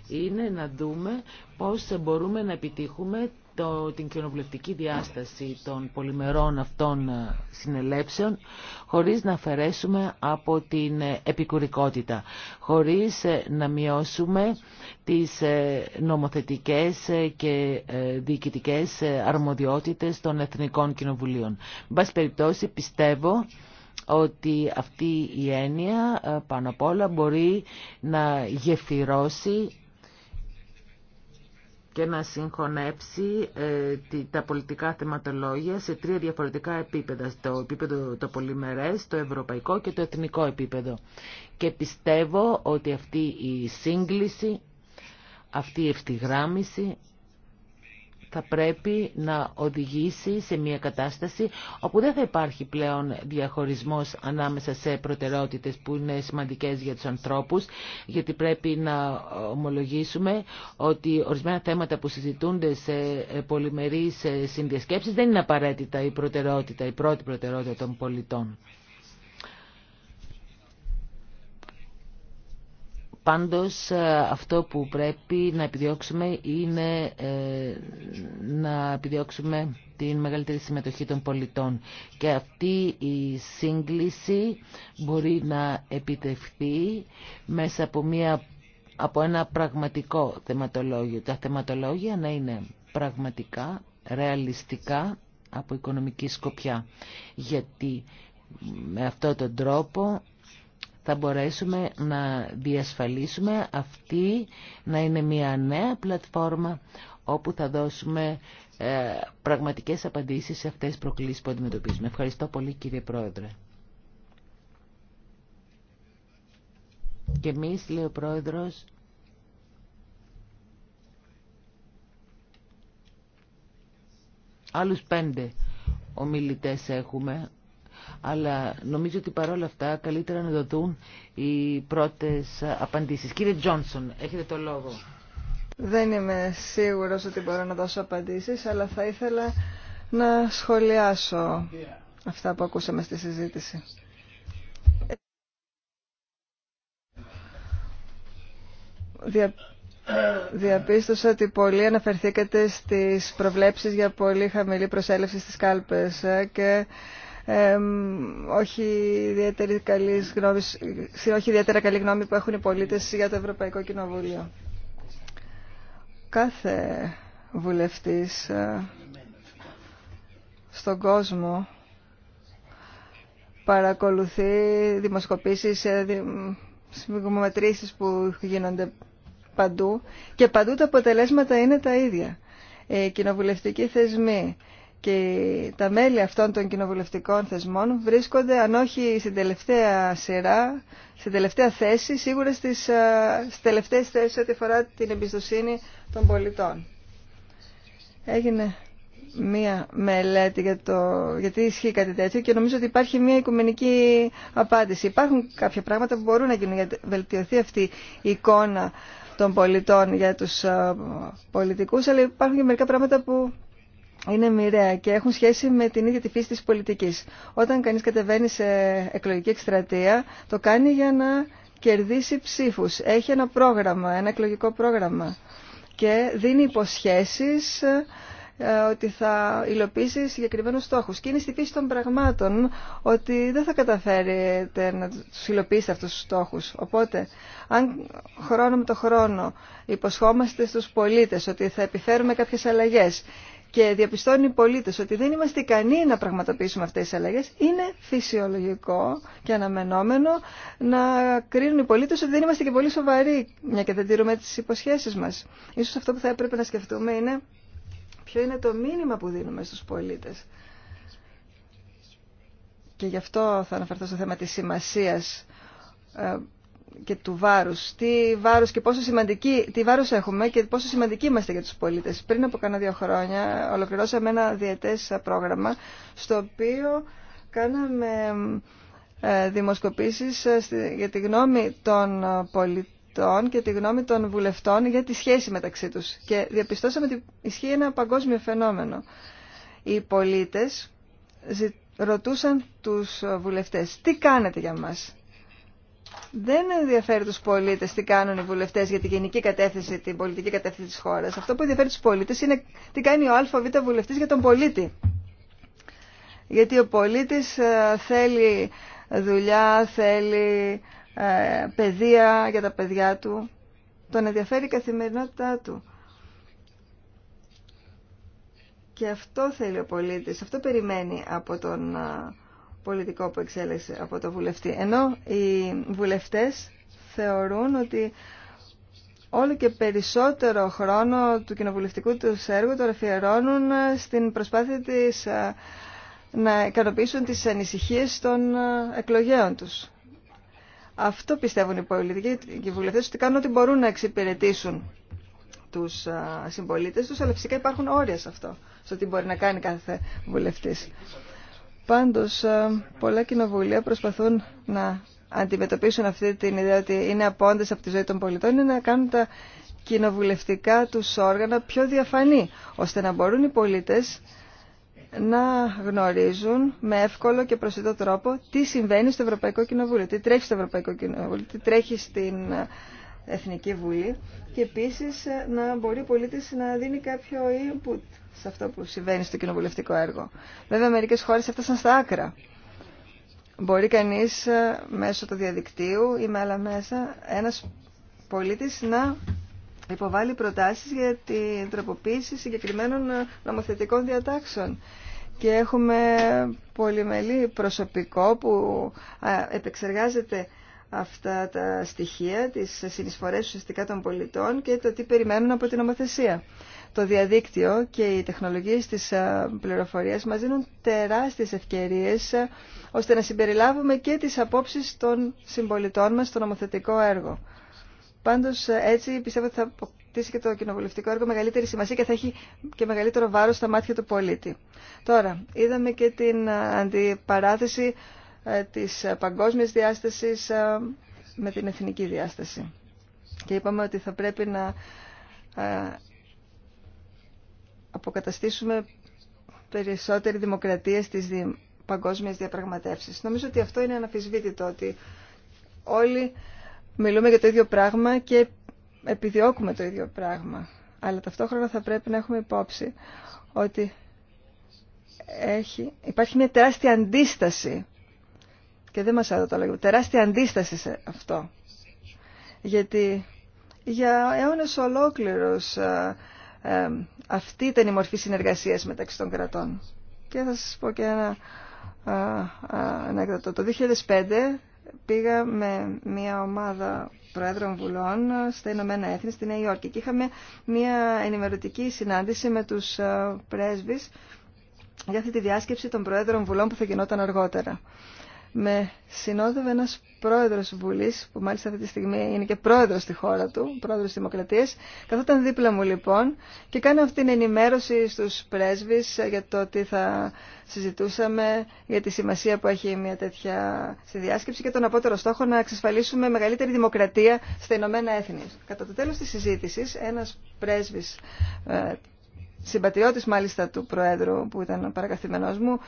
είναι να δούμε πώς μπορούμε να επιτύχουμε το, την κοινοβουλευτική διάσταση των πολυμερών αυτών ε, συνελέψεων χωρίς να αφαιρέσουμε από την ε, επικουρικότητα, χωρίς ε, να μειώσουμε τις νομοθετικές και διοικητικές αρμοδιότητες των Εθνικών Κοινοβουλίων. Με πάση περιπτώσει πιστεύω ότι αυτή η έννοια πάνω απ' όλα μπορεί να γεφυρώσει και να συγχωνέψει ε, τα πολιτικά θεματολόγια σε τρία διαφορετικά επίπεδα. το επίπεδο το πολυμερές, το ευρωπαϊκό και το εθνικό επίπεδο. Και πιστεύω ότι αυτή η σύγκληση, αυτή η ευθυγράμμιση θα πρέπει να οδηγήσει σε μια κατάσταση όπου δεν θα υπάρχει πλέον διαχωρισμός ανάμεσα σε προτεραιότητες που είναι σημαντικές για τους ανθρώπους, γιατί πρέπει να ομολογήσουμε ότι ορισμένα θέματα που συζητούνται σε πολυμερείς συνδιασκέψεις δεν είναι απαραίτητα η προτεραιότητα, η πρώτη προτεραιότητα των πολιτών. Πάντως αυτό που πρέπει να επιδιώξουμε είναι ε, να επιδιώξουμε την μεγαλύτερη συμμετοχή των πολιτών. Και αυτή η σύγκληση μπορεί να επιτευχθεί μέσα από, μια, από ένα πραγματικό θεματολόγιο. Τα θεματολόγια να είναι πραγματικά, ρεαλιστικά από οικονομική σκοπιά. Γιατί με αυτόν τον τρόπο θα μπορέσουμε να διασφαλίσουμε αυτή να είναι μια νέα πλατφόρμα όπου θα δώσουμε ε, πραγματικές απαντήσεις σε αυτές τις προκλήσεις που αντιμετωπίζουμε. Ευχαριστώ πολύ κύριε Πρόεδρε. Και εμείς, λέει ο Πρόεδρος, άλλους πέντε ομιλητές έχουμε αλλά νομίζω ότι παρόλα αυτά καλύτερα να δοθούν οι πρώτες απαντήσεις. Κύριε Τζόνσον, έχετε το λόγο. Δεν είμαι σίγουρος ότι μπορώ να δώσω απαντήσεις, αλλά θα ήθελα να σχολιάσω αυτά που ακούσαμε στη συζήτηση. Δια... Διαπίστωσα ότι πολλοί αναφερθήκατε στις προβλέψεις για πολύ χαμηλή προσέλευση στις κάλπες ε, και ε, όχι, ιδιαίτερη όχι ιδιαίτερα καλή γνώμη που έχουν οι πολίτες για το Ευρωπαϊκό Κοινοβούλιο. Κάθε βουλευτής ε, στον κόσμο παρακολουθεί δημοσκοπήσεις, ε, συμμετρήσεις που γίνονται παντού και παντού τα αποτελέσματα είναι τα ίδια. Οι ε, κοινοβουλευτικοί θεσμοί, και τα μέλη αυτών των κοινοβουλευτικών θεσμών βρίσκονται, αν όχι στην τελευταία σειρά, στην τελευταία θέση, σίγουρα στις, στις τελευταίες θέσεις ό,τι αφορά την εμπιστοσύνη των πολιτών. Έγινε μία μελέτη γιατί ισχύει κάτι τέτοιο και νομίζω ότι υπάρχει μία οικουμενική απάντηση. Υπάρχουν κάποια πράγματα που μπορούν να γίνουν για να βελτιωθεί αυτή η εικόνα των πολιτών για τους πολιτικούς, αλλά υπάρχουν και μερικά πράγματα που είναι μοιραία και έχουν σχέση με την ίδια τη φύση της πολιτικής. Όταν κανείς κατεβαίνει σε εκλογική εκστρατεία, το κάνει για να κερδίσει ψήφους. Έχει ένα πρόγραμμα, ένα εκλογικό πρόγραμμα και δίνει υποσχέσεις ε, ότι θα υλοποιήσει συγκεκριμένους στόχους. Και είναι στη φύση των πραγμάτων ότι δεν θα καταφέρετε να τους υλοποιήσετε αυτούς τους στόχους. Οπότε, αν χρόνο με το χρόνο υποσχόμαστε στους πολίτες ότι θα επιφέρουμε κάποιες αλλαγές και διαπιστώνει οι πολίτες ότι δεν είμαστε ικανοί να πραγματοποιήσουμε αυτές τις αλλαγές, είναι φυσιολογικό και αναμενόμενο να κρίνουν οι πολίτες ότι δεν είμαστε και πολύ σοβαροί, μια και δεν τηρούμε τις υποσχέσεις μας. Ίσως αυτό που θα έπρεπε να σκεφτούμε είναι ποιο είναι το μήνυμα που δίνουμε στους πολίτες. Και γι' αυτό θα αναφερθώ στο θέμα της σημασίας ε, και του βάρους. Τι βάρος και πόσο σημαντική, τι έχουμε και πόσο σημαντικοί είμαστε για τους πολίτες. Πριν από κάνα δύο χρόνια ολοκληρώσαμε ένα διετές πρόγραμμα στο οποίο κάναμε ε, δημοσκοπήσεις ε, για τη γνώμη των πολιτών και τη γνώμη των βουλευτών για τη σχέση μεταξύ τους. Και διαπιστώσαμε ότι ισχύει ένα παγκόσμιο φαινόμενο. Οι πολίτες ρωτούσαν τους βουλευτές τι κάνετε για μας, δεν ενδιαφέρει τους πολίτες τι κάνουν οι βουλευτές για την γενική κατεύθυνση, την πολιτική κατεύθυνση της χώρας. Αυτό που ενδιαφέρει τους πολίτες είναι τι κάνει ο ΑΒ βουλευτής για τον πολίτη. Γιατί ο πολίτης ε, θέλει δουλειά, θέλει ε, παιδεία για τα παιδιά του. Τον ενδιαφέρει η καθημερινότητά του. Και αυτό θέλει ο πολίτης, αυτό περιμένει από τον ε, πολιτικό που εξέλεξε από το βουλευτή. Ενώ οι βουλευτές θεωρούν ότι όλο και περισσότερο χρόνο του κοινοβουλευτικού του έργου το αφιερώνουν στην προσπάθεια της ε, να ικανοποιήσουν τις ανησυχίες των ε, εκλογέων τους. Αυτό πιστεύουν οι πολιτικοί και οι βουλευτές ότι κάνουν ό,τι μπορούν να εξυπηρετήσουν τους ε, συμπολίτες τους, αλλά φυσικά υπάρχουν όρια σε αυτό, στο τι μπορεί να κάνει κάθε βουλευτής. Πάντως, ε, πολλά κοινοβουλία προσπαθούν να αντιμετωπίσουν αυτή την ιδέα ότι είναι απόντες από τη ζωή των πολιτών είναι να κάνουν τα κοινοβουλευτικά τους όργανα πιο διαφανή, ώστε να μπορούν οι πολίτες να γνωρίζουν με εύκολο και προσιτό τρόπο τι συμβαίνει στο Ευρωπαϊκό Κοινοβούλιο, τι τρέχει στο Ευρωπαϊκό Κοινοβούλιο, τι τρέχει στην ε, Εθνική Βουλή και επίσης ε, να μπορεί ο πολίτης να δίνει κάποιο input σε αυτό που συμβαίνει στο κοινοβουλευτικό έργο. Βέβαια, μερικέ χώρες έφτασαν στα άκρα. Μπορεί κανεί ε, μέσω του διαδικτύου ή με άλλα μέσα ένας πολίτης να υποβάλει προτάσεις για την τροποποίηση συγκεκριμένων ε, νομοθετικών διατάξεων. Και έχουμε πολυμελή προσωπικό που επεξεργάζεται αυτά τα στοιχεία, τις συνεισφορές ουσιαστικά των πολιτών και το τι περιμένουν από την νομοθεσία. Το διαδίκτυο και οι τεχνολογίες της ε, πληροφορίας μας δίνουν τεράστιες ευκαιρίες ε, ώστε να συμπεριλάβουμε και τις απόψεις των συμπολιτών μας στο νομοθετικό έργο. Πάντως ε, έτσι πιστεύω ότι θα αποκτήσει και το κοινοβουλευτικό έργο μεγαλύτερη σημασία και θα έχει και μεγαλύτερο βάρος στα μάτια του πολίτη. Τώρα, είδαμε και την αντιπαράθεση της παγκόσμιας διάστασης με την εθνική διάσταση. Και είπαμε ότι θα πρέπει να αποκαταστήσουμε περισσότερη δημοκρατία στις παγκόσμιες διαπραγματεύσεις. Νομίζω ότι αυτό είναι αναφυσβήτητο, ότι όλοι μιλούμε για το ίδιο πράγμα και επιδιώκουμε το ίδιο πράγμα. Αλλά ταυτόχρονα θα πρέπει να έχουμε υπόψη ότι έχει, υπάρχει μια τεράστια αντίσταση και δεν μας άρεσε το λόγο, τεράστια αντίσταση σε αυτό. Γιατί για αιώνες ολόκληρους ε, ε, αυτή ήταν η μορφή συνεργασίας μεταξύ των κρατών. Και θα σας πω και ένα ανέκδοτο. Το 2005 πήγα με μια ομάδα Προέδρων Βουλών στα Ηνωμένα Έθνη, στη Νέα Υόρκη και είχαμε μια ενημερωτική συνάντηση με τους πρέσβεις για αυτή τη διάσκεψη των Προέδρων Βουλών που θα γινόταν αργότερα με συνόδευε ένα πρόεδρο Βουλή που μάλιστα αυτή τη στιγμή είναι και πρόεδρο στη χώρα του, πρόεδρος της Δημοκρατίας. Καθόταν δίπλα μου λοιπόν και κάνω αυτή την ενημέρωση στου πρέσβει για το τι θα συζητούσαμε, για τη σημασία που έχει μια τέτοια συνδιάσκεψη και τον απότερο στόχο να εξασφαλίσουμε μεγαλύτερη δημοκρατία στα Ηνωμένα Έθνη. Κατά το τέλος της συζήτησης, ένας πρέσβης ε, συμπατριώτης μάλιστα του Προέδρου που ήταν παρακαθημένος μου,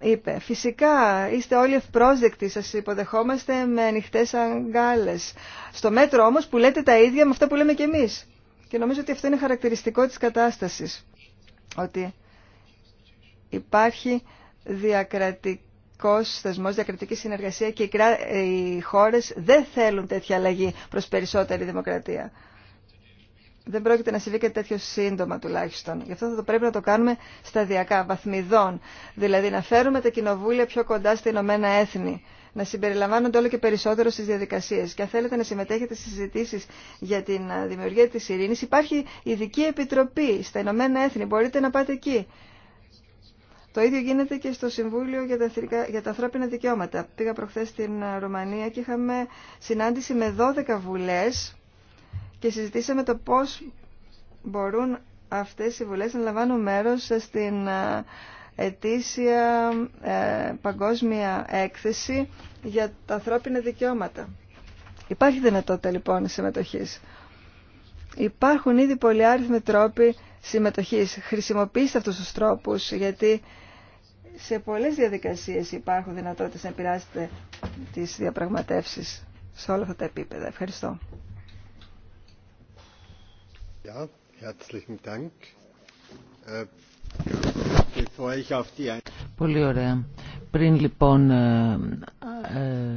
είπε «Φυσικά είστε όλοι ευπρόσδεκτοι, σας υποδεχόμαστε με ανοιχτέ αγκάλες, στο μέτρο όμως που λέτε τα ίδια με αυτά που λέμε κι εμείς». Και νομίζω ότι αυτό είναι χαρακτηριστικό της κατάστασης, ότι υπάρχει διακρατικός θεσμός, διακρατική συνεργασία και οι χώρες δεν θέλουν τέτοια αλλαγή προς περισσότερη δημοκρατία δεν πρόκειται να συμβεί κάτι τέτοιο σύντομα τουλάχιστον. Γι' αυτό θα το πρέπει να το κάνουμε σταδιακά, βαθμιδών. Δηλαδή να φέρουμε τα κοινοβούλια πιο κοντά στα Ηνωμένα Έθνη. Να συμπεριλαμβάνονται όλο και περισσότερο στι διαδικασίε. Και αν θέλετε να συμμετέχετε στι συζητήσει για τη δημιουργία τη ειρήνη, υπάρχει ειδική επιτροπή στα Ηνωμένα Έθνη. Μπορείτε να πάτε εκεί. Το ίδιο γίνεται και στο Συμβούλιο για τα, για τα ανθρώπινα δικαιώματα. Πήγα προχθέ στην Ρουμανία και είχαμε συνάντηση με 12 βουλές και συζητήσαμε το πώς μπορούν αυτές οι βουλές να λαμβάνουν μέρος στην ε, ετήσια ε, παγκόσμια έκθεση για τα ανθρώπινα δικαιώματα. Υπάρχει δυνατότητα λοιπόν συμμετοχής. Υπάρχουν ήδη πολλοί άριθμοι τρόποι συμμετοχής. Χρησιμοποιήστε αυτούς τους τρόπους γιατί σε πολλές διαδικασίες υπάρχουν δυνατότητες να επηρεάσετε τις διαπραγματεύσεις σε όλα αυτά τα επίπεδα. Ευχαριστώ. Äh, Πολύ ωραία. Πριν λοιπόν ε, ε,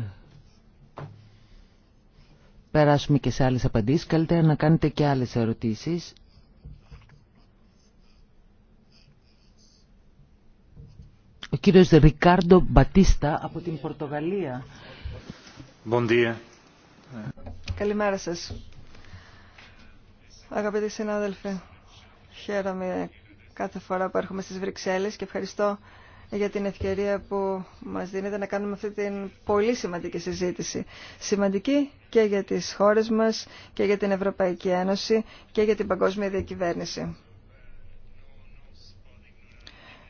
περάσουμε και σε άλλες απαντήσεις, καλύτερα να κάνετε και άλλες ερωτήσεις. Ο κύριος Ρικάρντο Μπατίστα από την Πορτογαλία. Bon Καλημέρα σας. Αγαπητοί συνάδελφοι, χαίρομαι κάθε φορά που έρχομαι στις Βρυξέλλες και ευχαριστώ για την ευκαιρία που μας δίνεται να κάνουμε αυτή την πολύ σημαντική συζήτηση. Σημαντική και για τις χώρες μας και για την Ευρωπαϊκή Ένωση και για την παγκόσμια διακυβέρνηση.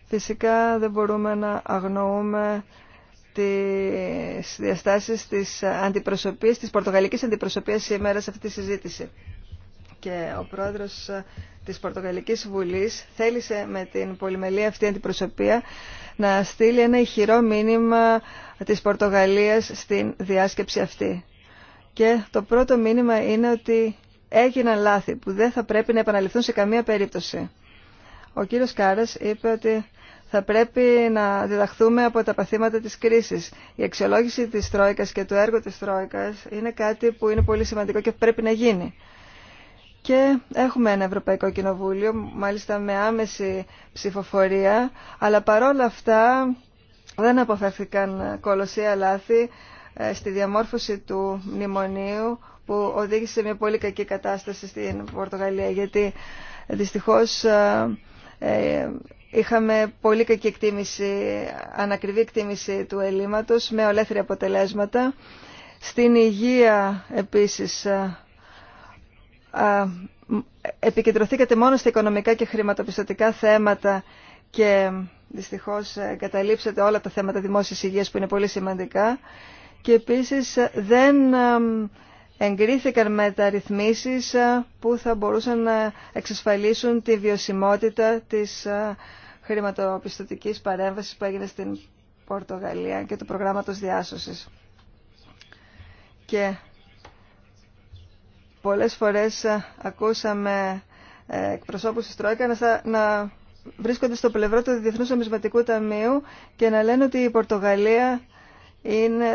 Φυσικά δεν μπορούμε να αγνοούμε τις διαστάσεις της της πορτογαλικής αντιπροσωπείας σήμερα σε αυτή τη συζήτηση και ο πρόεδρος ε, της Πορτογαλικής Βουλής θέλησε με την πολυμελή αυτή αντιπροσωπεία να στείλει ένα ηχηρό μήνυμα της Πορτογαλίας στην διάσκεψη αυτή. Και το πρώτο μήνυμα είναι ότι έγιναν λάθη που δεν θα πρέπει να επαναληφθούν σε καμία περίπτωση. Ο κύριος Κάρας είπε ότι θα πρέπει να διδαχθούμε από τα παθήματα της κρίσης. Η αξιολόγηση της Τρόικας και του έργου της Τρόικας είναι κάτι που είναι πολύ σημαντικό και πρέπει να γίνει. Και έχουμε ένα Ευρωπαϊκό Κοινοβούλιο, μάλιστα με άμεση ψηφοφορία, αλλά παρόλα αυτά δεν αποφεύθηκαν κολοσσία λάθη ε, στη διαμόρφωση του μνημονίου που οδήγησε σε μια πολύ κακή κατάσταση στην Πορτογαλία γιατί δυστυχώς ε, ε, είχαμε πολύ κακή εκτίμηση, ανακριβή εκτίμηση του ελλείμματος με ολέθρια αποτελέσματα. Στην υγεία επίσης επικεντρωθήκατε μόνο στα οικονομικά και χρηματοπιστωτικά θέματα και δυστυχώς ε, καταλήψατε όλα τα θέματα δημόσιας υγείας που είναι πολύ σημαντικά και επίσης ε, δεν ε, εγκρίθηκαν μεταρρυθμίσεις που θα μπορούσαν να εξασφαλίσουν τη βιωσιμότητα της χρηματοπιστωτικής παρέμβασης που έγινε στην Πορτογαλία και του προγράμματος διάσωσης. Και πολλές φορές ε, ακούσαμε ε, εκπροσώπους της Τρόικα να βρίσκονται στο πλευρό του Διεθνούς Ομισματικού Ταμείου και να λένε ότι η Πορτογαλία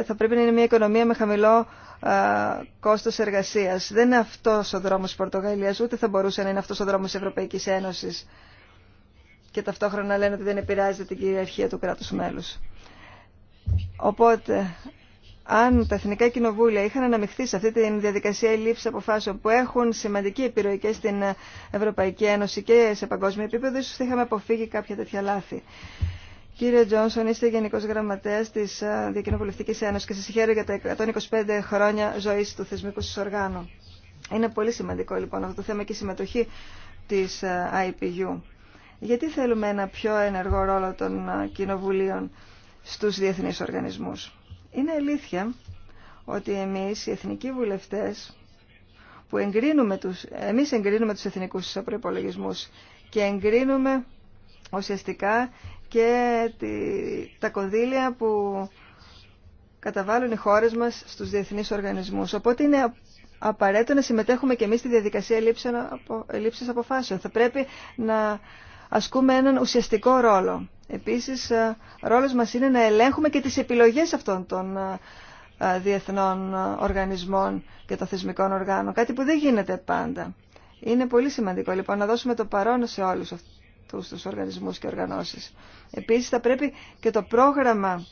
θα πρέπει να είναι μια οικονομία με χαμηλό α, ε, κόστος εργασίας. Δεν είναι αυτός ο δρόμος της Πορτογαλίας, ούτε θα μπορούσε να είναι αυτός ο δρόμος της Ευρωπαϊκής Ένωσης. Και ταυτόχρονα λένε ότι δεν επηρεάζεται την κυριαρχία του κράτους μέλους. Οπότε, αν τα εθνικά κοινοβούλια είχαν αναμειχθεί σε αυτή τη διαδικασία λήψη αποφάσεων που έχουν σημαντική επιρροή και στην Ευρωπαϊκή Ένωση και σε παγκόσμιο επίπεδο, ίσω θα είχαμε αποφύγει κάποια τέτοια λάθη. Κύριε Τζόνσον, είστε Γενικό Γραμματέα τη ε, Διακοινοβουλευτική Ένωση και σα συγχαίρω για τα 125 χρόνια ζωή του θεσμικού σα Είναι πολύ σημαντικό λοιπόν αυτό το θέμα και η συμμετοχή τη ε, IPU. Γιατί θέλουμε ένα πιο ενεργό ρόλο των ε, κοινοβουλίων στου διεθνεί οργανισμού. Είναι αλήθεια ότι εμείς οι εθνικοί βουλευτές που εγκρίνουμε τους, εμείς εγκρίνουμε τους εθνικούς προϋπολογισμούς και εγκρίνουμε ουσιαστικά και τα κονδύλια που καταβάλουν οι χώρες μας στους διεθνείς οργανισμούς. Οπότε είναι απαραίτητο να συμμετέχουμε και εμείς στη διαδικασία λήψης αποφάσεων. Θα πρέπει να ασκούμε έναν ουσιαστικό ρόλο. Επίσης, ε, ρόλος μας είναι να ελέγχουμε και τις επιλογές αυτών των ε, ε, διεθνών οργανισμών και των θεσμικών οργάνων, κάτι που δεν γίνεται πάντα. Είναι πολύ σημαντικό λοιπόν να δώσουμε το παρόν σε όλους αυτούς τους οργανισμούς και οργανώσεις. Επίσης θα πρέπει και το πρόγραμμα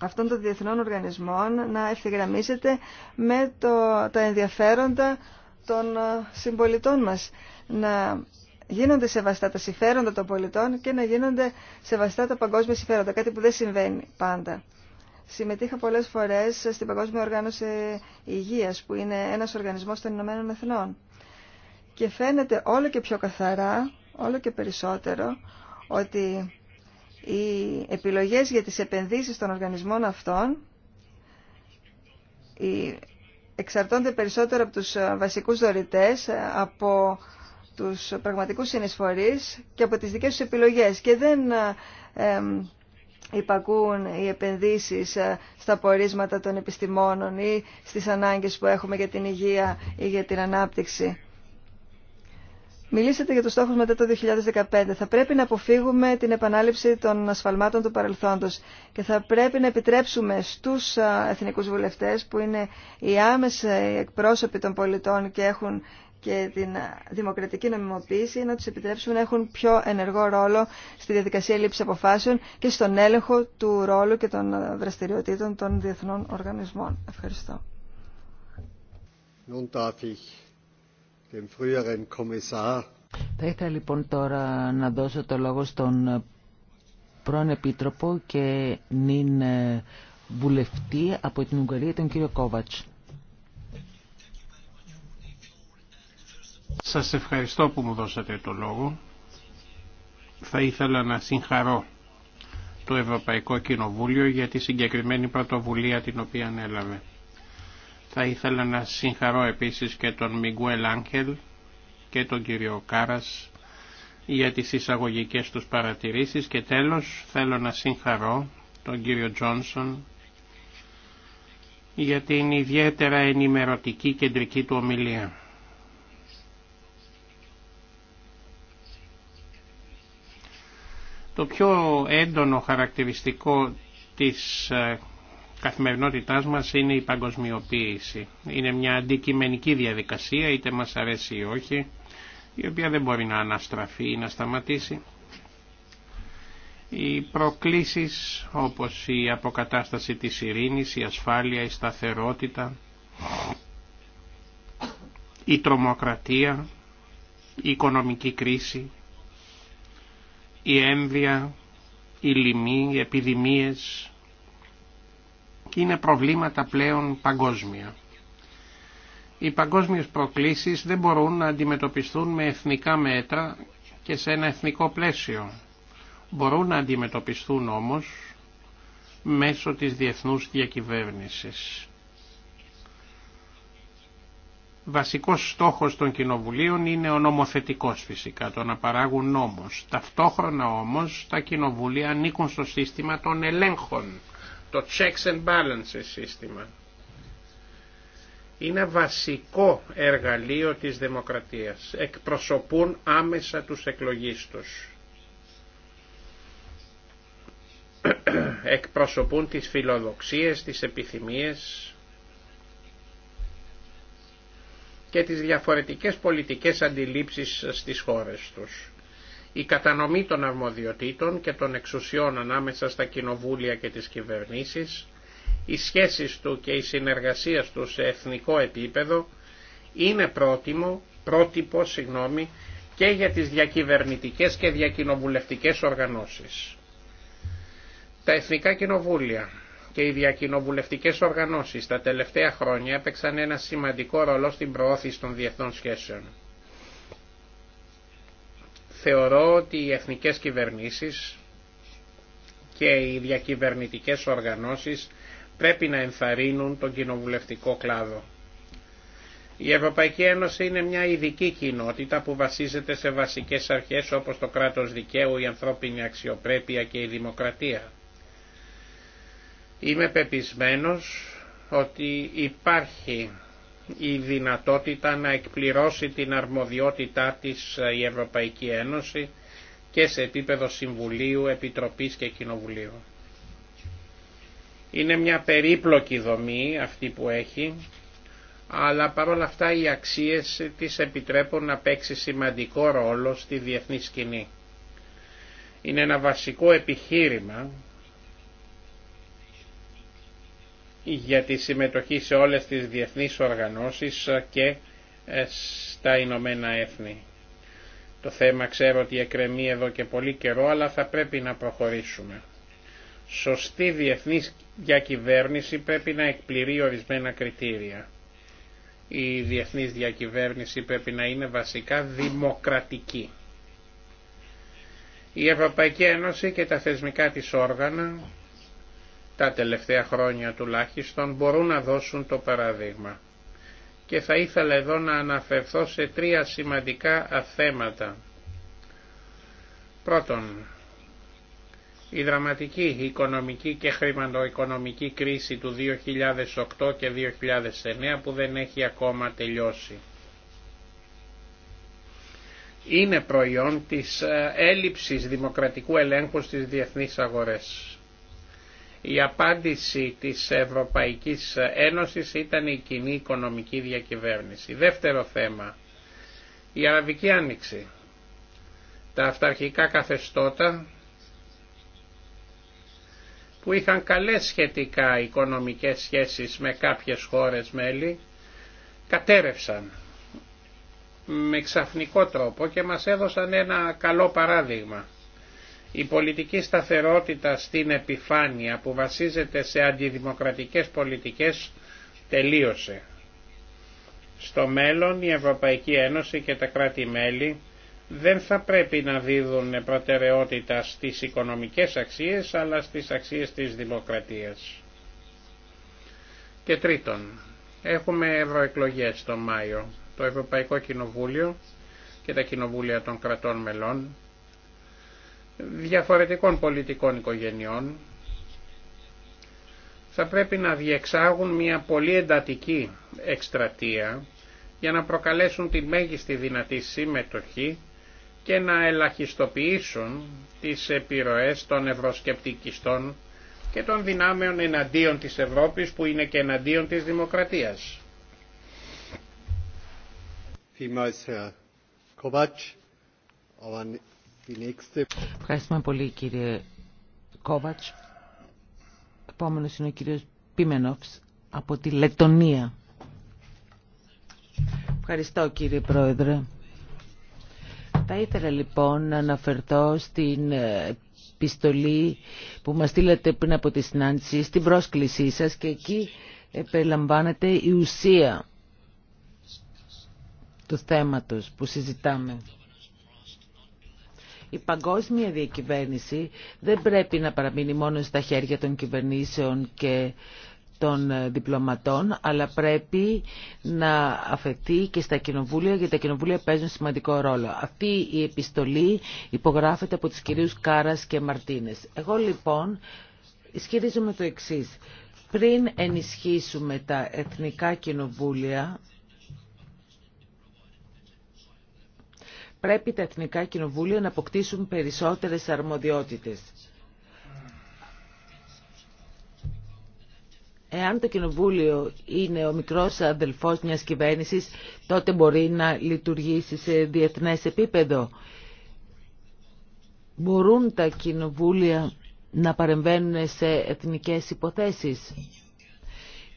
αυτών των διεθνών οργανισμών να ευθυγραμμίζεται με το, τα ενδιαφέροντα των συμπολιτών μας. Να γίνονται σεβαστά τα συμφέροντα των πολιτών και να γίνονται σεβαστά τα παγκόσμια συμφέροντα, κάτι που δεν συμβαίνει πάντα. Συμμετείχα πολλές φορές στην Παγκόσμια Οργάνωση Υγείας, που είναι ένας οργανισμός των Ηνωμένων Εθνών. Και φαίνεται όλο και πιο καθαρά, όλο και περισσότερο, ότι οι επιλογές για τις επενδύσεις των οργανισμών αυτών εξαρτώνται περισσότερο από τους ε, βασικούς δωρητές, ε, από τους πραγματικούς συνεισφορείς και από τις δικές τους επιλογές και δεν ε, υπακούν οι επενδύσεις ε, στα πορίσματα των επιστημόνων ή στις ανάγκες που έχουμε για την υγεία ή για την ανάπτυξη. Μιλήσατε για τους στόχους μετά το 2015. Θα πρέπει να αποφύγουμε την επανάληψη των ασφαλμάτων του παρελθόντος και θα πρέπει να επιτρέψουμε στους ε, εθνικούς βουλευτές που είναι οι άμεσα εκπρόσωποι των πολιτών και έχουν και την δημοκρατική νομιμοποίηση να τους επιτρέψουμε να έχουν πιο ενεργό ρόλο στη διαδικασία λήψη αποφάσεων και στον έλεγχο του ρόλου και των δραστηριοτήτων των διεθνών οργανισμών. Ευχαριστώ. Θα ήθελα λοιπόν τώρα να δώσω το λόγο στον πρώην Επίτροπο και νυν ε, βουλευτή από την Ουγγαρία, τον κύριο Κόβατς. Σας ευχαριστώ που μου δώσατε το λόγο. Θα ήθελα να συγχαρώ το Ευρωπαϊκό Κοινοβούλιο για τη συγκεκριμένη πρωτοβουλία την οποία ανέλαβε. Θα ήθελα να συγχαρώ επίσης και τον Μιγκουέλ Άγχελ και τον κύριο Κάρας για τις εισαγωγικές τους παρατηρήσεις και τέλος θέλω να συγχαρώ τον κύριο Τζόνσον για την ιδιαίτερα ενημερωτική κεντρική του ομιλία. Το πιο έντονο χαρακτηριστικό της ε, καθημερινότητάς μας είναι η παγκοσμιοποίηση. Είναι μια αντικειμενική διαδικασία, είτε μας αρέσει ή όχι, η οποία δεν μπορεί να αναστραφεί ή να σταματήσει. Οι προκλήσεις όπως η αποκατάσταση της ειρήνης, η ασφάλεια, η σταθερότητα, η τρομοκρατία, η οικονομική κρίση, η έμβια, η λοιμή, οι επιδημίες είναι προβλήματα πλέον παγκόσμια. Οι παγκόσμιες προκλήσεις δεν μπορούν να αντιμετωπιστούν με εθνικά μέτρα και σε ένα εθνικό πλαίσιο. Μπορούν να αντιμετωπιστούν όμως μέσω της διεθνούς διακυβέρνησης. Βασικός στόχος των κοινοβουλίων είναι ο νομοθετικός φυσικά, το να παράγουν νόμους. Ταυτόχρονα όμως τα κοινοβουλία ανήκουν στο σύστημα των ελέγχων, το checks and balances σύστημα. Είναι βασικό εργαλείο της δημοκρατίας. Εκπροσωπούν άμεσα τους εκλογίστους Εκπροσωπούν τις φιλοδοξίες, τις επιθυμίες, και τις διαφορετικές πολιτικές αντιλήψεις στις χώρες τους. Η κατανομή των αρμοδιοτήτων και των εξουσιών ανάμεσα στα κοινοβούλια και τις κυβερνήσεις, οι σχέσεις του και η συνεργασία του σε εθνικό επίπεδο είναι πρότυπο, πρότυπο συγγνώμη, και για τις διακυβερνητικές και διακοινοβουλευτικές οργανώσεις. Τα εθνικά κοινοβούλια και οι διακοινοβουλευτικές οργανώσεις τα τελευταία χρόνια έπαιξαν ένα σημαντικό ρόλο στην προώθηση των διεθνών σχέσεων. Θεωρώ ότι οι εθνικές κυβερνήσεις και οι διακυβερνητικές οργανώσεις πρέπει να ενθαρρύνουν τον κοινοβουλευτικό κλάδο. Η Ευρωπαϊκή Ένωση είναι μια ειδική κοινότητα που βασίζεται σε βασικές αρχές όπως το κράτος δικαίου, η ανθρώπινη αξιοπρέπεια και η δημοκρατία. Είμαι πεπισμένος ότι υπάρχει η δυνατότητα να εκπληρώσει την αρμοδιότητά της η Ευρωπαϊκή Ένωση και σε επίπεδο Συμβουλίου, Επιτροπής και Κοινοβουλίου. Είναι μια περίπλοκη δομή αυτή που έχει, αλλά παρόλα αυτά οι αξίες της επιτρέπουν να παίξει σημαντικό ρόλο στη διεθνή σκηνή. Είναι ένα βασικό επιχείρημα για τη συμμετοχή σε όλες τις διεθνείς οργανώσεις και ε, στα Ηνωμένα Έθνη. Το θέμα ξέρω ότι εκρεμεί εδώ και πολύ καιρό, αλλά θα πρέπει να προχωρήσουμε. Σωστή διεθνής διακυβέρνηση πρέπει να εκπληρεί ορισμένα κριτήρια. Η διεθνής διακυβέρνηση πρέπει να είναι βασικά δημοκρατική. Η Ευρωπαϊκή Ένωση και τα θεσμικά της όργανα τα τελευταία χρόνια τουλάχιστον, μπορούν να δώσουν το παραδείγμα. Και θα ήθελα εδώ να αναφερθώ σε τρία σημαντικά θέματα. Πρώτον, η δραματική οικονομική και χρηματοοικονομική κρίση του 2008 και 2009 που δεν έχει ακόμα τελειώσει. Είναι προϊόν της ε, έλλειψης δημοκρατικού ελέγχου στις διεθνείς αγορές. Η απάντηση της Ευρωπαϊκής Ένωσης ήταν η κοινή οικονομική διακυβέρνηση. Δεύτερο θέμα, η Αραβική Άνοιξη. Τα αυταρχικά καθεστώτα που είχαν καλές σχετικά οικονομικές σχέσεις με κάποιες χώρες μέλη, κατέρευσαν με ξαφνικό τρόπο και μας έδωσαν ένα καλό παράδειγμα. Η πολιτική σταθερότητα στην επιφάνεια που βασίζεται σε αντιδημοκρατικές πολιτικές τελείωσε. Στο μέλλον η Ευρωπαϊκή Ένωση και τα κράτη-μέλη δεν θα πρέπει να δίδουν προτεραιότητα στις οικονομικές αξίες αλλά στις αξίες της δημοκρατίας. Και τρίτον, έχουμε ευρωεκλογές τον Μάιο. Το Ευρωπαϊκό Κοινοβούλιο και τα κοινοβούλια των κρατών μελών διαφορετικών πολιτικών οικογενειών θα πρέπει να διεξάγουν μια πολύ εντατική εκστρατεία για να προκαλέσουν τη μέγιστη δυνατή συμμετοχή και να ελαχιστοποιήσουν τις επιρροές των ευρωσκεπτικιστών και των δυνάμεων εναντίον της Ευρώπης που είναι και εναντίον της δημοκρατίας. Ευχαριστούμε πολύ κύριε Κόβατς. Επόμενος είναι ο κύριος Πίμενοφς από τη Λετωνία. Ευχαριστώ κύριε Πρόεδρε. Θα ήθελα λοιπόν να αναφερθώ στην ε, επιστολή που μας στείλατε πριν από τη συνάντηση, στην πρόσκλησή σας και εκεί επελαμβάνεται η ουσία του θέματος που συζητάμε. Η παγκόσμια διακυβέρνηση δεν πρέπει να παραμείνει μόνο στα χέρια των κυβερνήσεων και των ε, διπλωματών, αλλά πρέπει να αφαιθεί και στα κοινοβούλια, γιατί τα κοινοβούλια παίζουν σημαντικό ρόλο. Αυτή η επιστολή υπογράφεται από τους κυρίους Κάρας και Μαρτίνες. Εγώ λοιπόν ισχυρίζομαι το εξής. Πριν ενισχύσουμε τα εθνικά κοινοβούλια, πρέπει τα εθνικά κοινοβούλια να αποκτήσουν περισσότερες αρμοδιότητες. Εάν το κοινοβούλιο είναι ο μικρός αδελφός μιας κυβέρνησης, τότε μπορεί να λειτουργήσει σε διεθνές επίπεδο. Μπορούν τα κοινοβούλια να παρεμβαίνουν σε εθνικές υποθέσεις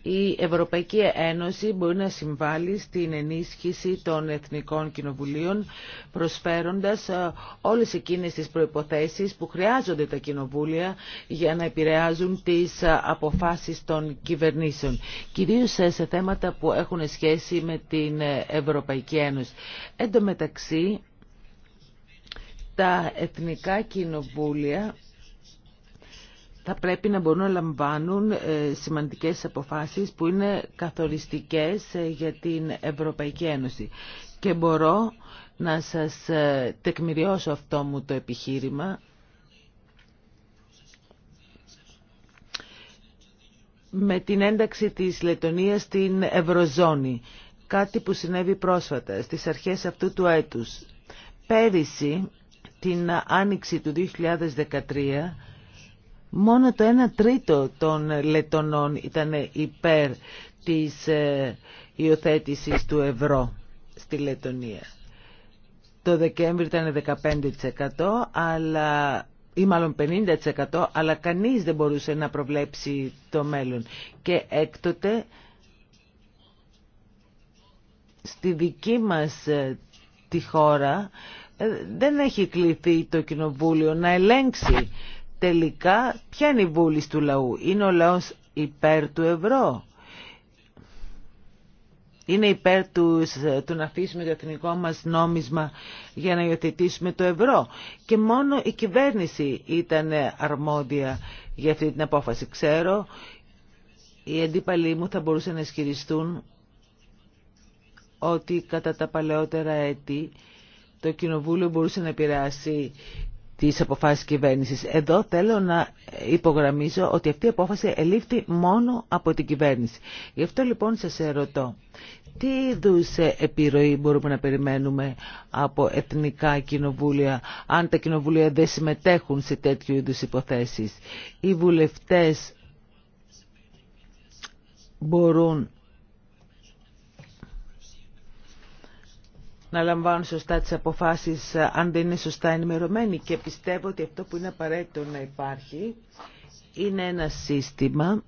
η Ευρωπαϊκή Ένωση μπορεί να συμβάλλει στην ενίσχυση των Εθνικών Κοινοβουλίων προσφέροντας ε, όλες εκείνες τις προϋποθέσεις που χρειάζονται τα κοινοβούλια για να επηρεάζουν τις ε, αποφάσεις των κυβερνήσεων. Κυρίως σε θέματα που έχουν σχέση με την ε, Ευρωπαϊκή Ένωση. Εν τω μεταξύ, τα Εθνικά Κοινοβούλια θα πρέπει να μπορούν να λαμβάνουν ε, σημαντικές αποφάσεις που είναι καθοριστικές ε, για την Ευρωπαϊκή Ένωση. Και μπορώ να σας ε, τεκμηριώσω αυτό μου το επιχείρημα. με την ένταξη της Λετωνίας στην Ευρωζώνη, κάτι που συνέβη πρόσφατα στις αρχές αυτού του έτους. Πέρυσι, την άνοιξη του 2013, Μόνο το 1 τρίτο των Λετωνών ήταν υπέρ της ε, υιοθέτηση του ευρώ στη Λετωνία. Το Δεκέμβρη ήταν 15% αλλά ή μάλλον 50% αλλά κανείς δεν μπορούσε να προβλέψει το μέλλον. Και έκτοτε στη δική μας ε, τη χώρα ε, δεν έχει κληθεί το Κοινοβούλιο να ελέγξει τελικά ποια είναι η βούληση του λαού. Είναι ο λαός υπέρ του ευρώ. Είναι υπέρ του, του να αφήσουμε το εθνικό μας νόμισμα για να υιοθετήσουμε το ευρώ. Και μόνο η κυβέρνηση ήταν αρμόδια για αυτή την απόφαση. Ξέρω, οι αντίπαλοι μου θα μπορούσαν να ισχυριστούν ότι κατά τα παλαιότερα έτη το Κοινοβούλιο μπορούσε να επηρεάσει αποφάσεις κυβέρνησης. Εδώ θέλω να υπογραμμίζω ότι αυτή η απόφαση ελήφθη μόνο από την κυβέρνηση. Γι' αυτό λοιπόν σας ερωτώ, τι είδου ε, επιρροή μπορούμε να περιμένουμε από εθνικά κοινοβούλια, αν τα κοινοβούλια δεν συμμετέχουν σε τέτοιου είδους υποθέσεις. Οι βουλευτές μπορούν να λαμβάνουν σωστά τις αποφάσεις ε, αν δεν είναι σωστά ενημερωμένοι και πιστεύω ότι αυτό που είναι απαραίτητο να υπάρχει είναι ένα σύστημα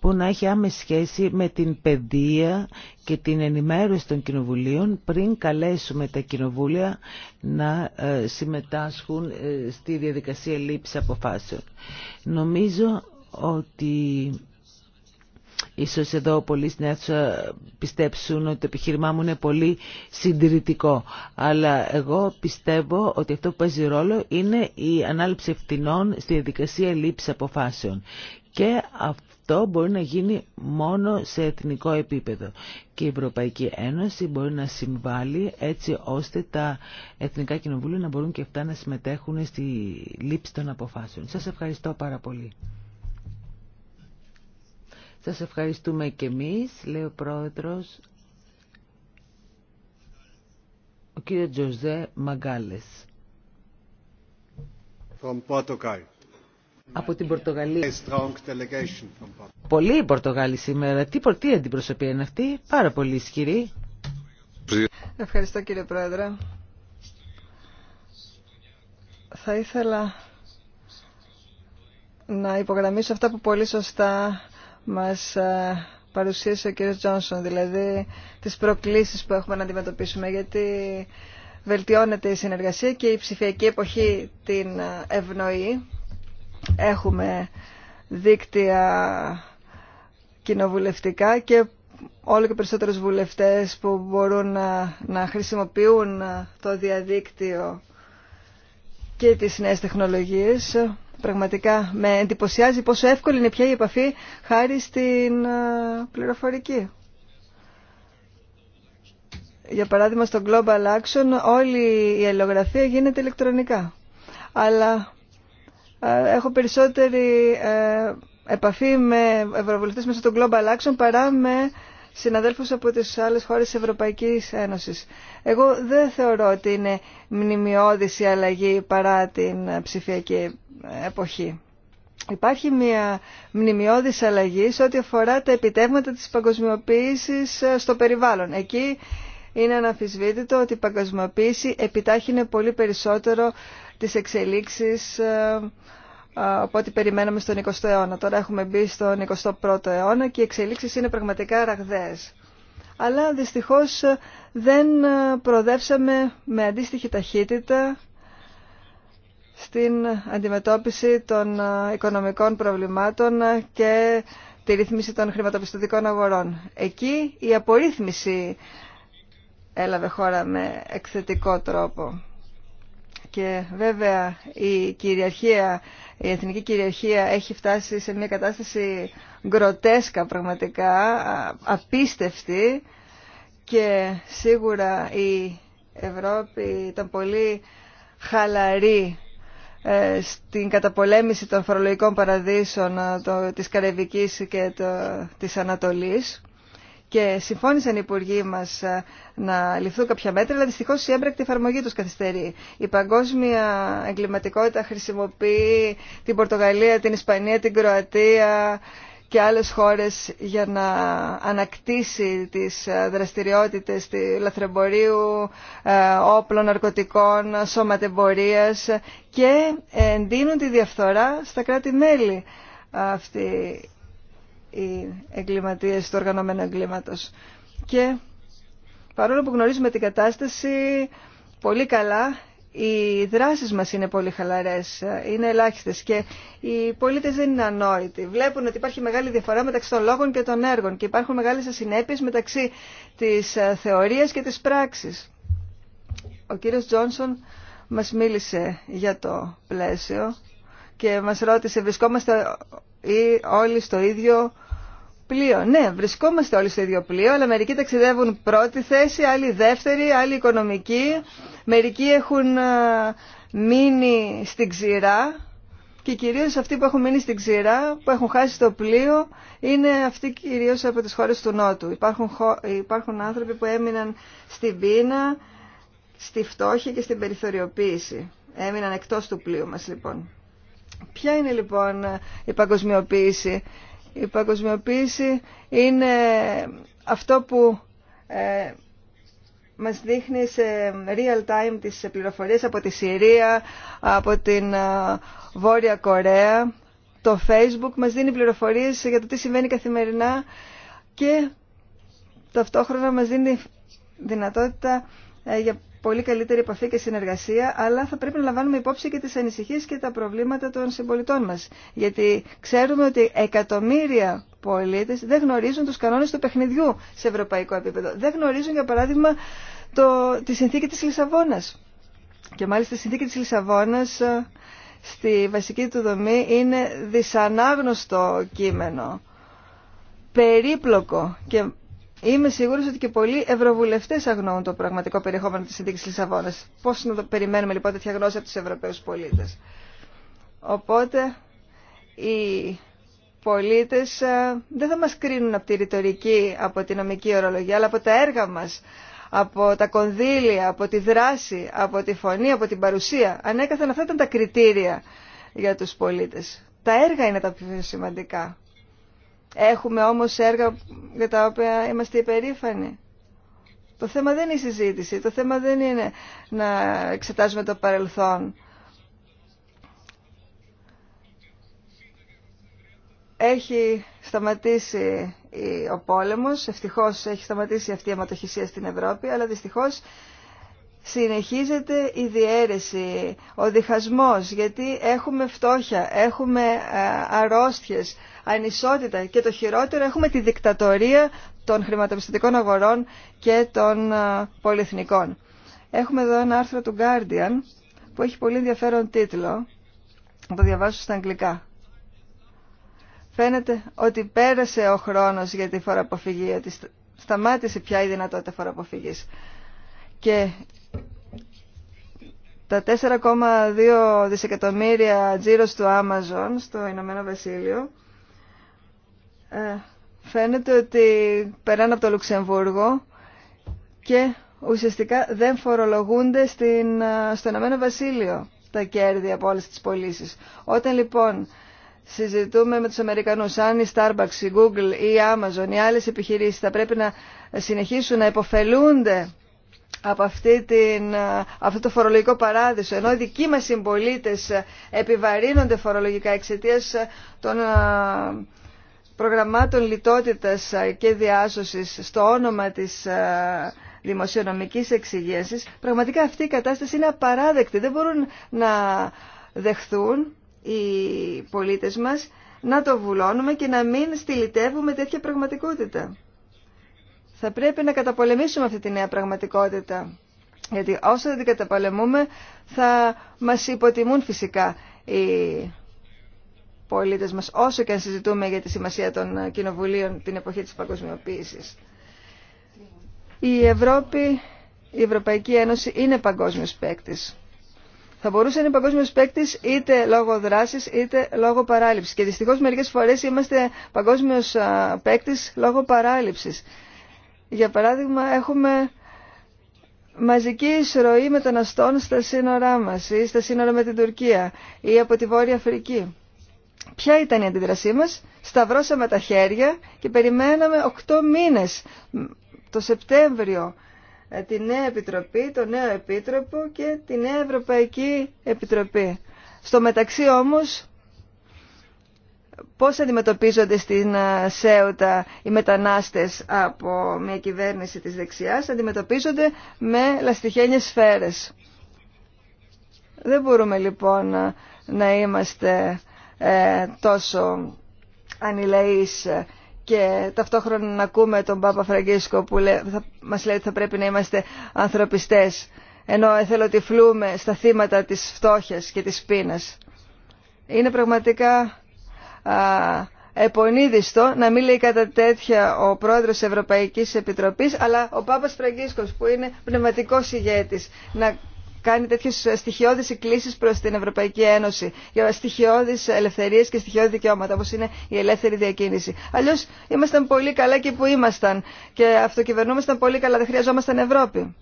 που να έχει άμεση σχέση με την παιδεία και την ενημέρωση των κοινοβουλίων πριν καλέσουμε τα κοινοβούλια να ε, συμμετάσχουν ε, στη διαδικασία λήψης αποφάσεων. Νομίζω ότι Ίσως εδώ πολλοί στην αίθουσα πιστέψουν ότι το επιχείρημά μου είναι πολύ συντηρητικό. Αλλά εγώ πιστεύω ότι αυτό που παίζει ρόλο είναι η ανάληψη ευθυνών στη διαδικασία λήψη αποφάσεων. Και αυτό μπορεί να γίνει μόνο σε εθνικό επίπεδο. Και η Ευρωπαϊκή Ένωση μπορεί να συμβάλλει έτσι ώστε τα εθνικά κοινοβούλια να μπορούν και αυτά να συμμετέχουν στη λήψη των αποφάσεων. Σας ευχαριστώ πάρα πολύ. Σας ευχαριστούμε και εμείς, λέει ο πρόεδρος, ο κύριος Τζοζέ Μαγκάλες. From Portugal. Από την Πορτογαλία. Πολύ οι Πορτογάλοι σήμερα. Τι, τι αντιπροσωπεία είναι αυτή, πάρα πολύ ισχυρή. Ευχαριστώ κύριε Πρόεδρε. Θα ήθελα να υπογραμμίσω αυτά που πολύ σωστά μας ε, παρουσίασε ο κ. Τζόνσον, δηλαδή τις προκλήσεις που έχουμε να αντιμετωπίσουμε, γιατί βελτιώνεται η συνεργασία και η ψηφιακή εποχή την ε, ευνοεί. Έχουμε δίκτυα κοινοβουλευτικά και όλο και περισσότερους βουλευτές που μπορούν να, να χρησιμοποιούν το διαδίκτυο και τις νέες τεχνολογίες Πραγματικά με εντυπωσιάζει πόσο εύκολη είναι πια η επαφή χάρη στην ε, πληροφορική. Για παράδειγμα στο Global Action όλη η ελογραφία γίνεται ηλεκτρονικά. Αλλά ε, έχω περισσότερη ε, επαφή με ευρωβουλευτές μέσα στο Global Action παρά με συναδέλφους από τις άλλες χώρες της Ευρωπαϊκής Ένωσης. Εγώ δεν θεωρώ ότι είναι μνημειώδης η αλλαγή παρά την ψηφιακή εποχή. Υπάρχει μια μνημειώδης αλλαγή σε ό,τι αφορά τα επιτεύγματα της παγκοσμιοποίησης ε, στο περιβάλλον. Εκεί είναι αναμφισβήτητο ότι η παγκοσμιοποίηση επιτάχυνε πολύ περισσότερο τις εξελίξεις ε, από ό,τι περιμέναμε στον 20ο αιώνα. Τώρα έχουμε μπει στον 21ο αιώνα και οι εξελίξεις είναι πραγματικά ραγδαίες. Αλλά δυστυχώς δεν ε, προοδεύσαμε με αντίστοιχη ταχύτητα στην αντιμετώπιση των ε, οικονομικών προβλημάτων και τη ρύθμιση των χρηματοπιστωτικών αγορών. Εκεί η απορρίθμιση έλαβε χώρα με εκθετικό τρόπο. Και βέβαια η κυριαρχία, η εθνική κυριαρχία έχει φτάσει σε μια κατάσταση γκροτέσκα πραγματικά, απίστευτη και σίγουρα η Ευρώπη ήταν πολύ χαλαρή ε, στην καταπολέμηση των φορολογικών παραδείσων ε, της Καρεβικής και της Ανατολής και συμφώνησαν οι υπουργοί μα ε, να ληφθούν κάποια μέτρα, αλλά δυστυχώ η έμπρακτη εφαρμογή του καθυστερεί. Η παγκόσμια εγκληματικότητα χρησιμοποιεί την Πορτογαλία, την Ισπανία, την Κροατία και άλλες χώρες για να ανακτήσει τις ε, δραστηριότητες του λαθρεμπορίου, ε, όπλων, ναρκωτικών, σωματεμπορία και εντείνουν τη διαφθορά στα κράτη-μέλη αυτή οι εγκληματίες του οργανωμένου εγκλήματος. Και παρόλο που γνωρίζουμε την κατάσταση πολύ καλά, οι δράσεις μας είναι πολύ χαλαρές, είναι ελάχιστες και οι πολίτες δεν είναι ανόητοι. Βλέπουν ότι υπάρχει μεγάλη διαφορά μεταξύ των λόγων και των έργων και υπάρχουν μεγάλες ασυνέπειες μεταξύ της ε, θεωρίας και της πράξης. Ο κύριος Τζόνσον μας μίλησε για το πλαίσιο και μας ρώτησε βρισκόμαστε όλοι στο ίδιο πλοίο. Ναι, βρισκόμαστε όλοι στο ίδιο πλοίο, αλλά μερικοί ταξιδεύουν πρώτη θέση, άλλοι δεύτερη, άλλοι οικονομικοί. Μερικοί έχουν ε, μείνει στην ξηρά και κυρίως αυτοί που έχουν μείνει στην ξηρά, που έχουν χάσει το πλοίο, είναι αυτοί κυρίως από τις χώρες του Νότου. Υπάρχουν, υπάρχουν άνθρωποι που έμειναν στην πείνα, στη φτώχεια και στην περιθωριοποίηση. Έμειναν εκτός του πλοίου μας λοιπόν. Ποια είναι λοιπόν η παγκοσμιοποίηση η παγκοσμιοποίηση είναι αυτό που ε, μας δείχνει σε real time τις πληροφορίες από τη Συρία, από την ε, Βόρεια Κορέα. Το Facebook μας δίνει πληροφορίες για το τι συμβαίνει καθημερινά και ταυτόχρονα μας δίνει δυνατότητα ε, για πολύ καλύτερη επαφή και συνεργασία, αλλά θα πρέπει να λαμβάνουμε υπόψη και τις ανησυχίες και τα προβλήματα των συμπολιτών μας. Γιατί ξέρουμε ότι εκατομμύρια πολίτες δεν γνωρίζουν τους κανόνες του παιχνιδιού σε ευρωπαϊκό επίπεδο. Δεν γνωρίζουν, για παράδειγμα, το, τη συνθήκη της Λισαβόνας. Και μάλιστα η συνθήκη της Λισαβόνας ε, στη βασική του δομή είναι δυσανάγνωστο κείμενο περίπλοκο και Είμαι σίγουρη ότι και πολλοί ευρωβουλευτέ αγνοούν το πραγματικό περιεχόμενο τη συνθήκη Λισαβόνα. Πώ να το περιμένουμε λοιπόν τέτοια γνώση από του Ευρωπαίου πολίτε. Οπότε οι πολίτε ε, δεν θα μα κρίνουν από τη ρητορική, από τη νομική ορολογία, αλλά από τα έργα μα, από τα κονδύλια, από τη δράση, από τη φωνή, από την παρουσία. Ανέκαθεν αυτά ήταν τα κριτήρια για του πολίτε. Τα έργα είναι τα πιο σημαντικά. Έχουμε όμως έργα για τα οποία είμαστε υπερήφανοι. Το θέμα δεν είναι η συζήτηση, το θέμα δεν είναι να εξετάζουμε το παρελθόν. Έχει σταματήσει ο πόλεμος, ευτυχώς έχει σταματήσει αυτή η αιματοχυσία στην Ευρώπη, αλλά δυστυχώς συνεχίζεται η διέρεση, ο διχασμός, γιατί έχουμε φτώχεια, έχουμε ε, αρρώστιες, ανισότητα και το χειρότερο έχουμε τη δικτατορία των χρηματοπιστωτικών αγορών και των ε, πολυεθνικών. Έχουμε εδώ ένα άρθρο του Guardian που έχει πολύ ενδιαφέρον τίτλο, Θα το διαβάσω στα αγγλικά. Φαίνεται ότι πέρασε ο χρόνος για τη φοροαποφυγή, ότι σταμάτησε πια η δυνατότητα φοροαποφυγής τα 4,2 δισεκατομμύρια τζίρος του Amazon στο Ηνωμένο Βασίλειο ε, φαίνεται ότι περνάνε από το Λουξεμβούργο και ουσιαστικά δεν φορολογούνται στην, ε, στο Ηνωμένο Βασίλειο τα κέρδη από όλες τις πωλήσει. Όταν λοιπόν συζητούμε με τους Αμερικανούς αν η Starbucks, η Google ή η Amazon ή άλλες επιχειρήσεις θα πρέπει να συνεχίσουν να υποφελούνται από την, αυτό το φορολογικό παράδεισο, ενώ οι δικοί μας συμπολίτε επιβαρύνονται φορολογικά εξαιτία των προγραμμάτων λιτότητας και διάσωσης στο όνομα της δημοσιονομικής εξυγίασης, πραγματικά αυτή η κατάσταση είναι απαράδεκτη. Δεν μπορούν να δεχθούν οι πολίτες μας να το βουλώνουμε και να μην στυλιτεύουμε τέτοια πραγματικότητα. Θα πρέπει να καταπολεμήσουμε αυτή τη νέα πραγματικότητα. Γιατί όσο δεν την καταπολεμούμε θα μας υποτιμούν φυσικά οι πολίτες μας όσο και αν συζητούμε για τη σημασία των κοινοβουλίων την εποχή της παγκοσμιοποίησης. Η Ευρώπη, η Ευρωπαϊκή Ένωση είναι παγκόσμιος παίκτη. Θα μπορούσε να είναι παγκόσμιος παίκτη είτε λόγω δράσης είτε λόγω παράληψης. Και δυστυχώς μερικές φορές είμαστε παγκόσμιος παίκτη λόγω παράληψης. Για παράδειγμα, έχουμε μαζική εισρωή μεταναστών στα σύνορά μας ή στα σύνορα με την Τουρκία ή από τη Βόρεια Αφρική. Ποια ήταν η αντίδρασή μας? Σταυρώσαμε τα χέρια και περιμέναμε 8 μήνες το Σεπτέμβριο ε, τη νέα Επιτροπή, το νέο Επίτροπο και τη νέα Ευρωπαϊκή Επιτροπή. Στο μεταξύ όμως πώς αντιμετωπίζονται στην ΣΕΟΤΑ οι μετανάστες από μια κυβέρνηση της δεξιάς, αντιμετωπίζονται με λαστιχένιες σφαίρες. Δεν μπορούμε λοιπόν να είμαστε ε, τόσο ανηλαείς και ταυτόχρονα να ακούμε τον Πάπα Φραγκίσκο που λέ, θα, μας λέει ότι θα πρέπει να είμαστε ανθρωπιστές ενώ φλούμε στα θύματα της φτώχειας και της πείνας. Είναι πραγματικά επονίδιστο να μην λέει κατά τέτοια ο πρόεδρος Ευρωπαϊκής Επιτροπής αλλά ο Πάπας Φραγκίσκος που είναι πνευματικός ηγέτης να κάνει τέτοιες στοιχειώδει εκκλήσει προ την Ευρωπαϊκή Ένωση για στοιχειώδει ελευθερίε και στοιχειώδη δικαιώματα, όπω είναι η ελεύθερη διακίνηση. Αλλιώ ήμασταν πολύ καλά και που ήμασταν και αυτοκυβερνούμασταν πολύ καλά, δεν χρειαζόμασταν Ευρώπη.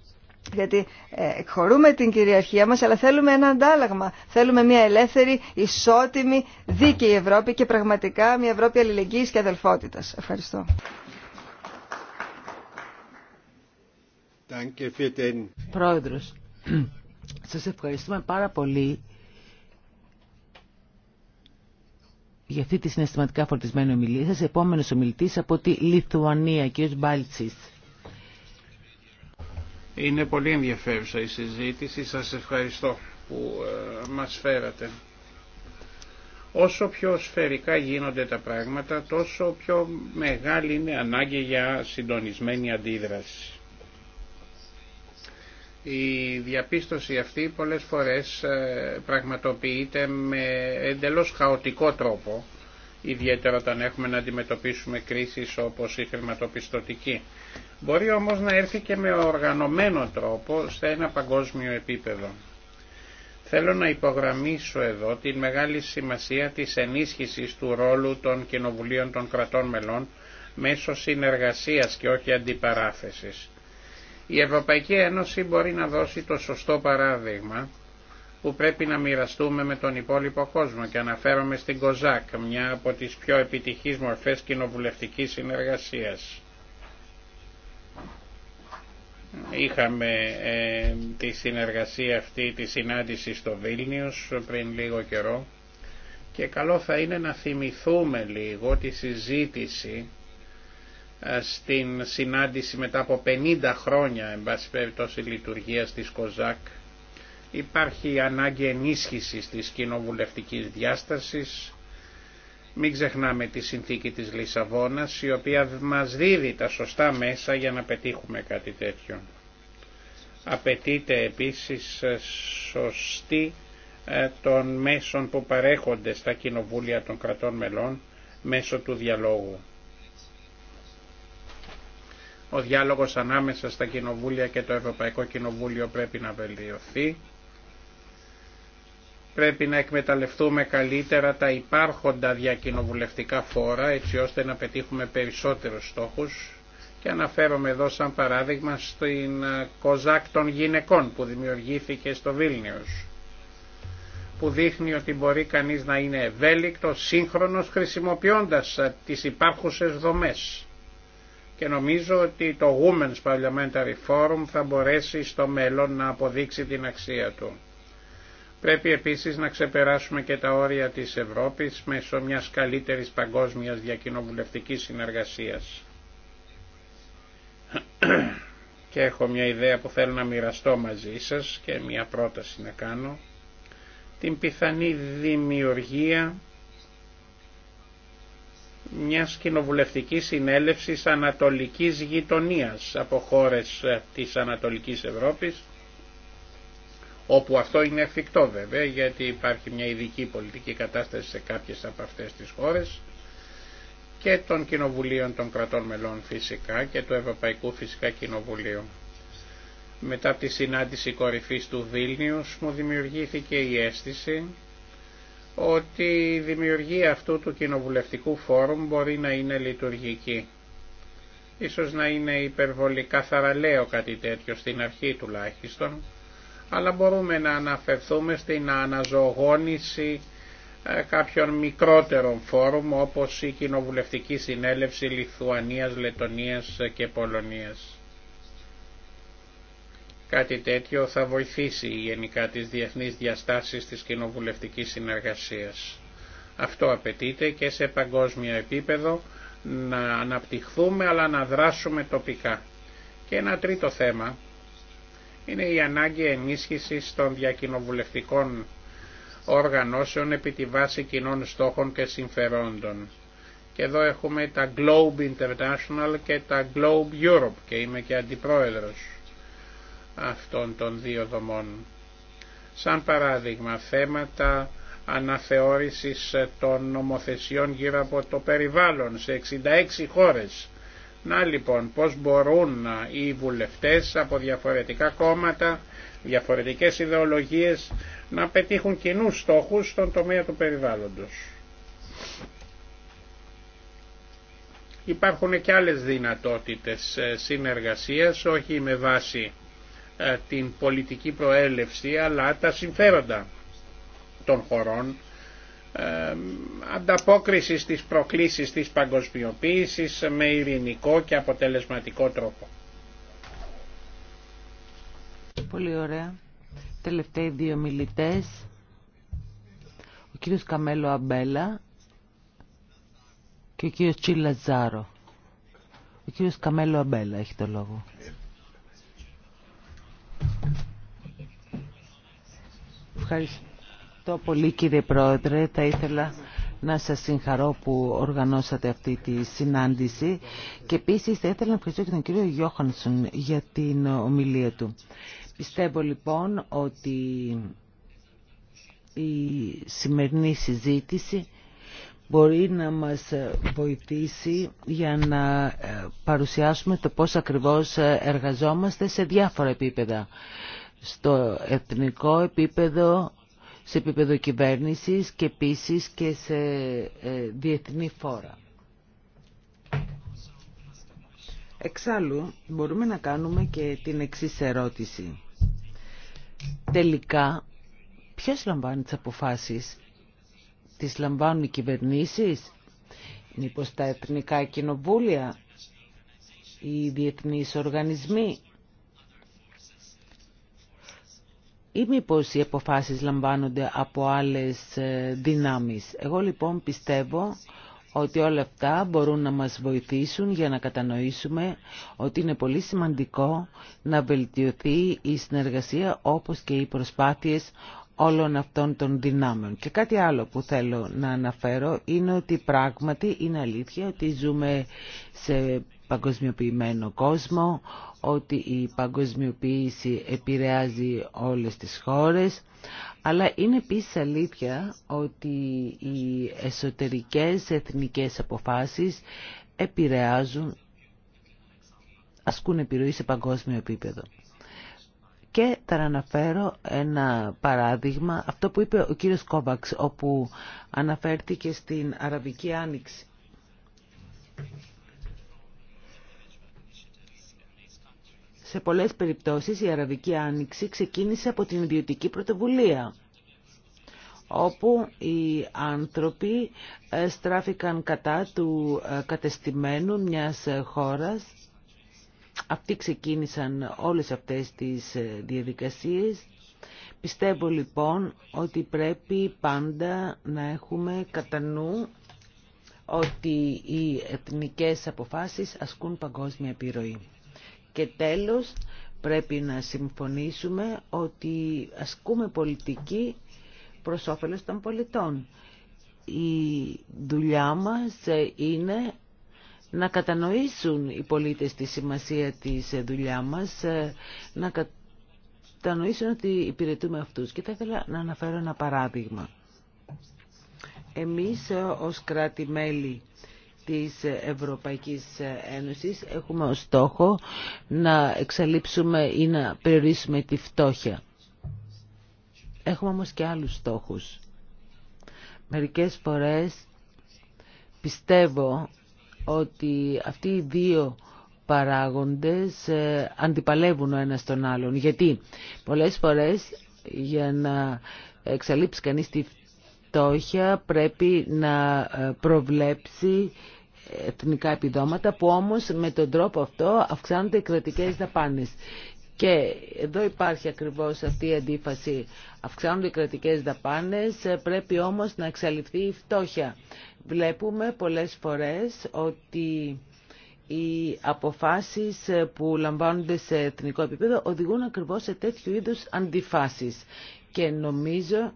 Γιατί ε, εκχωρούμε την κυριαρχία μας, αλλά θέλουμε ένα αντάλλαγμα. Θέλουμε μια ελεύθερη, ισότιμη, δίκαιη Ευρώπη και πραγματικά μια Ευρώπη αλληλεγγύης και αδελφότητας. Ευχαριστώ. Πρόεδρος, σας ευχαριστούμε πάρα πολύ για αυτή τη συναισθηματικά φορτισμένη ομιλία σας. Επόμενος ομιλητής από τη Λιθουανία, κ. Μπάλτσις. Είναι πολύ ενδιαφέρουσα η συζήτηση. Σας ευχαριστώ που ε, μας φέρατε. Όσο πιο σφαιρικά γίνονται τα πράγματα, τόσο πιο μεγάλη είναι ανάγκη για συντονισμένη αντίδραση. Η διαπίστωση αυτή πολλές φορές ε, πραγματοποιείται με εντελώς χαοτικό τρόπο ιδιαίτερα όταν έχουμε να αντιμετωπίσουμε κρίσεις όπως η χρηματοπιστωτική. Μπορεί όμως να έρθει και με οργανωμένο τρόπο σε ένα παγκόσμιο επίπεδο. Θέλω να υπογραμμίσω εδώ την μεγάλη σημασία της ενίσχυσης του ρόλου των κοινοβουλίων των κρατών μελών μέσω συνεργασίας και όχι αντιπαράθεσης. Η Ευρωπαϊκή Ένωση μπορεί να δώσει το σωστό παράδειγμα που πρέπει να μοιραστούμε με τον υπόλοιπο κόσμο και αναφέρομαι στην ΚΟΖΑΚ, μια από τις πιο επιτυχείς μορφές κοινοβουλευτικής συνεργασίας. Είχαμε ε, τη συνεργασία αυτή, τη συνάντηση στο Βίλνιους πριν λίγο καιρό και καλό θα είναι να θυμηθούμε λίγο τη συζήτηση ε, στην συνάντηση μετά από 50 χρόνια εν πάση περιπτώσει λειτουργίας της ΚΟΖΑΚ Υπάρχει ανάγκη ενίσχυσης της κοινοβουλευτικής διάστασης. Μην ξεχνάμε τη συνθήκη της Λισαβόνας, η οποία μας δίδει τα σωστά μέσα για να πετύχουμε κάτι τέτοιο. Απαιτείται επίσης ε, σωστή ε, των μέσων που παρέχονται στα κοινοβούλια των κρατών μελών μέσω του διαλόγου. Ο διάλογος ανάμεσα στα κοινοβούλια και το Ευρωπαϊκό Κοινοβούλιο πρέπει να βελτιωθεί. Πρέπει να εκμεταλλευτούμε καλύτερα τα υπάρχοντα διακοινοβουλευτικά φόρα έτσι ώστε να πετύχουμε περισσότερους στόχους και αναφέρομαι εδώ σαν παράδειγμα στην ε, Κοζάκ των γυναικών που δημιουργήθηκε στο Βίλνιος που δείχνει ότι μπορεί κανείς να είναι ευέλικτο, σύγχρονος χρησιμοποιώντας ε, τις υπάρχουσες δομές. Και νομίζω ότι το Women's Parliamentary Forum θα μπορέσει στο μέλλον να αποδείξει την αξία του. Πρέπει επίσης να ξεπεράσουμε και τα όρια της Ευρώπης μέσω μιας καλύτερης παγκόσμιας διακοινοβουλευτικής συνεργασίας. και έχω μια ιδέα που θέλω να μοιραστώ μαζί σας και μια πρόταση να κάνω. Την πιθανή δημιουργία μιας κοινοβουλευτική συνέλευσης ανατολικής γειτονίας από χώρες ε, της Ανατολικής Ευρώπης όπου αυτό είναι εφικτό βέβαια γιατί υπάρχει μια ειδική πολιτική κατάσταση σε κάποιες από αυτές τις χώρες και των κοινοβουλίων των κρατών μελών φυσικά και του Ευρωπαϊκού Φυσικά Κοινοβουλίου. Μετά από τη συνάντηση κορυφής του Βίλνιους μου δημιουργήθηκε η αίσθηση ότι η δημιουργία αυτού του κοινοβουλευτικού φόρουμ μπορεί να είναι λειτουργική. Ίσως να είναι υπερβολικά θαραλέο κάτι τέτοιο στην αρχή τουλάχιστον, αλλά μπορούμε να αναφερθούμε στην αναζωογόνηση ε, κάποιων μικρότερων φόρουμ όπως η Κοινοβουλευτική Συνέλευση Λιθουανίας, Λετωνίας και Πολωνίας. Κάτι τέτοιο θα βοηθήσει γενικά τις διεθνείς διαστάσεις της κοινοβουλευτικής συνεργασίας. Αυτό απαιτείται και σε παγκόσμιο επίπεδο να αναπτυχθούμε αλλά να δράσουμε τοπικά. Και ένα τρίτο θέμα είναι η ανάγκη ενίσχυσης των διακοινοβουλευτικών οργανώσεων επί τη βάση κοινών στόχων και συμφερόντων. Και εδώ έχουμε τα Globe International και τα Globe Europe και είμαι και αντιπρόεδρος αυτών των δύο δομών. Σαν παράδειγμα θέματα αναθεώρησης των νομοθεσιών γύρω από το περιβάλλον σε 66 χώρες να λοιπόν πώς μπορούν ε, οι βουλευτές από διαφορετικά κόμματα, διαφορετικές ιδεολογίες να πετύχουν κοινού στόχους στον τομέα του περιβάλλοντος. Υπάρχουν και άλλες δυνατότητες ε, συνεργασίας, όχι με βάση ε, την πολιτική προέλευση αλλά τα συμφέροντα των χωρών ανταπόκριση στις προκλήσεις της παγκοσμιοποίησης με ειρηνικό και αποτελεσματικό τρόπο. Πολύ ωραία. Τελευταίοι δύο μιλητές. Ο κύριος Καμέλο Αμπέλα και ο κύριος Ζάρο. Ο κύριος Καμέλο Αμπέλα έχει το λόγο. Ευχαριστώ. Ευχαριστώ πολύ κύριε Πρόεδρε. Θα ήθελα να σας συγχαρώ που οργανώσατε αυτή τη συνάντηση και επίσης θα ήθελα να ευχαριστώ και τον κύριο Γιώχανσον για την ομιλία του. Πιστεύω λοιπόν ότι η σημερινή συζήτηση μπορεί να μας βοηθήσει για να ε, παρουσιάσουμε το πώς ακριβώς ε, εργαζόμαστε σε διάφορα επίπεδα. Στο εθνικό επίπεδο σε επίπεδο κυβέρνησης και επίση και σε ε, διεθνή φόρα. Εξάλλου, μπορούμε να κάνουμε και την εξής ερώτηση. Τελικά, ποιος λαμβάνει τις αποφάσεις. Τις λαμβάνουν οι κυβερνήσεις, μήπω τα εθνικά κοινοβούλια, οι διεθνείς οργανισμοί. ή μήπω οι αποφάσεις λαμβάνονται από άλλες ε, δυνάμεις. Εγώ λοιπόν πιστεύω ότι όλα αυτά μπορούν να μας βοηθήσουν για να κατανοήσουμε ότι είναι πολύ σημαντικό να βελτιωθεί η συνεργασία όπως και οι προσπάθειες όλων αυτών των δυνάμεων. Και κάτι άλλο που θέλω να αναφέρω είναι ότι πράγματι είναι αλήθεια ότι ζούμε σε παγκοσμιοποιημένο κόσμο, ότι η παγκοσμιοποίηση επηρεάζει όλες τις χώρες, αλλά είναι επίσης αλήθεια ότι οι εσωτερικές εθνικές αποφάσεις επηρεάζουν, ασκούν επιρροή σε παγκόσμιο επίπεδο. Και θα αναφέρω ένα παράδειγμα, αυτό που είπε ο κύριος Κόβαξ, όπου αναφέρθηκε στην Αραβική Άνοιξη. Σε πολλές περιπτώσεις η Αραβική Άνοιξη ξεκίνησε από την ιδιωτική πρωτοβουλία όπου οι άνθρωποι ε, στράφηκαν κατά του ε, κατεστημένου μιας ε, χώρας. Αυτοί ξεκίνησαν όλες αυτές τις διαδικασίες. Πιστεύω λοιπόν ότι πρέπει πάντα να έχουμε κατά νου ότι οι εθνικές αποφάσεις ασκούν παγκόσμια επιρροή. Και τέλος πρέπει να συμφωνήσουμε ότι ασκούμε πολιτική προς όφελος των πολιτών. Η δουλειά μας είναι να κατανοήσουν οι πολίτες τη σημασία της δουλειά μας, να κατανοήσουν ότι υπηρετούμε αυτούς. Και θα ήθελα να αναφέρω ένα παράδειγμα. Εμείς ως κράτη-μέλη της Ευρωπαϊκής Ένωσης έχουμε ως στόχο να εξαλείψουμε ή να περιορίσουμε τη φτώχεια. Έχουμε όμως και άλλους στόχους. Μερικές φορές πιστεύω ότι αυτοί οι δύο παράγοντες ε, αντιπαλεύουν ο ένας τον άλλον. Γιατί πολλές φορές για να εξαλείψει κανείς τη φτώχεια φτώχεια πρέπει να ε, προβλέψει εθνικά επιδόματα που όμως με τον τρόπο αυτό αυξάνονται οι κρατικές δαπάνες. Και εδώ υπάρχει ακριβώς αυτή η αντίφαση. Αυξάνονται οι κρατικές δαπάνες, ε, πρέπει όμως να εξαλειφθεί η φτώχεια. Βλέπουμε πολλές φορές ότι οι αποφάσεις ε, που λαμβάνονται σε εθνικό επίπεδο οδηγούν ακριβώς σε τέτοιου είδους αντιφάσεις και νομίζω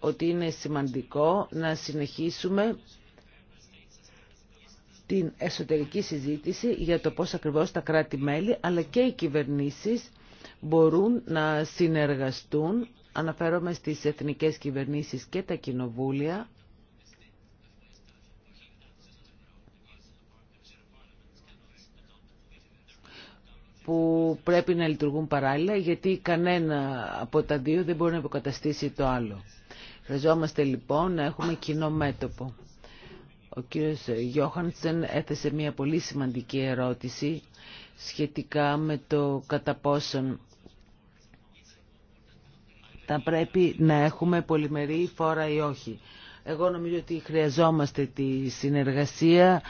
ότι είναι σημαντικό να συνεχίσουμε την εσωτερική συζήτηση για το πώς ακριβώς τα κράτη-μέλη αλλά και οι κυβερνήσεις μπορούν να συνεργαστούν, αναφέρομαι στις εθνικές κυβερνήσεις και τα κοινοβούλια, που πρέπει να λειτουργούν παράλληλα γιατί κανένα από τα δύο δεν μπορεί να υποκαταστήσει το άλλο. Χρειαζόμαστε λοιπόν να έχουμε κοινό μέτωπο. Ο κύριος Γιώχανσεν έθεσε μια πολύ σημαντική ερώτηση σχετικά με το κατά πόσον θα πρέπει να έχουμε πολυμερή φόρα ή όχι. Εγώ νομίζω ότι χρειαζόμαστε τη συνεργασία.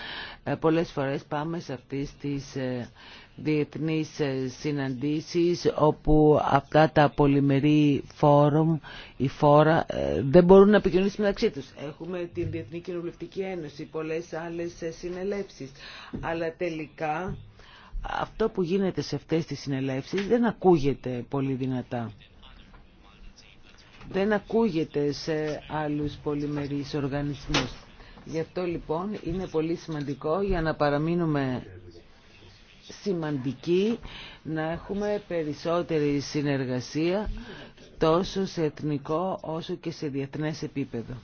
Ε, πολλές φορές πάμε σε αυτές τις ε, διεθνείς ε, συναντήσεις όπου αυτά τα πολυμερή φόρουμ, η φόρα ε, δεν μπορούν να επικοινωνήσουν μεταξύ τους. Έχουμε την Διεθνή Κοινοβουλευτική Ένωση, πολλές άλλες ε, συνελεύσεις. Αλλά τελικά αυτό που γίνεται σε αυτές τις συνελεύσεις δεν ακούγεται πολύ δυνατά. Δεν ακούγεται σε άλλους πολυμερείς οργανισμούς. Γι' αυτό λοιπόν είναι πολύ σημαντικό για να παραμείνουμε σημαντική να έχουμε περισσότερη συνεργασία τόσο σε εθνικό όσο και σε διεθνές επίπεδο.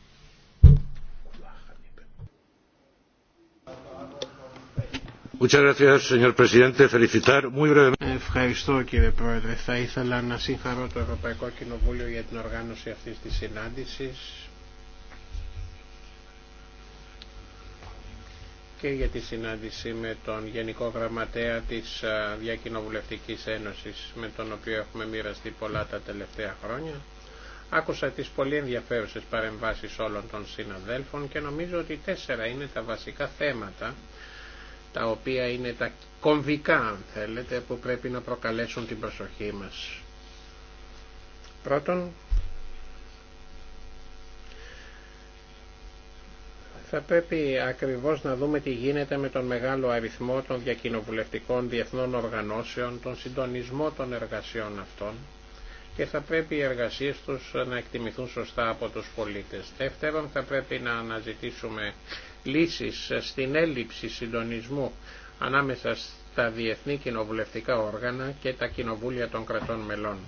Ευχαριστώ κύριε Πρόεδρε. Θα ήθελα να συγχαρώ το Ευρωπαϊκό Κοινοβούλιο για την οργάνωση αυτής της συνάντησης και για τη συνάντηση με τον Γενικό Γραμματέα της Διακοινοβουλευτικής Ένωσης με τον οποίο έχουμε μοιραστεί πολλά τα τελευταία χρόνια. Άκουσα τις πολύ ενδιαφέρουσες παρεμβάσεις όλων των συναδέλφων και νομίζω ότι τέσσερα είναι τα βασικά θέματα τα οποία είναι τα κομβικά αν θέλετε που πρέπει να προκαλέσουν την προσοχή μας. Πρώτον, θα πρέπει ακριβώς να δούμε τι γίνεται με τον μεγάλο αριθμό των διακοινοβουλευτικών διεθνών οργανώσεων, τον συντονισμό των εργασιών αυτών και θα πρέπει οι εργασίες τους να εκτιμηθούν σωστά από τους πολίτες. Δεύτερον, θα πρέπει να αναζητήσουμε λύσεις στην έλλειψη συντονισμού ανάμεσα στα διεθνή κοινοβουλευτικά όργανα και τα κοινοβούλια των κρατών μελών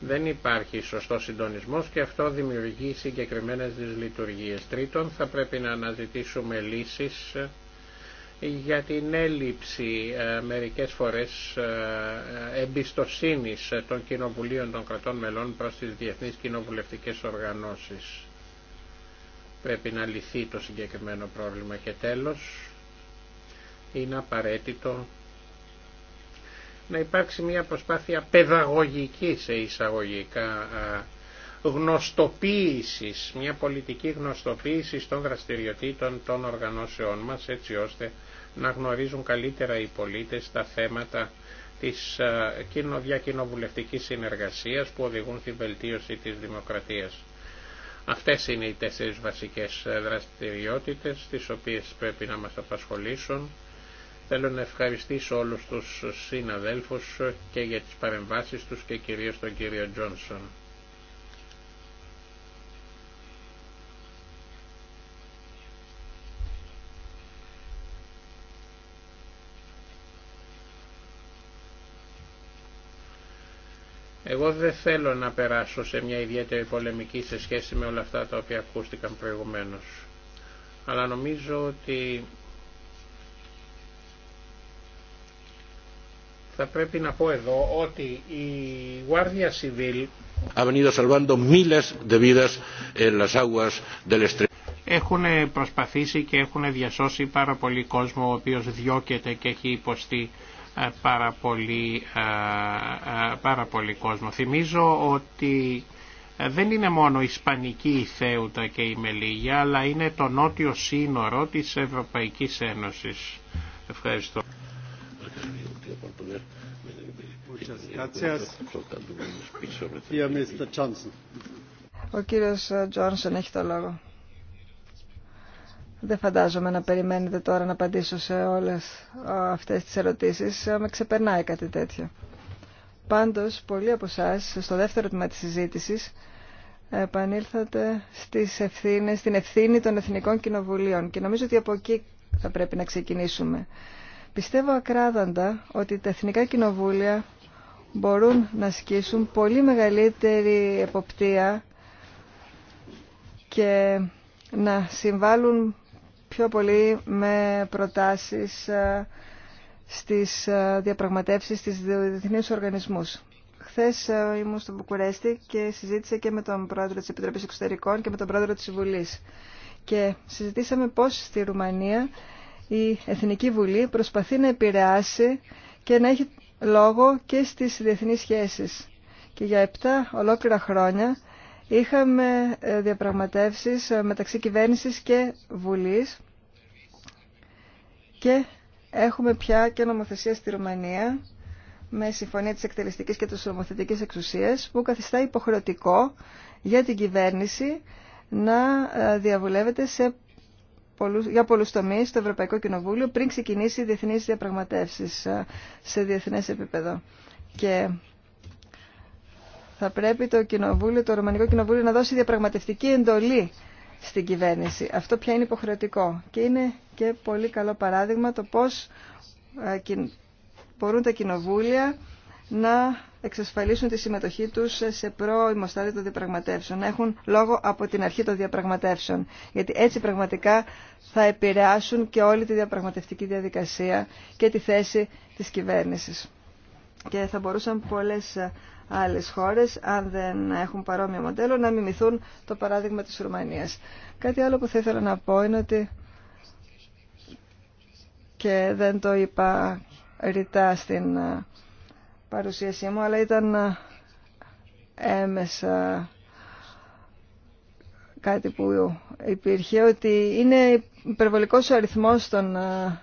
δεν υπάρχει σωστό συντονισμός και αυτό δημιουργεί συγκεκριμένες δυσλειτουργίες. Τρίτον, θα πρέπει να αναζητήσουμε λύσεις ε, για την έλλειψη ε, μερικές φορές ε, εμπιστοσύνης των κοινοβουλίων των κρατών μελών προς τις διεθνείς κοινοβουλευτικές οργανώσεις. Πρέπει να λυθεί το συγκεκριμένο πρόβλημα και τέλος είναι απαραίτητο να υπάρξει μια προσπάθεια παιδαγωγική σε εισαγωγικά γνωστοποίησης, μια πολιτική γνωστοποίηση των δραστηριοτήτων των οργανώσεών μας έτσι ώστε να γνωρίζουν καλύτερα οι πολίτες τα θέματα της διακοινοβουλευτικής συνεργασίας που οδηγούν στην βελτίωση της δημοκρατίας. Αυτές είναι οι τέσσερις βασικές ε, δραστηριότητες τις οποίες πρέπει να μας απασχολήσουν Θέλω να ευχαριστήσω όλους τους συναδέλφους και για τις παρεμβάσεις τους και κυρίως τον κύριο Τζόνσον. Εγώ δεν θέλω να περάσω σε μια ιδιαίτερη πολεμική σε σχέση με όλα αυτά τα οποία ακούστηκαν προηγουμένως. Αλλά νομίζω ότι θα πρέπει να πω εδώ ότι η Guardia Civil έχουν προσπαθήσει και έχουν διασώσει πάρα πολύ κόσμο ο οποίος διώκεται και έχει υποστεί ε, πάρα πολύ, ε, ε, πάρα πολύ κόσμο. Θυμίζω ότι δεν είναι μόνο η ισπανική η Θέουτα και η Μελίγια, αλλά είναι το νότιο σύνορο της Ευρωπαϊκής Ένωσης. Ευχαριστώ. Ο κύριο Τζόνσον έχει το λόγο. Δεν φαντάζομαι να περιμένετε τώρα να απαντήσω σε όλες αυτές τις ερωτήσεις. Ε, με ξεπερνάει κάτι τέτοιο. Πάντως, πολλοί από εσά στο δεύτερο τμήμα της συζήτησης επανήλθατε στις ευθύνες, στην ευθύνη των Εθνικών Κοινοβουλίων και νομίζω ότι από εκεί θα πρέπει να ξεκινήσουμε. Πιστεύω ακράδαντα ότι τα εθνικά κοινοβούλια μπορούν να ασκήσουν πολύ μεγαλύτερη εποπτεία και να συμβάλλουν πιο πολύ με προτάσεις ε, στις ε, διαπραγματεύσεις στις διεθνείς οργανισμούς. Χθες ε, ήμουν στο Βουκουρέστι και συζήτησα και με τον πρόεδρο της Επιτροπής Εξωτερικών και με τον πρόεδρο της Βουλής. Και συζητήσαμε πώς στη Ρουμανία η Εθνική Βουλή προσπαθεί να επηρεάσει και να έχει λόγο και στις διεθνείς σχέσεις. Και για 7 ολόκληρα χρόνια είχαμε ε, διαπραγματεύσεις ε, μεταξύ κυβέρνησης και Βουλής και έχουμε πια και νομοθεσία στη Ρουμανία με συμφωνία της εκτελεστικής και της νομοθετικής εξουσίας που καθιστά υποχρεωτικό για την κυβέρνηση να ε, διαβουλεύεται σε για πολλούς τομείς στο Ευρωπαϊκό Κοινοβούλιο πριν ξεκινήσει οι διεθνείς διαπραγματεύσεις ε, σε διεθνές επίπεδο. Και θα πρέπει το Κοινοβούλιο, το Ρωμανικό Κοινοβούλιο να δώσει διαπραγματευτική εντολή στην κυβέρνηση. Αυτό πια είναι υποχρεωτικό και είναι και πολύ καλό παράδειγμα το πώς ε, μπορούν τα κοινοβούλια να εξασφαλίσουν τη συμμετοχή τους σε πρώιμο στάδιο των διαπραγματεύσεων, έχουν λόγο από την αρχή των διαπραγματεύσεων. Γιατί έτσι πραγματικά θα επηρεάσουν και όλη τη διαπραγματευτική διαδικασία και τη θέση της κυβέρνησης. Και θα μπορούσαν πολλές άλλες χώρες, αν δεν έχουν παρόμοιο μοντέλο, να μιμηθούν το παράδειγμα της Ρουμανίας. Κάτι άλλο που θα ήθελα να πω είναι ότι και δεν το είπα ρητά στην παρουσίασή αλλά ήταν ε, έμεσα κάτι που υπήρχε, ότι είναι υπερβολικός ο αριθμός των ε,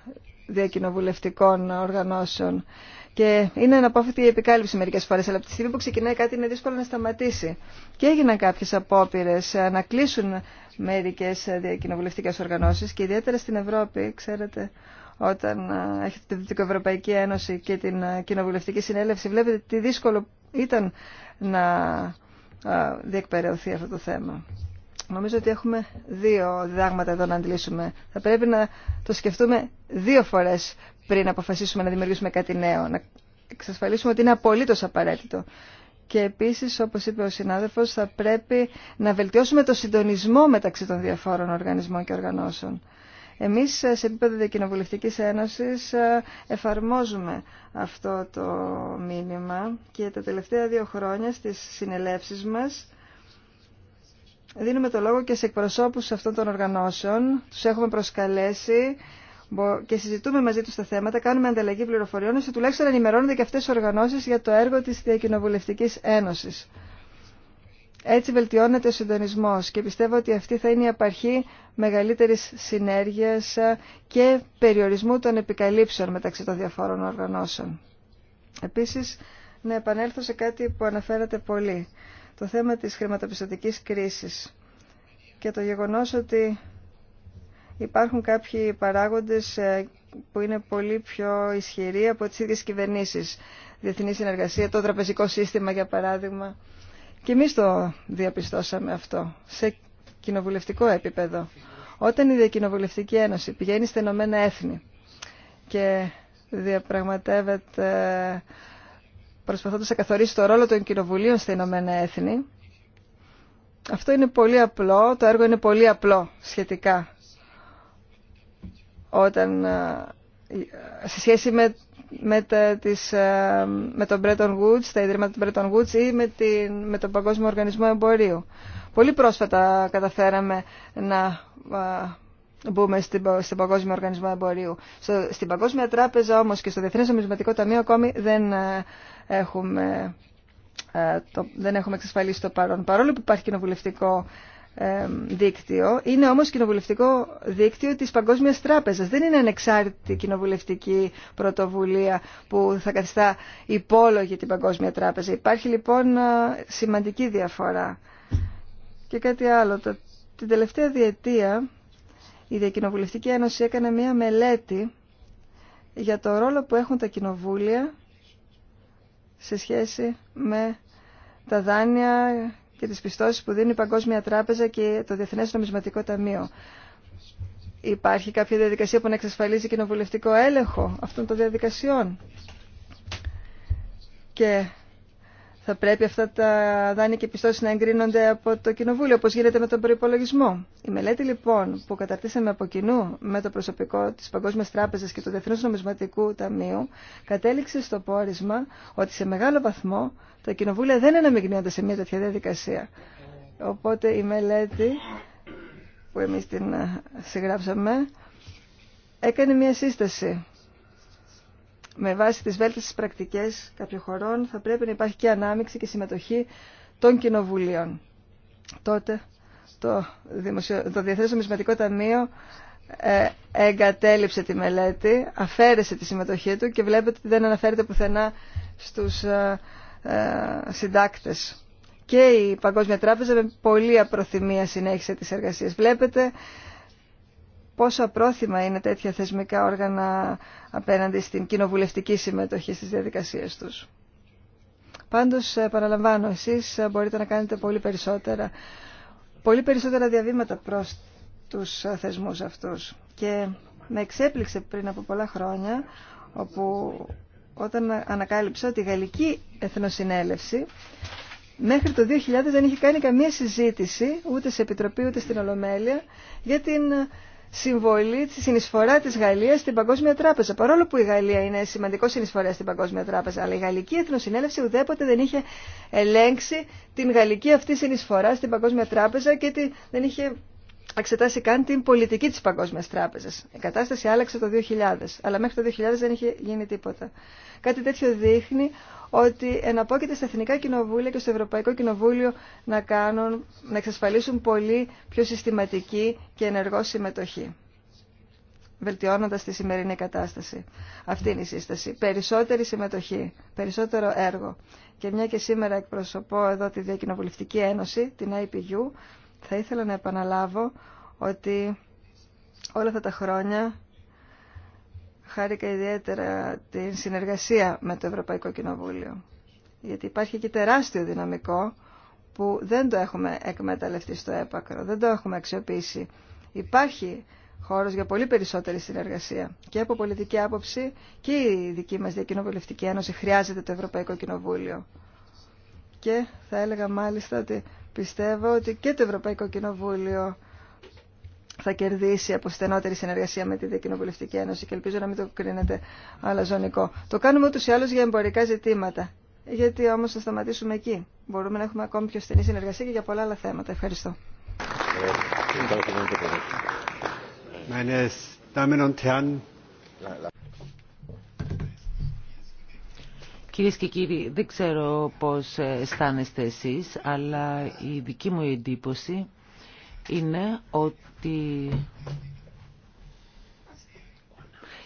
διακοινοβουλευτικών οργανώσεων και είναι αναπόφευκτη η επικάλυψη μερικέ φορέ, αλλά από τη στιγμή που ξεκινάει κάτι είναι δύσκολο να σταματήσει. Και έγιναν κάποιε απόπειρε ε, να κλείσουν μερικές διακοινοβουλευτικέ οργανώσει και ιδιαίτερα στην Ευρώπη, ξέρετε όταν ε, έχετε την Δυτικοευρωπαϊκή Ένωση και την ε, Κοινοβουλευτική Συνέλευση, βλέπετε τι δύσκολο ήταν να ε, διεκπαιρεωθεί αυτό το θέμα. Νομίζω ότι έχουμε δύο διδάγματα εδώ να αντιλήσουμε. Θα πρέπει να το σκεφτούμε δύο φορές πριν αποφασίσουμε να δημιουργήσουμε κάτι νέο. Να εξασφαλίσουμε ότι είναι απολύτως απαραίτητο. Και επίσης, όπως είπε ο συνάδελφος, θα πρέπει να βελτιώσουμε το συντονισμό μεταξύ των διαφόρων οργανισμών και οργανώσεων. Εμείς ε, σε επίπεδο διακοινοβουλευτικής ένωσης ε, εφαρμόζουμε αυτό το μήνυμα και τα τελευταία δύο χρόνια στις συνελεύσεις μας δίνουμε το λόγο και σε εκπροσώπους αυτών των οργανώσεων. Τους έχουμε προσκαλέσει και συζητούμε μαζί τους τα θέματα, κάνουμε ανταλλαγή πληροφοριών, ώστε τουλάχιστον ενημερώνονται και αυτές οι οργανώσεις για το έργο της Διακοινοβουλευτικής Ένωσης. Έτσι βελτιώνεται ο συντονισμός και πιστεύω ότι αυτή θα είναι η απαρχή μεγαλύτερης συνέργειας και περιορισμού των επικαλύψεων μεταξύ των διαφόρων οργανώσεων. Επίσης, να επανέλθω σε κάτι που αναφέρατε πολύ, το θέμα της χρηματοπιστωτικής κρίσης και το γεγονός ότι υπάρχουν κάποιοι παράγοντες ε, που είναι πολύ πιο ισχυροί από τις ίδιες κυβερνήσεις. Διεθνή συνεργασία, το τραπεζικό σύστημα για παράδειγμα. Και εμείς το διαπιστώσαμε αυτό σε κοινοβουλευτικό επίπεδο. Όταν η Διακοινοβουλευτική Ένωση πηγαίνει στα Ηνωμένα Έθνη και διαπραγματεύεται προσπαθώντας να καθορίσει το ρόλο των κοινοβουλίων στα Ηνωμένα Έθνη, αυτό είναι πολύ απλό, το έργο είναι πολύ απλό σχετικά όταν, ε, σε σχέση με με, τα, τις, ε, με τον Woods, τα Ιδρύματα του Bretton Woods ή με, την, με τον Παγκόσμιο Οργανισμό Εμπορίου. Πολύ πρόσφατα καταφέραμε να ε, μπούμε στην, στον Παγκόσμιο Οργανισμό Εμπορίου. Στο, στην Παγκόσμια Τράπεζα όμως και στο Διεθνές Νομισματικό Ταμείο ακόμη δεν ε, έχουμε... δεν έχουμε εξασφαλίσει το παρόν. Παρόλο που υπάρχει κοινοβουλευτικό δίκτυο, είναι όμως κοινοβουλευτικό δίκτυο της Παγκόσμιας Τράπεζας. Δεν είναι ανεξάρτητη κοινοβουλευτική πρωτοβουλία που θα καθιστά υπόλογη την Παγκόσμια Τράπεζα. Υπάρχει λοιπόν ε, σημαντική διαφορά. Και κάτι άλλο, την τελευταία διετία η Διακοινοβουλευτική Ένωση έκανε μία μελέτη για το ρόλο που έχουν τα κοινοβούλια σε σχέση με τα δάνεια και τις πιστώσεις που δίνει η Παγκόσμια Τράπεζα και το Διεθνές Νομισματικό Ταμείο. Υπάρχει κάποια διαδικασία που να εξασφαλίζει κοινοβουλευτικό έλεγχο αυτών των διαδικασιών. Και θα πρέπει αυτά τα δάνεια και πιστώσεις να εγκρίνονται από το Κοινοβούλιο, όπως γίνεται με τον προϋπολογισμό. Η μελέτη λοιπόν που καταρτήσαμε από κοινού με το προσωπικό της Παγκόσμιας Τράπεζας και του Διεθνούς Νομισματικού Ταμείου κατέληξε στο πόρισμα ότι σε μεγάλο βαθμό τα κοινοβούλια δεν αναμειγνύονται σε μια τέτοια διαδικασία. Οπότε η μελέτη που εμείς την ε, συγγράψαμε έκανε μια σύσταση με βάση τις βέλτιστες πρακτικές κάποιων χωρών θα πρέπει να υπάρχει και ανάμειξη και συμμετοχή των κοινοβουλίων. Τότε το, δημοσιο... το Μισματικό Ταμείο ε, εγκατέλειψε τη μελέτη, αφαίρεσε τη συμμετοχή του και βλέπετε ότι δεν αναφέρεται πουθενά στους ε, ε, συντάκτες. Και η Παγκόσμια Τράπεζα με πολλή απροθυμία συνέχισε τις εργασίες. Βλέπετε πόσο απρόθυμα είναι τέτοια θεσμικά όργανα απέναντι στην κοινοβουλευτική συμμετοχή στις διαδικασίες τους. Πάντως, ε, παραλαμβάνω, εσείς ε, μπορείτε να κάνετε πολύ περισσότερα, πολύ περισσότερα διαβήματα προς τους ε, θεσμούς αυτούς. Και με εξέπληξε πριν από πολλά χρόνια, όπου όταν ανακάλυψα ότι η Γαλλική Εθνοσυνέλευση μέχρι το 2000 δεν είχε κάνει καμία συζήτηση, ούτε σε Επιτροπή, ούτε στην Ολομέλεια, για την συμβολή, τη συνεισφορά της Γαλλίας στην Παγκόσμια Τράπεζα. Παρόλο που η Γαλλία είναι σημαντικό συνεισφορέα στην Παγκόσμια Τράπεζα, αλλά η Γαλλική Εθνοσυνέλευση ουδέποτε δεν είχε ελέγξει την γαλλική αυτή συνεισφορά στην Παγκόσμια Τράπεζα και δεν είχε εξετάσει καν την πολιτική της Παγκόσμιας Τράπεζας. Η κατάσταση άλλαξε το 2000, αλλά μέχρι το 2000 δεν είχε γίνει τίποτα. Κάτι τέτοιο δείχνει ότι εναπόκειται στα Εθνικά Κοινοβούλια και στο Ευρωπαϊκό Κοινοβούλιο να, κάνουν, να εξασφαλίσουν πολύ πιο συστηματική και ενεργό συμμετοχή βελτιώνοντας τη σημερινή κατάσταση. Αυτή είναι η σύσταση. Περισσότερη συμμετοχή, περισσότερο έργο. Και μια και σήμερα εκπροσωπώ εδώ τη Διακοινοβουλευτική Ένωση, την IPU, θα ήθελα να επαναλάβω ότι όλα αυτά τα χρόνια χάρηκα ιδιαίτερα την συνεργασία με το Ευρωπαϊκό Κοινοβούλιο. Γιατί υπάρχει και τεράστιο δυναμικό που δεν το έχουμε εκμεταλλευτεί στο έπακρο, δεν το έχουμε αξιοποιήσει. Υπάρχει χώρος για πολύ περισσότερη συνεργασία. Και από πολιτική άποψη και η δική μας Διακοινοβουλευτική Ένωση χρειάζεται το Ευρωπαϊκό Κοινοβούλιο. Και θα έλεγα μάλιστα ότι Πιστεύω ότι και το Ευρωπαϊκό Κοινοβούλιο θα κερδίσει από στενότερη συνεργασία με τη Διακοινοβουλευτική Ένωση και ελπίζω να μην το κρίνετε αλαζονικό. Το κάνουμε ούτως ή άλλως για εμπορικά ζητήματα. Γιατί όμως θα σταματήσουμε εκεί. Μπορούμε να έχουμε ακόμη πιο στενή συνεργασία και για πολλά άλλα θέματα. Ευχαριστώ. Ε, Κυρίες και κύριοι, δεν ξέρω πώς ε, αισθάνεστε εσείς, αλλά η δική μου εντύπωση είναι ότι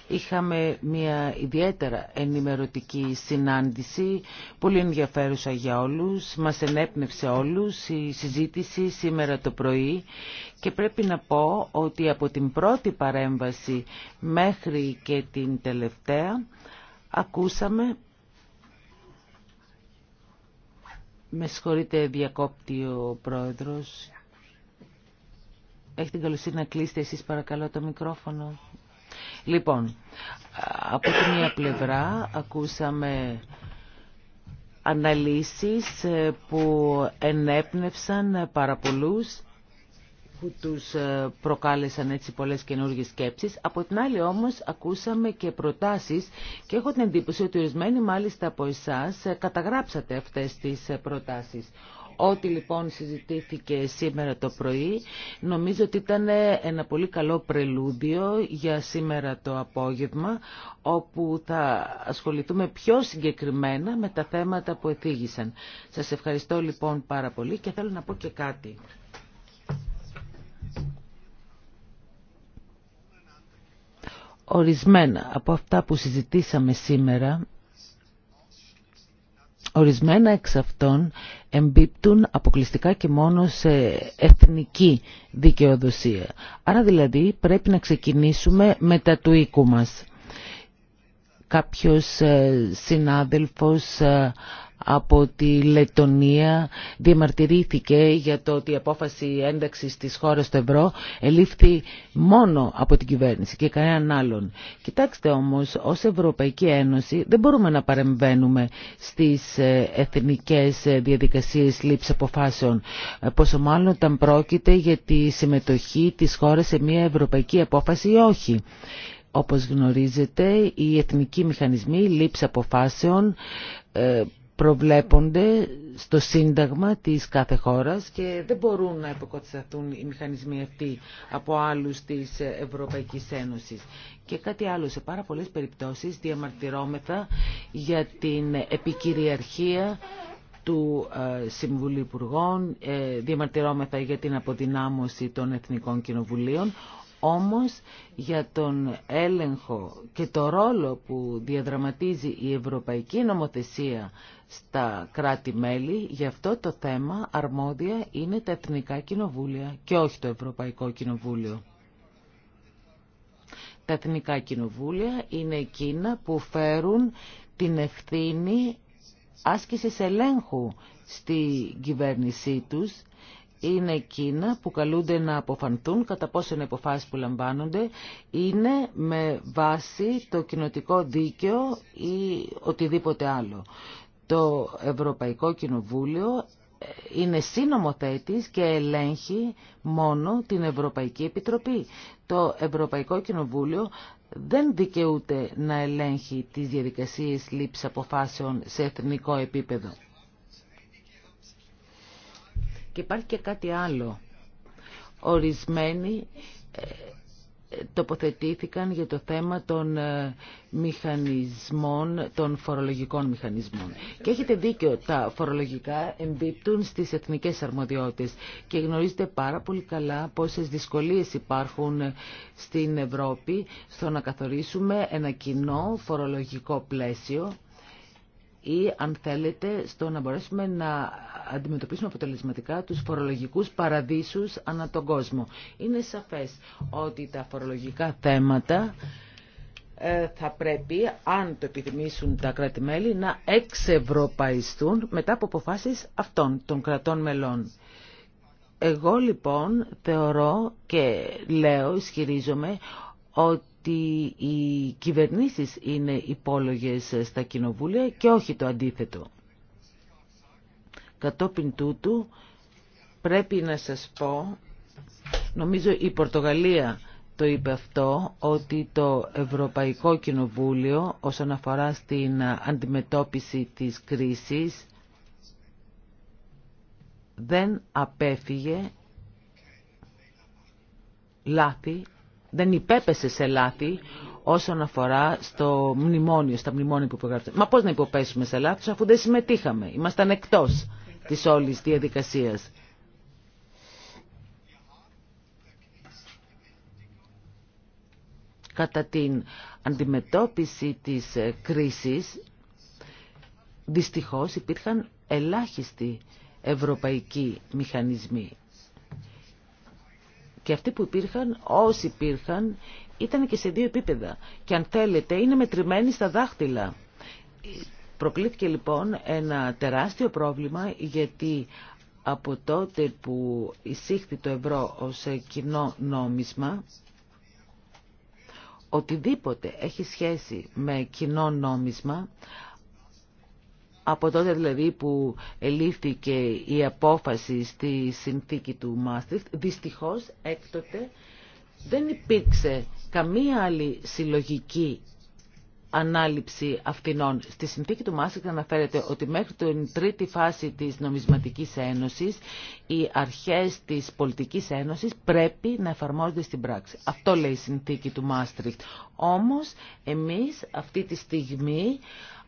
είχαμε μια ιδιαίτερα ενημερωτική συνάντηση, πολύ ενδιαφέρουσα για όλους, μας ενέπνευσε όλους η συζήτηση σήμερα το πρωί και πρέπει να πω ότι από την πρώτη παρέμβαση μέχρι και την τελευταία ακούσαμε Με συγχωρείτε, διακόπτει ο πρόεδρος. Έχετε την καλοσύνη να κλείσετε εσείς παρακαλώ το μικρόφωνο. Λοιπόν, από τη μία πλευρά ακούσαμε αναλύσεις που ενέπνευσαν πάρα που τους ε, προκάλεσαν έτσι πολλές καινούργιες σκέψεις. Από την άλλη όμως ακούσαμε και προτάσεις και έχω την εντύπωση ότι ορισμένοι μάλιστα από εσάς ε, καταγράψατε αυτές τις ε, προτάσεις. Ό,τι λοιπόν συζητήθηκε σήμερα το πρωί νομίζω ότι ήταν ένα πολύ καλό πρελούδιο για σήμερα το απόγευμα όπου θα ασχοληθούμε πιο συγκεκριμένα με τα θέματα που εθίγησαν. Σας ευχαριστώ λοιπόν πάρα πολύ και θέλω να πω και κάτι. ορισμένα από αυτά που συζητήσαμε σήμερα, ορισμένα εξ αυτών εμπίπτουν αποκλειστικά και μόνο σε εθνική δικαιοδοσία. Άρα δηλαδή πρέπει να ξεκινήσουμε με τα του οίκου μας. Κάποιος ε, συνάδελφος ε, από τη Λετωνία διαμαρτυρήθηκε για το ότι η απόφαση ένταξης της χώρας στο ευρώ ελήφθη μόνο από την κυβέρνηση και κανέναν άλλον. Κοιτάξτε όμως, ως Ευρωπαϊκή Ένωση δεν μπορούμε να παρεμβαίνουμε στις ε, εθνικές ε, διαδικασίες λήψη αποφάσεων, ε, πόσο μάλλον όταν πρόκειται για τη συμμετοχή της χώρας σε μια ευρωπαϊκή απόφαση ή όχι. Όπως γνωρίζετε, οι εθνικοί μηχανισμοί λήψη αποφάσεων προβλέπονται στο σύνταγμα της κάθε χώρας και δεν μπορούν να επικοτισταθούν οι μηχανισμοί αυτοί από άλλους της Ευρωπαϊκής Ένωσης. Και κάτι άλλο, σε πάρα πολλές περιπτώσεις διαμαρτυρόμεθα για την επικυριαρχία του ε, Συμβουλίου Υπουργών, ε, διαμαρτυρόμεθα για την αποδυνάμωση των Εθνικών Κοινοβουλίων. Όμως για τον έλεγχο και το ρόλο που διαδραματίζει η Ευρωπαϊκή Νομοθεσία στα κράτη-μέλη, γι' αυτό το θέμα αρμόδια είναι τα Εθνικά Κοινοβούλια και όχι το Ευρωπαϊκό Κοινοβούλιο. Τα Εθνικά Κοινοβούλια είναι εκείνα που φέρουν την ευθύνη άσκησης ελέγχου στη κυβέρνησή τους είναι εκείνα που καλούνται να αποφανθούν κατά πόσο είναι αποφάσεις που λαμβάνονται είναι με βάση το κοινοτικό δίκαιο ή οτιδήποτε άλλο. Το Ευρωπαϊκό Κοινοβούλιο ε, είναι σύνομοθέτης και ελέγχει μόνο την Ευρωπαϊκή Επιτροπή. Το Ευρωπαϊκό Κοινοβούλιο δεν δικαιούται να ελέγχει τις διαδικασίες λήψης αποφάσεων σε εθνικό επίπεδο. Και υπάρχει και κάτι άλλο. Ορισμένοι ε, τοποθετήθηκαν για το θέμα των ε, μηχανισμών, των φορολογικών μηχανισμών. Και έχετε δίκιο, τα φορολογικά εμπίπτουν στις εθνικές αρμοδιότητες και γνωρίζετε πάρα πολύ καλά πόσες δυσκολίες υπάρχουν ε, στην Ευρώπη στο να καθορίσουμε ένα κοινό φορολογικό πλαίσιο ή αν θέλετε στο να μπορέσουμε να αντιμετωπίσουμε αποτελεσματικά τους φορολογικούς παραδείσους ανά τον κόσμο. Είναι σαφές ότι τα φορολογικά θέματα ε, θα πρέπει, αν το επιθυμήσουν τα κράτη-μέλη, να εξευρωπαϊστούν μετά από αποφάσεις αυτών των κρατών μελών. Εγώ λοιπόν θεωρώ και λέω, ισχυρίζομαι, ότι ότι οι κυβερνήσεις είναι υπόλογες στα κοινοβούλια και όχι το αντίθετο. Κατόπιν τούτου πρέπει να σας πω, νομίζω η Πορτογαλία το είπε αυτό, ότι το Ευρωπαϊκό Κοινοβούλιο όσον αφορά στην αντιμετώπιση της κρίσης δεν απέφυγε λάθη δεν υπέπεσε σε λάθη όσον αφορά στο μνημόνιο, στα μνημόνια που υπογράφησαν. Μα πώς να υποπέσουμε σε λάθος αφού δεν συμμετείχαμε. Ήμασταν εκτός της όλης διαδικασίας. Κατά την αντιμετώπιση της ε, κρίσης, δυστυχώς υπήρχαν ελάχιστοι ευρωπαϊκοί μηχανισμοί. Και αυτοί που υπήρχαν, όσοι υπήρχαν, ήταν και σε δύο επίπεδα. Και αν θέλετε, είναι μετρημένοι στα δάχτυλα. Προκλήθηκε λοιπόν ένα τεράστιο πρόβλημα γιατί από τότε που εισήχθη το ευρώ ως κοινό νόμισμα, οτιδήποτε έχει σχέση με κοινό νόμισμα από τότε δηλαδή που ελήφθηκε η απόφαση στη συνθήκη του Μάστριχτ, δυστυχώς έκτοτε δεν υπήρξε καμία άλλη συλλογική ανάληψη αυτινών. Στη συνθήκη του Μάστριχτ αναφέρεται ότι μέχρι την τρίτη φάση της νομισματικής ένωσης οι αρχές της πολιτικής ένωσης πρέπει να εφαρμόζονται στην πράξη. Αυτό λέει η συνθήκη του Μάστριχτ. Όμως εμείς αυτή τη στιγμή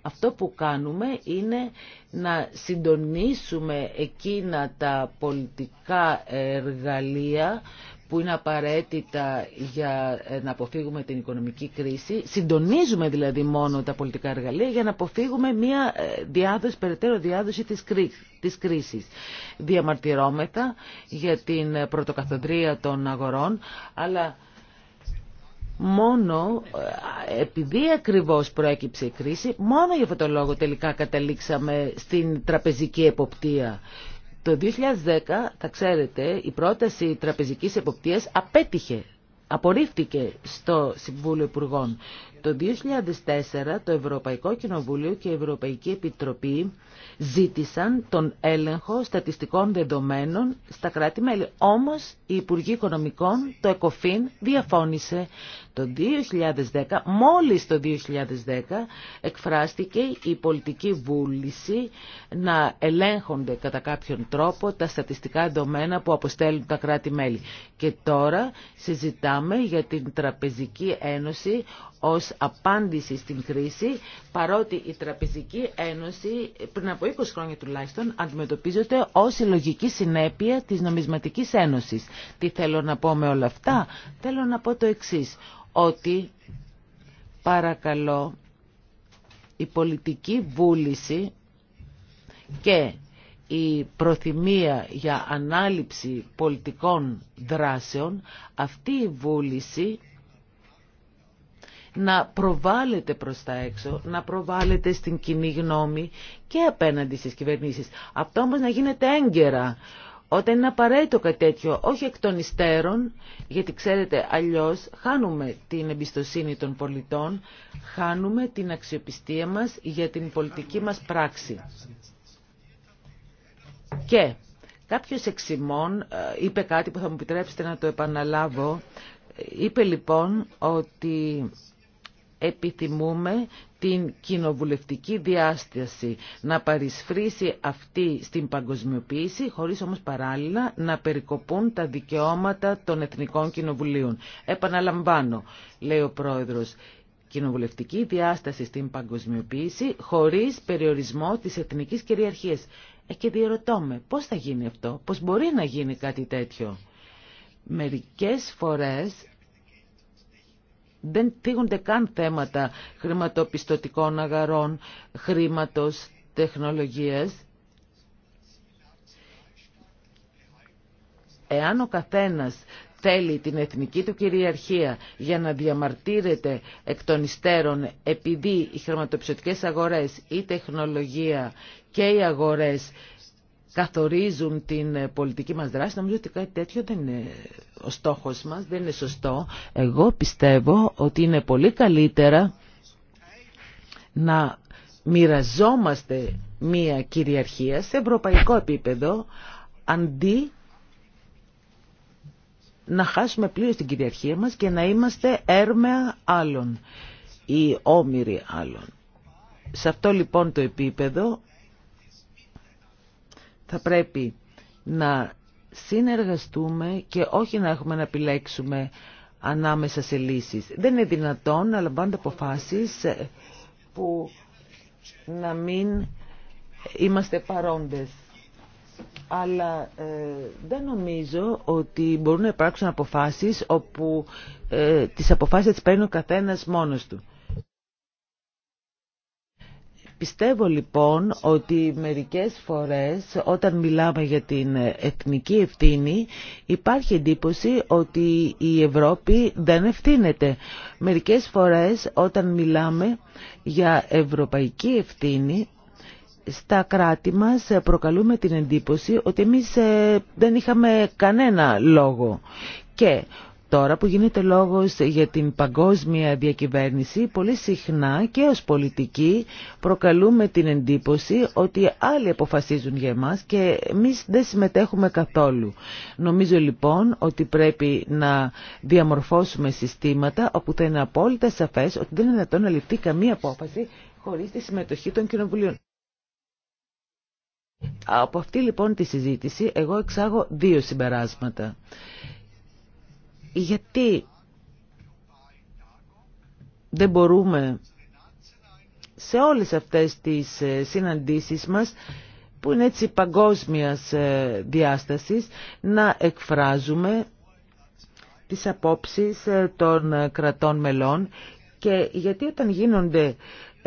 αυτό που κάνουμε είναι να συντονίσουμε εκείνα τα πολιτικά εργαλεία που είναι απαραίτητα για ε, να αποφύγουμε την οικονομική κρίση. Συντονίζουμε δηλαδή μόνο τα πολιτικά εργαλεία για να αποφύγουμε μια ε, διάδοση, περαιτέρω διάδοση της, της κρίσης. Διαμαρτυρόμεθα για την πρωτοκαθοδρία των αγορών, αλλά μόνο ε, επειδή ακριβώς προέκυψε η κρίση, μόνο για αυτόν τον λόγο τελικά καταλήξαμε στην τραπεζική εποπτεία. Το 2010, θα ξέρετε, η πρόταση τραπεζικής εποπτείας απέτυχε, απορρίφθηκε στο Συμβούλιο Υπουργών. Το 2004 το Ευρωπαϊκό Κοινοβούλιο και η Ευρωπαϊκή Επιτροπή ζήτησαν τον έλεγχο στατιστικών δεδομένων στα κράτη-μέλη. Όμως η Υπουργή Οικονομικών, το ΕΚΟΦΗΝ, διαφώνησε. Το 2010, μόλις το 2010, εκφράστηκε η πολιτική βούληση να ελέγχονται κατά κάποιον τρόπο τα στατιστικά δεδομένα που αποστέλουν τα κράτη-μέλη. Και τώρα συζητάμε για την Τραπεζική Ένωση ως απάντηση στην κρίση, παρότι η Τραπεζική Ένωση πριν από 20 χρόνια τουλάχιστον αντιμετωπίζεται ως λογική συνέπεια της Νομισματικής Ένωσης. Τι θέλω να πω με όλα αυτά. Θέλω να πω το εξής, ότι παρακαλώ η πολιτική βούληση και η προθυμία για ανάληψη πολιτικών δράσεων, αυτή η βούληση να προβάλλεται προς τα έξω, να προβάλλεται στην κοινή γνώμη και απέναντι στις κυβερνήσεις. Αυτό όμως να γίνεται έγκαιρα, όταν είναι απαραίτητο κάτι τέτοιο, όχι εκ των υστέρων, γιατί ξέρετε αλλιώς χάνουμε την εμπιστοσύνη των πολιτών, χάνουμε την αξιοπιστία μας για την πολιτική μας πράξη. Και κάποιος εξημών ε, είπε κάτι που θα μου επιτρέψετε να το επαναλάβω, ε, είπε λοιπόν ότι επιθυμούμε την κοινοβουλευτική διάσταση να παρισφρήσει αυτή στην παγκοσμιοποίηση χωρίς όμως παράλληλα να περικοπούν τα δικαιώματα των εθνικών κοινοβουλίων. Επαναλαμβάνω, λέει ο πρόεδρος, κοινοβουλευτική διάσταση στην παγκοσμιοποίηση χωρίς περιορισμό της εθνικής κυριαρχίας. Ε, και διερωτώ με, πώς θα γίνει αυτό, πώς μπορεί να γίνει κάτι τέτοιο. Μερικές φορές δεν θίγονται καν θέματα χρηματοπιστωτικών αγαρών, χρήματος, τεχνολογίας. Εάν ο καθένας θέλει την εθνική του κυριαρχία για να διαμαρτύρεται εκ των υστέρων επειδή οι χρηματοπιστωτικές αγορές, η τεχνολογία και οι αγορές καθορίζουν την ε, πολιτική μας δράση. Νομίζω ότι κάτι τέτοιο δεν είναι ε, ο στόχος μας, δεν είναι σωστό. Εγώ πιστεύω ότι είναι πολύ καλύτερα να μοιραζόμαστε μία κυριαρχία σε ευρωπαϊκό επίπεδο αντί να χάσουμε πλήρως την κυριαρχία μας και να είμαστε έρμεα άλλων ή όμοιροι άλλων. Σε αυτό λοιπόν το επίπεδο θα πρέπει να συνεργαστούμε και όχι να έχουμε να επιλέξουμε ανάμεσα σε λύσεις. Δεν είναι δυνατόν να λαμβάνονται αποφάσεις ε, που να μην είμαστε παρόντες. Αλλά ε, δεν νομίζω ότι μπορούν να υπάρξουν αποφάσεις όπου ε, τις αποφάσεις τις παίρνει ο μόνος του. Πιστεύω λοιπόν ότι μερικές φορές όταν μιλάμε για την εθνική ευθύνη υπάρχει εντύπωση ότι η Ευρώπη δεν ευθύνεται. Μερικές φορές όταν μιλάμε για ευρωπαϊκή ευθύνη στα κράτη μας προκαλούμε την εντύπωση ότι εμείς ε, δεν είχαμε κανένα λόγο. Και Τώρα που γίνεται λόγος για την παγκόσμια διακυβέρνηση, πολύ συχνά και ως πολιτικοί προκαλούμε την εντύπωση ότι άλλοι αποφασίζουν για εμάς και εμείς δεν συμμετέχουμε καθόλου. Νομίζω λοιπόν ότι πρέπει να διαμορφώσουμε συστήματα όπου θα είναι απόλυτα σαφές ότι δεν είναι δυνατόν να ληφθεί καμία απόφαση χωρίς τη συμμετοχή των κοινοβουλίων. Από αυτή λοιπόν τη συζήτηση εγώ εξάγω δύο συμπεράσματα. Γιατί δεν μπορούμε σε όλες αυτές τις ε, συναντήσεις μας που είναι έτσι παγκόσμιας ε, διάστασης να εκφράζουμε τις απόψεις ε, των κρατών μελών και γιατί όταν γίνονται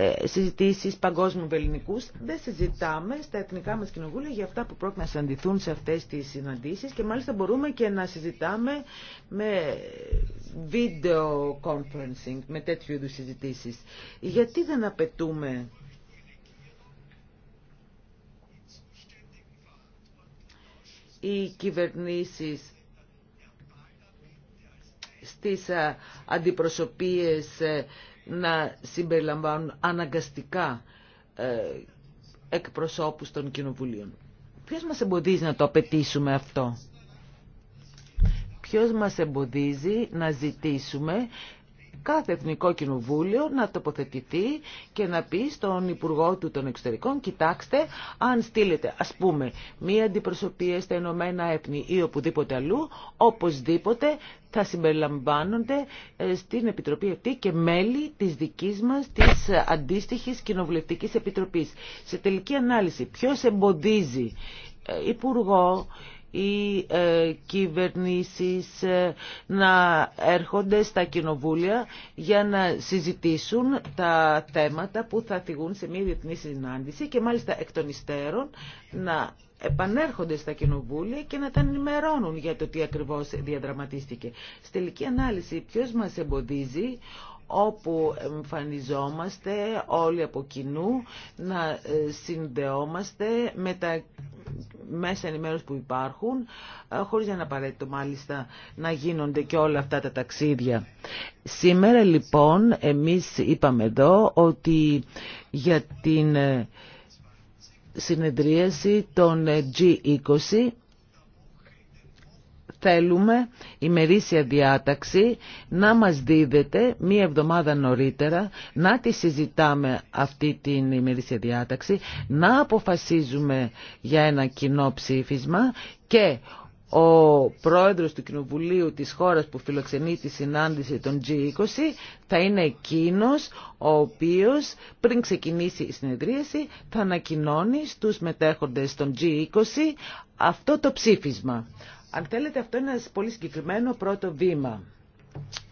ε, συζητήσεις παγκόσμιου ελληνικούς. Δεν συζητάμε στα εθνικά μας κοινοβούλια για αυτά που πρόκειται να συναντηθούν σε αυτές τις συναντήσεις και μάλιστα μπορούμε και να συζητάμε με video conferencing, με τέτοιου είδους συζητήσεις. Γιατί δεν απαιτούμε οι κυβερνήσεις στις ε, αντιπροσωπείες ε, να συμπεριλαμβάνουν αναγκαστικά ε, εκπροσώπους των κοινοβουλίων. Ποιος μας εμποδίζει να το απαιτήσουμε αυτό. Ποιος μας εμποδίζει να ζητήσουμε κάθε Εθνικό Κοινοβούλιο να τοποθετηθεί και να πει στον Υπουργό του των Εξωτερικών κοιτάξτε αν στείλετε ας πούμε μία αντιπροσωπεία στα Ηνωμένα Έθνη ή οπουδήποτε αλλού οπωσδήποτε θα συμπεριλαμβάνονται ε, στην Επιτροπή αυτή και μέλη της δικής μας της αντίστοιχης Κοινοβουλευτικής Επιτροπής. Σε τελική ανάλυση ποιος εμποδίζει ε, υπουργό οι ε, κυβερνήσεις ε, να έρχονται στα κοινοβούλια για να συζητήσουν τα θέματα που θα θυγούν σε μια διεθνή συνάντηση και μάλιστα εκ των υστέρων να επανέρχονται στα κοινοβούλια και να τα ενημερώνουν για το τι ακριβώς διαδραματίστηκε. Στη τελική ανάλυση ποιος μας εμποδίζει όπου εμφανιζόμαστε όλοι από κοινού, να ε, συνδεόμαστε με τα μέσα ενημέρωση που υπάρχουν, ε, χωρίς να είναι απαραίτητο μάλιστα να γίνονται και όλα αυτά τα ταξίδια. Σήμερα λοιπόν εμείς είπαμε εδώ ότι για την ε, συνεδρίαση των G20 θέλουμε η μερίσια διάταξη να μας δίδεται μία εβδομάδα νωρίτερα, να τη συζητάμε αυτή την ημερήσια διάταξη, να αποφασίζουμε για ένα κοινό ψήφισμα και ο πρόεδρος του Κοινοβουλίου της χώρας που φιλοξενεί τη συνάντηση των G20 θα είναι εκείνος ο οποίος πριν ξεκινήσει η συνεδρίαση θα ανακοινώνει στους μετέχοντες των G20 αυτό το ψήφισμα. Αν θέλετε αυτό είναι ένα πολύ συγκεκριμένο πρώτο βήμα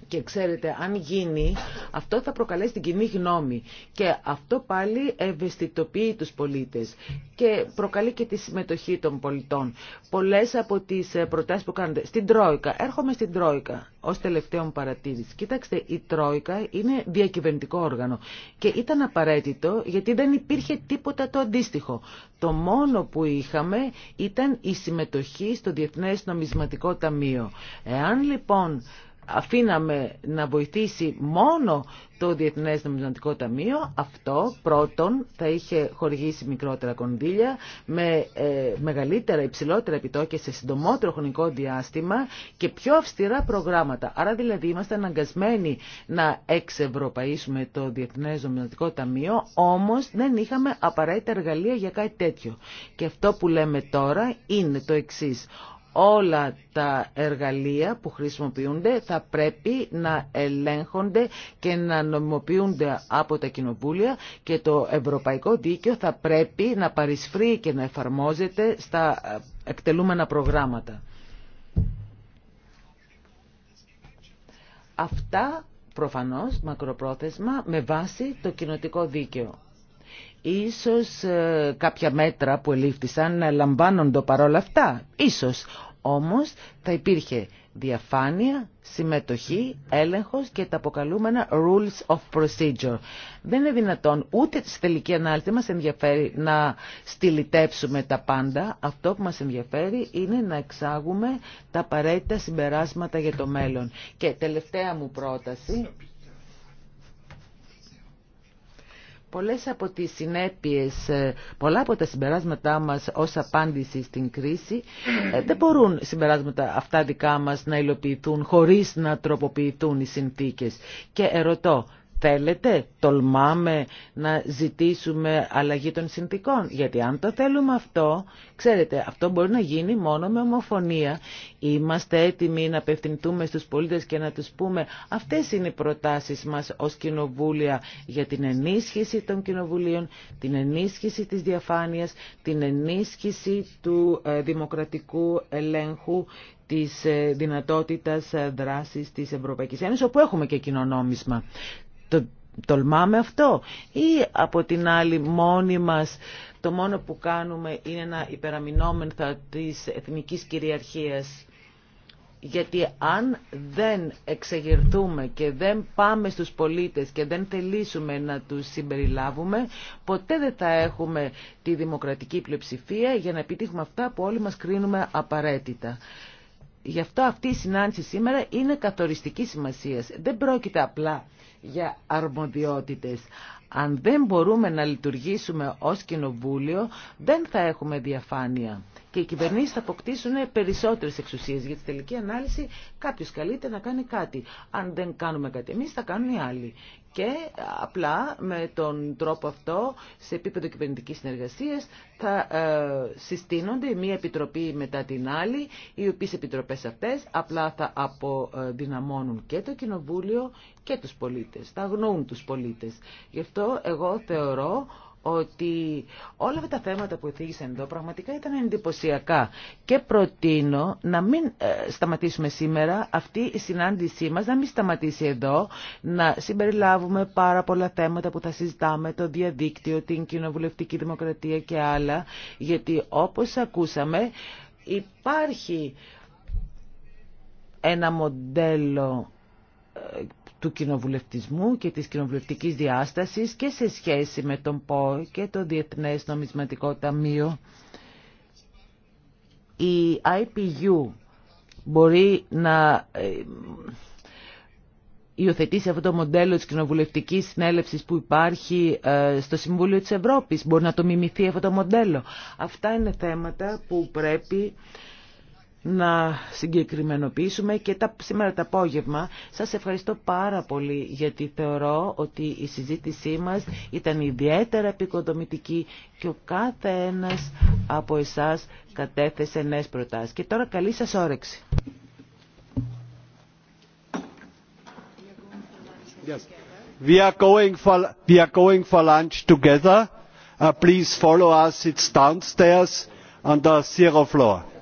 και ξέρετε, αν γίνει, αυτό θα προκαλέσει την κοινή γνώμη. Και αυτό πάλι ευαισθητοποιεί τους πολίτες και προκαλεί και τη συμμετοχή των πολιτών. Πολλές από τις ε, προτάσεις που κάνετε στην Τρόικα, έρχομαι στην Τρόικα ως τελευταίο παρατήρηση. Κοιτάξτε, η Τρόικα είναι διακυβερνητικό όργανο και ήταν απαραίτητο γιατί δεν υπήρχε τίποτα το αντίστοιχο. Το μόνο που είχαμε ήταν η συμμετοχή στο Διεθνές Νομισματικό Ταμείο. Εάν λοιπόν αφήναμε να βοηθήσει μόνο το Διεθνές Νομισματικό Ταμείο, αυτό πρώτον θα είχε χορηγήσει μικρότερα κονδύλια με ε, μεγαλύτερα, υψηλότερα επιτόκια σε συντομότερο χρονικό διάστημα και πιο αυστηρά προγράμματα. Άρα δηλαδή είμαστε αναγκασμένοι να εξευρωπαίσουμε το Διεθνές Νομισματικό Ταμείο, όμως δεν είχαμε απαραίτητα εργαλεία για κάτι τέτοιο. Και αυτό που λέμε τώρα είναι το εξής όλα τα εργαλεία που χρησιμοποιούνται θα πρέπει να ελέγχονται και να νομιμοποιούνται από τα κοινοβούλια και το ευρωπαϊκό δίκαιο θα πρέπει να παρισφρεί και να εφαρμόζεται στα ε, εκτελούμενα προγράμματα. Αυτά προφανώς μακροπρόθεσμα με βάση το κοινοτικό δίκαιο. Ίσως ε, κάποια μέτρα που ελήφθησαν να ε, λαμβάνονται παρόλα αυτά. Ίσως. Όμως θα υπήρχε διαφάνεια, συμμετοχή, έλεγχος και τα αποκαλούμενα rules of procedure. Δεν είναι δυνατόν ούτε στη τελική ανάλυση μας ενδιαφέρει να στυλιτεύσουμε τα πάντα. Αυτό που μας ενδιαφέρει είναι να εξάγουμε τα απαραίτητα συμπεράσματα για το μέλλον. Και τελευταία μου πρόταση Πολλές από τις συνέπειες, ε, πολλά από τα συμπεράσματά μας ως απάντηση στην κρίση ε, δεν μπορούν συμπεράσματα αυτά δικά μας να υλοποιηθούν χωρίς να τροποποιηθούν οι συνθήκες. Και ερωτώ, Θέλετε, τολμάμε να ζητήσουμε αλλαγή των συνθήκων. Γιατί αν το θέλουμε αυτό, ξέρετε, αυτό μπορεί να γίνει μόνο με ομοφωνία. Είμαστε έτοιμοι να απευθυνθούμε στους πολίτες και να τους πούμε αυτές είναι οι προτάσεις μας ως κοινοβούλια για την ενίσχυση των κοινοβουλίων, την ενίσχυση της διαφάνειας, την ενίσχυση του ε, δημοκρατικού ελέγχου της ε, δυνατότητας ε, δράσης της Ευρωπαϊκής Ένωσης, όπου έχουμε και κοινωνόμισμα. Το τολμάμε αυτό ή από την άλλη μόνοι μας το μόνο που κάνουμε είναι να υπεραμεινόμενθα της εθνικής κυριαρχίας. Γιατί αν δεν εξεγερθούμε και δεν πάμε στους πολίτες και δεν θελήσουμε να τους συμπεριλάβουμε, ποτέ δεν θα έχουμε τη δημοκρατική πλειοψηφία για να επιτύχουμε αυτά που όλοι μας κρίνουμε απαραίτητα. Γι' αυτό αυτή η συνάντηση σήμερα είναι καθοριστική σημασίας. Δεν πρόκειται απλά για αρμοδιότητες. Αν δεν μπορούμε να λειτουργήσουμε ως κοινοβούλιο, δεν θα έχουμε διαφάνεια και οι κυβερνήσει θα αποκτήσουν περισσότερες εξουσίες για τη τελική ανάλυση κάποιο καλείται να κάνει κάτι. Αν δεν κάνουμε κάτι εμεί, θα κάνουν οι άλλοι. Και απλά με τον τρόπο αυτό σε επίπεδο κυβερνητική συνεργασία, θα ε, συστήνονται μία επιτροπή μετά την άλλη οι οποίε επιτροπές αυτέ, απλά θα αποδυναμώνουν και το κοινοβούλιο και του πολίτε. θα αγνοούν του πολίτε. Γι' αυτό εγώ θεωρώ ότι όλα αυτά τα θέματα που εθίγησαν εδώ πραγματικά ήταν εντυπωσιακά και προτείνω να μην ε, σταματήσουμε σήμερα αυτή η συνάντησή μας, να μην σταματήσει εδώ, να συμπεριλάβουμε πάρα πολλά θέματα που θα συζητάμε, το διαδίκτυο, την κοινοβουλευτική δημοκρατία και άλλα, γιατί όπως ακούσαμε υπάρχει ένα μοντέλο ε, του κοινοβουλευτισμού και της κοινοβουλευτικής διάστασης και σε σχέση με τον ΠΟ και το Διεθνές Νομισματικό Ταμείο. Η IPU μπορεί να ε, υιοθετήσει αυτό το μοντέλο της κοινοβουλευτικής συνέλευσης που υπάρχει ε, στο Συμβούλιο της Ευρώπης. Μπορεί να το μιμηθεί αυτό το μοντέλο. Αυτά είναι θέματα που πρέπει να συγκεκριμενοποιήσουμε και τα, σήμερα το απόγευμα σας ευχαριστώ πάρα πολύ γιατί θεωρώ ότι η συζήτησή μας ήταν ιδιαίτερα επικοδομητική και ο κάθε ένας από εσάς κατέθεσε νέες προτάσεις. Και τώρα καλή σας όρεξη. Yes. We are going for, we are going for lunch together. Uh, please follow us. It's downstairs on the zero floor.